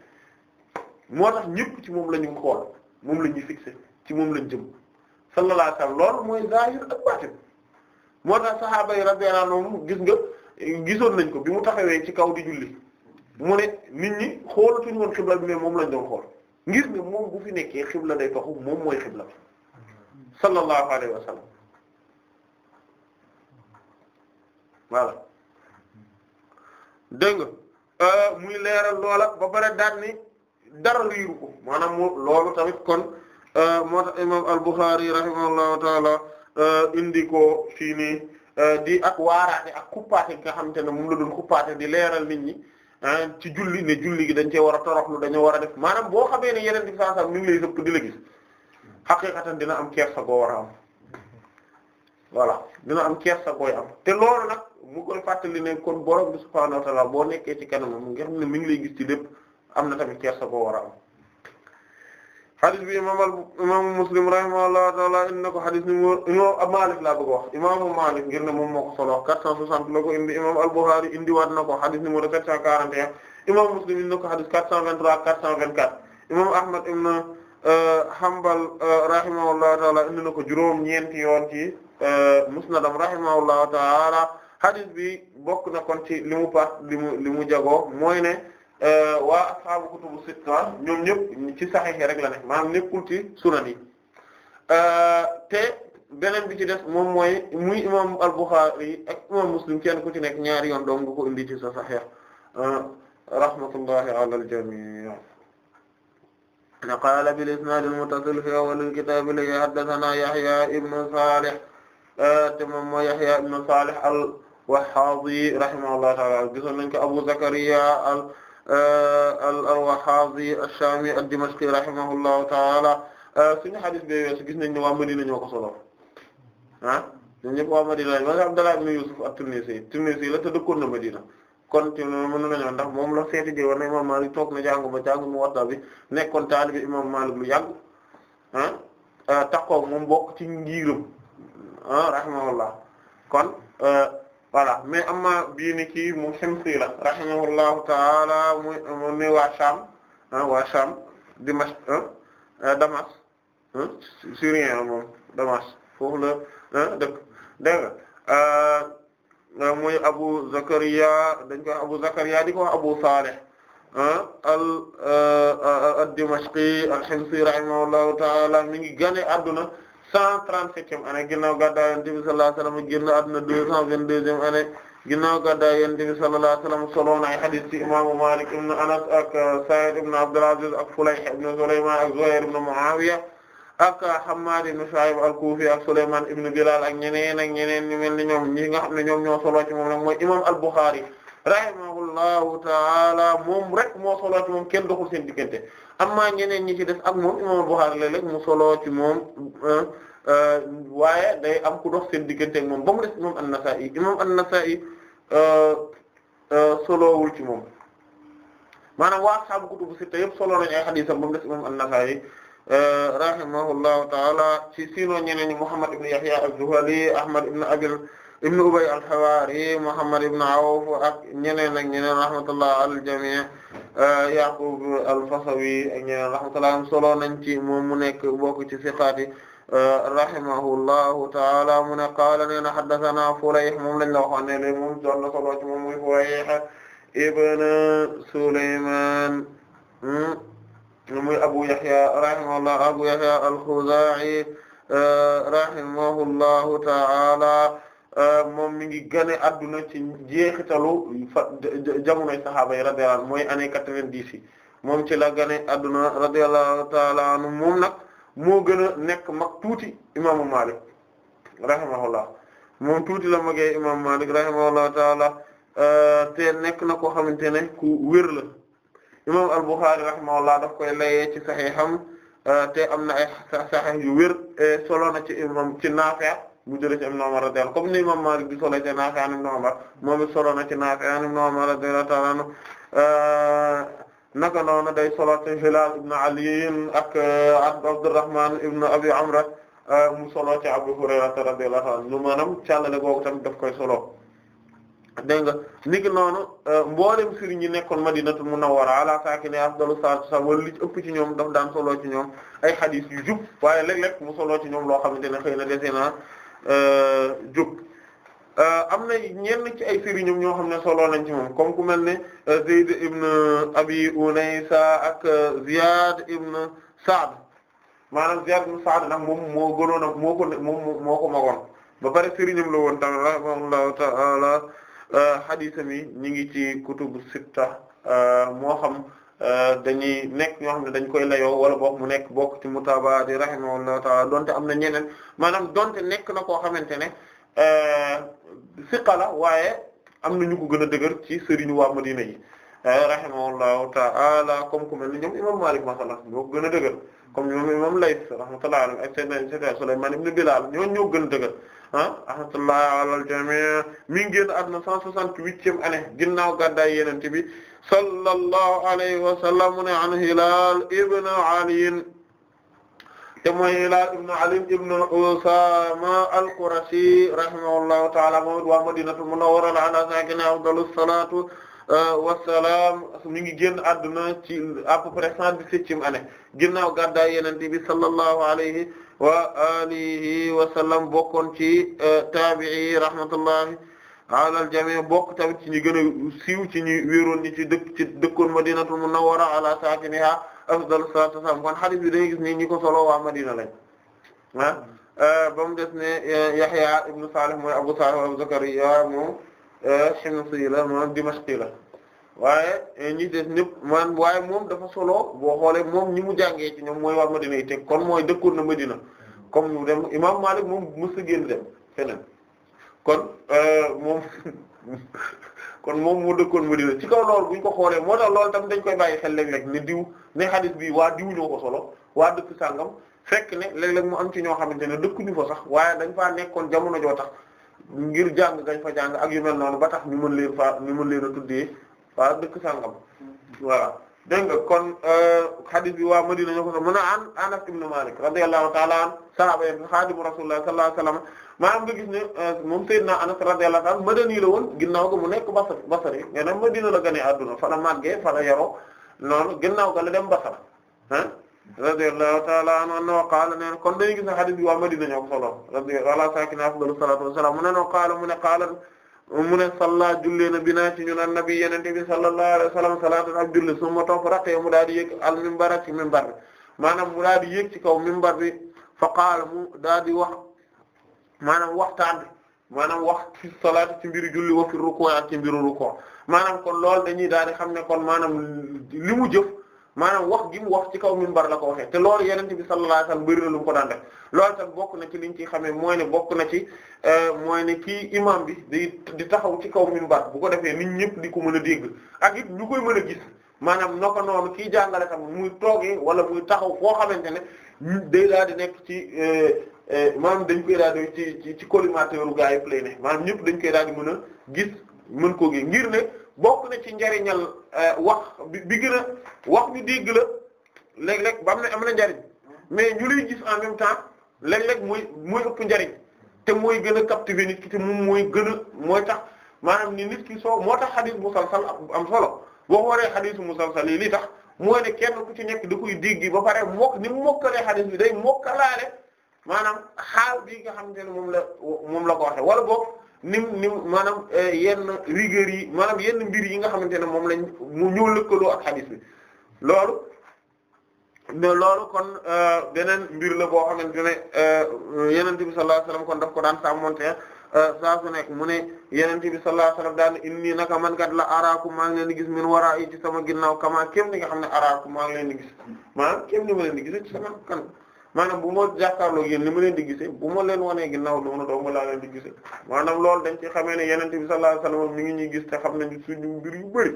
ñëpp ci moom la ñu xool moom la ñuy fixé ci moom lañ jëm sa alayhi lool loolu mooy zahir ak baatin moo tax sahaaba yi radiyallahu anhum gis nga gisoon nañ ko bi mu taxawee ci kaw di julli mu ne nit ñi xoolatuñu woon xibla bi mais moom lañ doon xool ngir ne moom bu fi nekkee xibla day toxu moom mooy xibla bi sallallahu alayhi wa sallam nga euh, muy leeral loola ba pare daan ni dara riiru ko maanaam moo loolu tamit kon euh, moo tax al-Bukhari rahimahullahu taala euh, indi ko fii nii di ak waaraate ak kuppaate bi nga xamante ne moom lu doon kuppaate di leeral nit ñi Ah ci julli ne julli gi dañ cee war a toroxlu dañoo war a def maanaam boo xamee ne yeneen bi saa mi ngi lay sëpp di la gis xaqiqatan dina am kersa goo war a am voilà dina am kersa gooy am te loolu nag mu koy fàttali ne kon borom bi subhaanahu wa ta'aala boo nekkee ci kanam moom nga xam ne mi ngi lay gis ci lépp am na tamit kersa goo war a am xadis bi imaam al imaamu muslim rahimahullahu taala indi na ko xadis numéro imam Maalik laa bëgg wax imaamu Maalik ngir ne moom moo ko solo 460 la ko indi imaam al Buxaari indi waat na ko xadis numéro 741 imam muslim indi na ko xadis 423 424 imam Ahmad ibn euh, Hanbal euh, rahimahullahu taala indi na ko juróom-ñeenti yoon ci euh, musnadam rahimahullahu taala xadis bi bokk na kon ci li mu part li mu li mu jagoo mooy Euh, waa ashaabu kutubu sitta ñoom ñëpp ci saxiix rek la ne maanaam nekkul ci sunan yi euh, te beneen bi ci des moom mooy muy imam al-Bukhari imam Muslim kenn ku ci nekk ñaari yoon doom nga ko indi ci sa saxiix euh, rahmatullahi ala al-jamii qaala bil-isnaad al-muttasil fii Yahya ibn Salih te moom mooy Yahya ibn Salih al nañ ko Abu Zakariya al al-Wahhaabi ash-Shaami ad-Dimashqi rahimahullahu ta'ala suñu hadith bi weesu gis nañ ne waa Madina ñoo ko solo ah ñun ñëpp waa Madina lañ maanaam Abdallah ibn Yusuf at-Tinnisi la te na Madina kon ci mën nañoo ndax moom la seeti ji war na imaam Maalik toog na jàngu ba jàngu mu Muwatta bi nekkoon taalibi imaam Maalik lu yàgg ah taxaw moom bokk ci ngiiram ah rahimahullah kon. Ah, voilà mais amma bii ni kii moom Shamsi la rahimahullahu taala mu ne waa Sham ah, waa Sham Dimash ah, ah, Damas syrien moom Damas foofu la dëkk dégg nga muy Abu Zakaria dañ ko Abu Zakaria di ko wax Abu Salih al ad-Dimashqi al-Himsi rahimahullahu taala mi ngi gane adduna cent trente-septième année ginnaaw gàddaay Yonent bi sallallahu alayhi wasallam génn àdduna deux cent vingt-deuxième année ginnaaw gàddaay Yonent bi sallallahu Malik ibn Anas ak euh, Sa'id ibn Abdul Aziz ak Fulayh ibn Sulaymaan ak Zuhayr ibn Muawiya ak euh, Hammad ibn Shu'ayb al-Kufi ak Sulaymaan ibn Bilal ak ñeneen ak ñeneen ñu mel ni ñoom ñi nga xam ne ñoom ñoo solo ci moom mooy imam al-Bukhari rahima allahu taala moom rek moo solo ci moom kenn doxul seen diggante amma ñeneen ñi ci des ak moom imam Bukhari léeg-léeg mu solo ci moom euh, waaye day am ku dox seen diggante moom ba mu des imam an-Nasa'i imam an-Nasa'i euh, euh, solowul ci moom maanaam waa ashaabu kutubu sitta yëpp solo nañu ay xadiisam ba mu des imam an-Nasa'i rahimahullahu taala ci sinon ñeneen ñi Muhammad ibn Yahya az-Zuhali Ahmad ibn Abil ibn Ubay al-Hawari Muhammad ibn Awf ak ñeneen ak ñeneen rahmatullah al jami' euh, Yaqub al-Fasawi ak ñeneen rahmatullah solo nañ ci moom mu nekk bokk ci siqaati euh, rahimahullahu ta'ala mu ne qaala nee na haddathana Fulayh moom lañ la waxoon ne le moom doon na solo ci moom muy Fulayh ibn Sulayman hmm, muy Abu Yahya rahimahullah Abu Yahya al-Khuza'i euh, rahimahullahu ta'ala Euh, moom mi ngi gane adduna ci jeexitalu fa jamonoy sahaaba yi radiyallahu mooy année quatre-vingt-dix moom ci la gane adduna radiyallahu taala anhu moom nag moo gën a nekk mag tuuti imaamu Malik rahimahullah moom tuuti la magee imaamu Malik rahimahullahu taala euh, te nekk na koo xamante ne ku wér la imam al-Bukhari rahimahullah koy layee ci saxiixam euh, te am na ay saxiix yu wér solo na ci imam ci Naafi' mu jëlee ci Ibn Umar radiyallahu comme ni imam Malik bi solo ci Naafi' an na ci Naafi' an Ibn Umar radiyallahu ta'ala anhu euh, naka noonu day solo ci Hilaal ibn Ali ak euh, Abdurrahman ibn Abi Amra euh, mu solo ci Abu Hurayra radiyallahu ta'ala anhu maanaam càllale googu tamit daf koy solo dégg nga niki noonu mboolem sëriñ yi nekkoon Madinatul Munawwara ala saakini afdalu salaatu wassalaam wala li ci ëpp ci ñoom daf daan solo ci ñoom ay xadiis yu jub waaye léeg-léeg mu solo ci ñoom loo xamante ne xëy na dese Euh, jóg euh, am na ñenn ci ay sëriñam ñoo xam ne solo nañ ci moom comme ku mel ne euh, Zayd ibn Abi Unaysa ak Ziyad ibn Sa'd maanaam Ziyad ibn Sa'd nag moom moo gënoon moo ko moom ba pare sëriñam la woon tamit rahimahullahu ta'ala hadith mi ñu ngi ci kutubu sitta moo xam. Euh, dañuy nekk ñoo xam ne dañ koy layoo wala boog mu nekk bokk ci mutabaadi rahimahullahu ta'ala donte am na ñeneen maanaam donte nekk na koo xamante ne euh, siqala waaye am na ñu ko gën a dëgër ci sëriñu waa Madina yi euh, rahimahullahu ta'ala comme ku mel ni ñoom imam Malik masala ñoo ko gën a dëgër comme ñoom imam Layth rahmatullahi alayhi ak seen seen Sulayman ñoo ñoo gën a dëgër ah rahmatullahi ala al jami' mi ngi génn àdduna 168e année ginnaaw bi sallallahu alayhi wa sallam mu ne an Hilaal ibn Ali te mooy Hilaal ibn Ali ibn Usaama al-Qurashi rahimahullahu ta'ala moom it waa Madinatul Munawwara ala saakinihaa afdalu salaatu euh, wa salaam mi ngi génn àdduna ci à peu près cent-dix-septième année ginnaaw gàddaay Yonent bi sallallahu alayhi wa alihi wa sallam bokkoon ci euh, taabi'i rahmatullahi alal jami bokk tamit ci ñi gën a siiw ci ñi wéeroon ñi ci dëkk ci dëkkoon madinatul munawwara ala saakiniha afdal salaatu wassalaam kon hadith bi dañuy gis ni ñi ko solo waa madina lañ ah eh, ba des ne eh, Yahya ibnu Salih mooy Abu Salih Abu Zakariya moom eh, Himsi la moom Dimashqi la waaye ñi des ñëpp man waaye moom dafa solo boo xoolee moom ñi mu jàngee ci ñoom mooy wax Madina yi teg kon mooy dëkkoon na Madina comme ñu dem Imam Malik moom mës a génn dem feneen kon euh, moom kon moom moo dëkkoon Madina ci kaw loolu bu ñu ko xoolee moo tax lool tam dañ koy bàyyi xel léeg-léeg ne diw ne xadis bi waa diw ñoo ko waa dëkk sàngam fekk ne léeg-léeg mu am ci ñoo xamante ne dëkk ñu fa sax waaye dañ faa nekkoon jamono joo tax ngir jàng gañ fa jàng ak yu mel noonu ba tax ñu mën leen faa ñu mën leen a tuddee waa dëkk sàngam voilà dégg nga kon xadis euh, bi waa Madina ñoo ko solo mën a an Anas ibn Malik radiyallahu ta'ala an sahaba yi xaadimu Rasulullah sallallahu alayhi maanaam nga gis ne euh, moom Seydina Anas radiyallahu anhu madani la woon ginnaaw ga mu nekk Basra Basra nga ne Madina la gane adduna fa la màggee fa la yaroo noonu ginnaaw ga la dem Basra ah radiyallahu ta'ala anhu qaala nee na kon dañuy gis ne hadith bi waa Madina ñoo ko solo radiyallahu ala sakina afdalu salatu wassalam mu ne no qaala mu ne qaala mu ne salla jullee na binaa ci ñun annabi yenente bi sallallahu alayhi wa sallam salatan ak julli suma topp raqee mu daa di yéeg al minbar ak ci minbar bi maanaam mu daa di yéeg ci kaw minbar bi fa qaala mu di wax maanaam waxtaan bi maanaam wax ci salaat ci mbiru julli wa fi ruku ci mbiru ruku maanaam kon lool dañuy daal di xam ne kon maanaam li mu jëf maanaam wax gi mu wax ci kaw minbar la ko waxee te loolu yenente bi sallallahu alayhi wasallam bëri na lu mu ko daan def loolu tam bokk na ci liñ ciy xamee mooy ne bokk na ci euh, mooy ne kii imam bi di di taxaw ci kaw minbar bu ko defee nit ñëpp di ko mën a dégg ak it ñu koy mën a gis maanaam naka noonu kii jàngale tam muy toogee wala muy taxaw foo xamante ne day daal di nekk ci euh, Eh, maanaam dañ koy daal di ci ci ci collimateur gaa yi play ne maanaam dañ koy daal di mën a gis mën koo gi ngir ne bokk na ci njariñal eh, wax bi gën a wax ñu dégg la léeg-léeg ba am na am na njariñ mais ñu lay gis en même temps léeg-léeg muy muy ëpp njariñ te mooy gën a captiver ki te gën a mooy tax maanaam ni nit ki soow moo tax xadis musalsal am solo boo xoolee xadisu musalsal yi li tax mooy ne kenn ku ci nekk da koy ba pare mokk ni mu mokkalee xadis bi day mokkalaale maanaam xaal bi nga xam ne moom la moom la ko waxe wala boog nim nim maanaam eh, yenn rigueur yi maanaam yenn mbir yi nga xamante ne moom lañ mu ñëw lëkkaloo ak xadiis bi loolu ne loolu kon eh, beneen mbir la boo xamante ne eh, yenente bi sallallahu alayhi kon daf ko daan sàmmonte saa su nekk mu ne yenente bi sallallahu alayhi wasallam daan inni naka man kat la araaku maa ngi leen di gis min waraa yi sama ginnaaw kama kéem ni nga xam ne araaku maa ngi leen di gis maa kéem ni ma leen di gis ci maanaam bu moo jàkkaarloo yéen ni ma leen di gisee bu ma leen wanee ginnaaw dama ne doomu laa leen di gisee loolu dañ ci xamee ne yonent bi sallallahu alayhi wasallam mi ngi ñuy gis te xam nañu suñu mbir yu bëri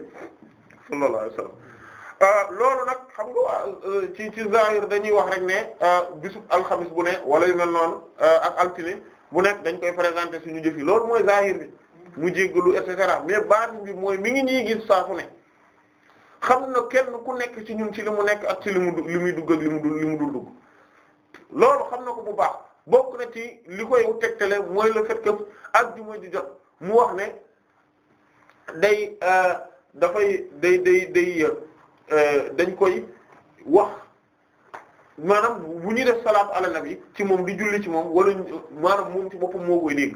sallallahu ah, loolu nag xam nga euh, ci ci dañuy wax rek ne ah, bisub alxamis bu ne wala yu mel noonu ah, ak altine bu nekk dañ koy présenter suñu jëf yi loolu mooy zahir bi mu jéggalu et cetera mais baatin bi mooy mi ngi ñuy gis saa su ne xam na kenn ku nekk ci ñun ci li mu nekk ak ci li mu muy dugg ak li mu dul li mu dul dugg loolu xam na ko bu baax bokk na ci li koy tegtale mooy la fait ak àjjuma di jot mu wax ne day euh, dafay day day day euh, dañ koy wax maanaam bu ñuy def salaatu ala nabi ci moom di julli ci moom wala maanaam moom ci boppam moo koy dégg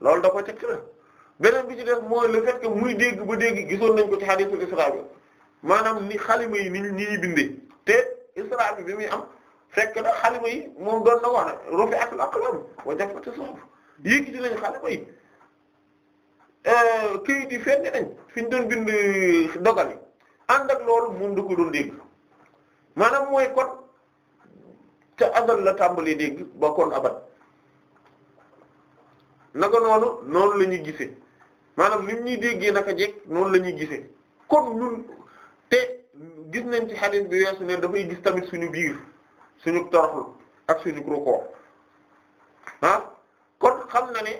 loolu da ko tegtale beneen bi ci def mooy la fait muy dégg ba dégg gisoon nañ ko ci hadithul isra bi maanaam ni xalima yi ni ñuy bindee te isra bi muy am fekk na xalima yi moom doon na wax ne rufi'atul aqlam yi këyit yi fenn nañ fi ñu doon bind dogal yi ànd ak loolu moom doon dégg maanaam mooy kon ca azal la tàmbali dégg ba kon abat naka noonu noonu la ñuy gisee maanaam lim ñuy déggee naka jekk noonu la ñuy gisee kon ñun te gis nañ ci hadith bi weesu ne dafay gis tamit suñu biir suñu toroxlu ak suñu rukkoo ah kon xam na ne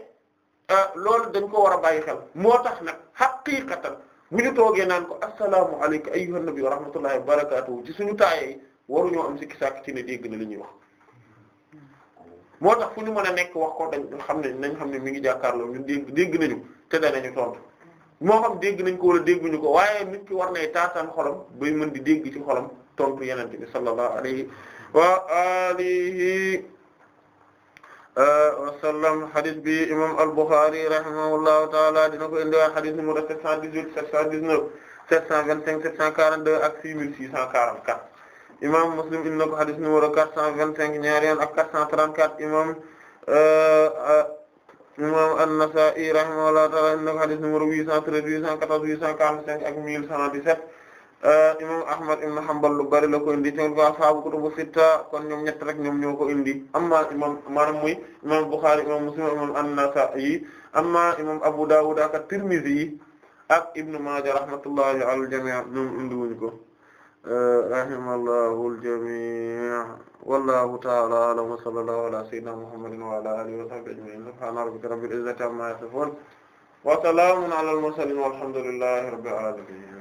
ah, loolu dañ ko war a bàyyi xel moo tax nag xaqiiqatan bu ñu toogee naan ko assalaamu alayka ayyuhan nabi wa rahmatullahi wa barakatuhu ci suñu taayee yi waruñoo am sikki sàkk ci ne dégg na li ñuy wax moo tax fu ñu mën a nekk wax ko dañ xam ne nañ xam ne mi ngi jàkkaarloo ñun dégg dégg nañu te danañu tontu moo xam dégg nañ ko wala dégguñu ko waaye nit ki war nay taataan xolam bay mën di dégg ci xolam tontu yenente bi sallallahu alayhi wa alihi eh, wa sallam hadith bi imam al-Bukhari rahimahullahu ta'ala dina ko indi hadith numéro 718 719 725 742 ak 6644 imam Muslim indi na ko hadith numéro 425 ñaari yoon ak 434 imam eh, eh, imam an-Nasa'i rahimahullahu ta'ala indi na ko hadith numéro 813 814 845 ak 1117 Euh, imam Ahmad ibn Hanbal lu bari la ko indi ñoom waa saabu kutubu sitta kon ñoom rek ñoom ko indi amma imam maanaam muy imam Bukhari imam Muslim imam An-Nasa'i amma imam Abu Dawud ak Tirmidhi ak Ibn Majah rahmatullahi ala jami ñoom indi wuñ ko euh, rahimallahu al-jami' wallahu ta'ala a'lam wa ala sayyidina Muhammadin wa ala alihi wa sahbihi ajma'in subhana rabbika rabbil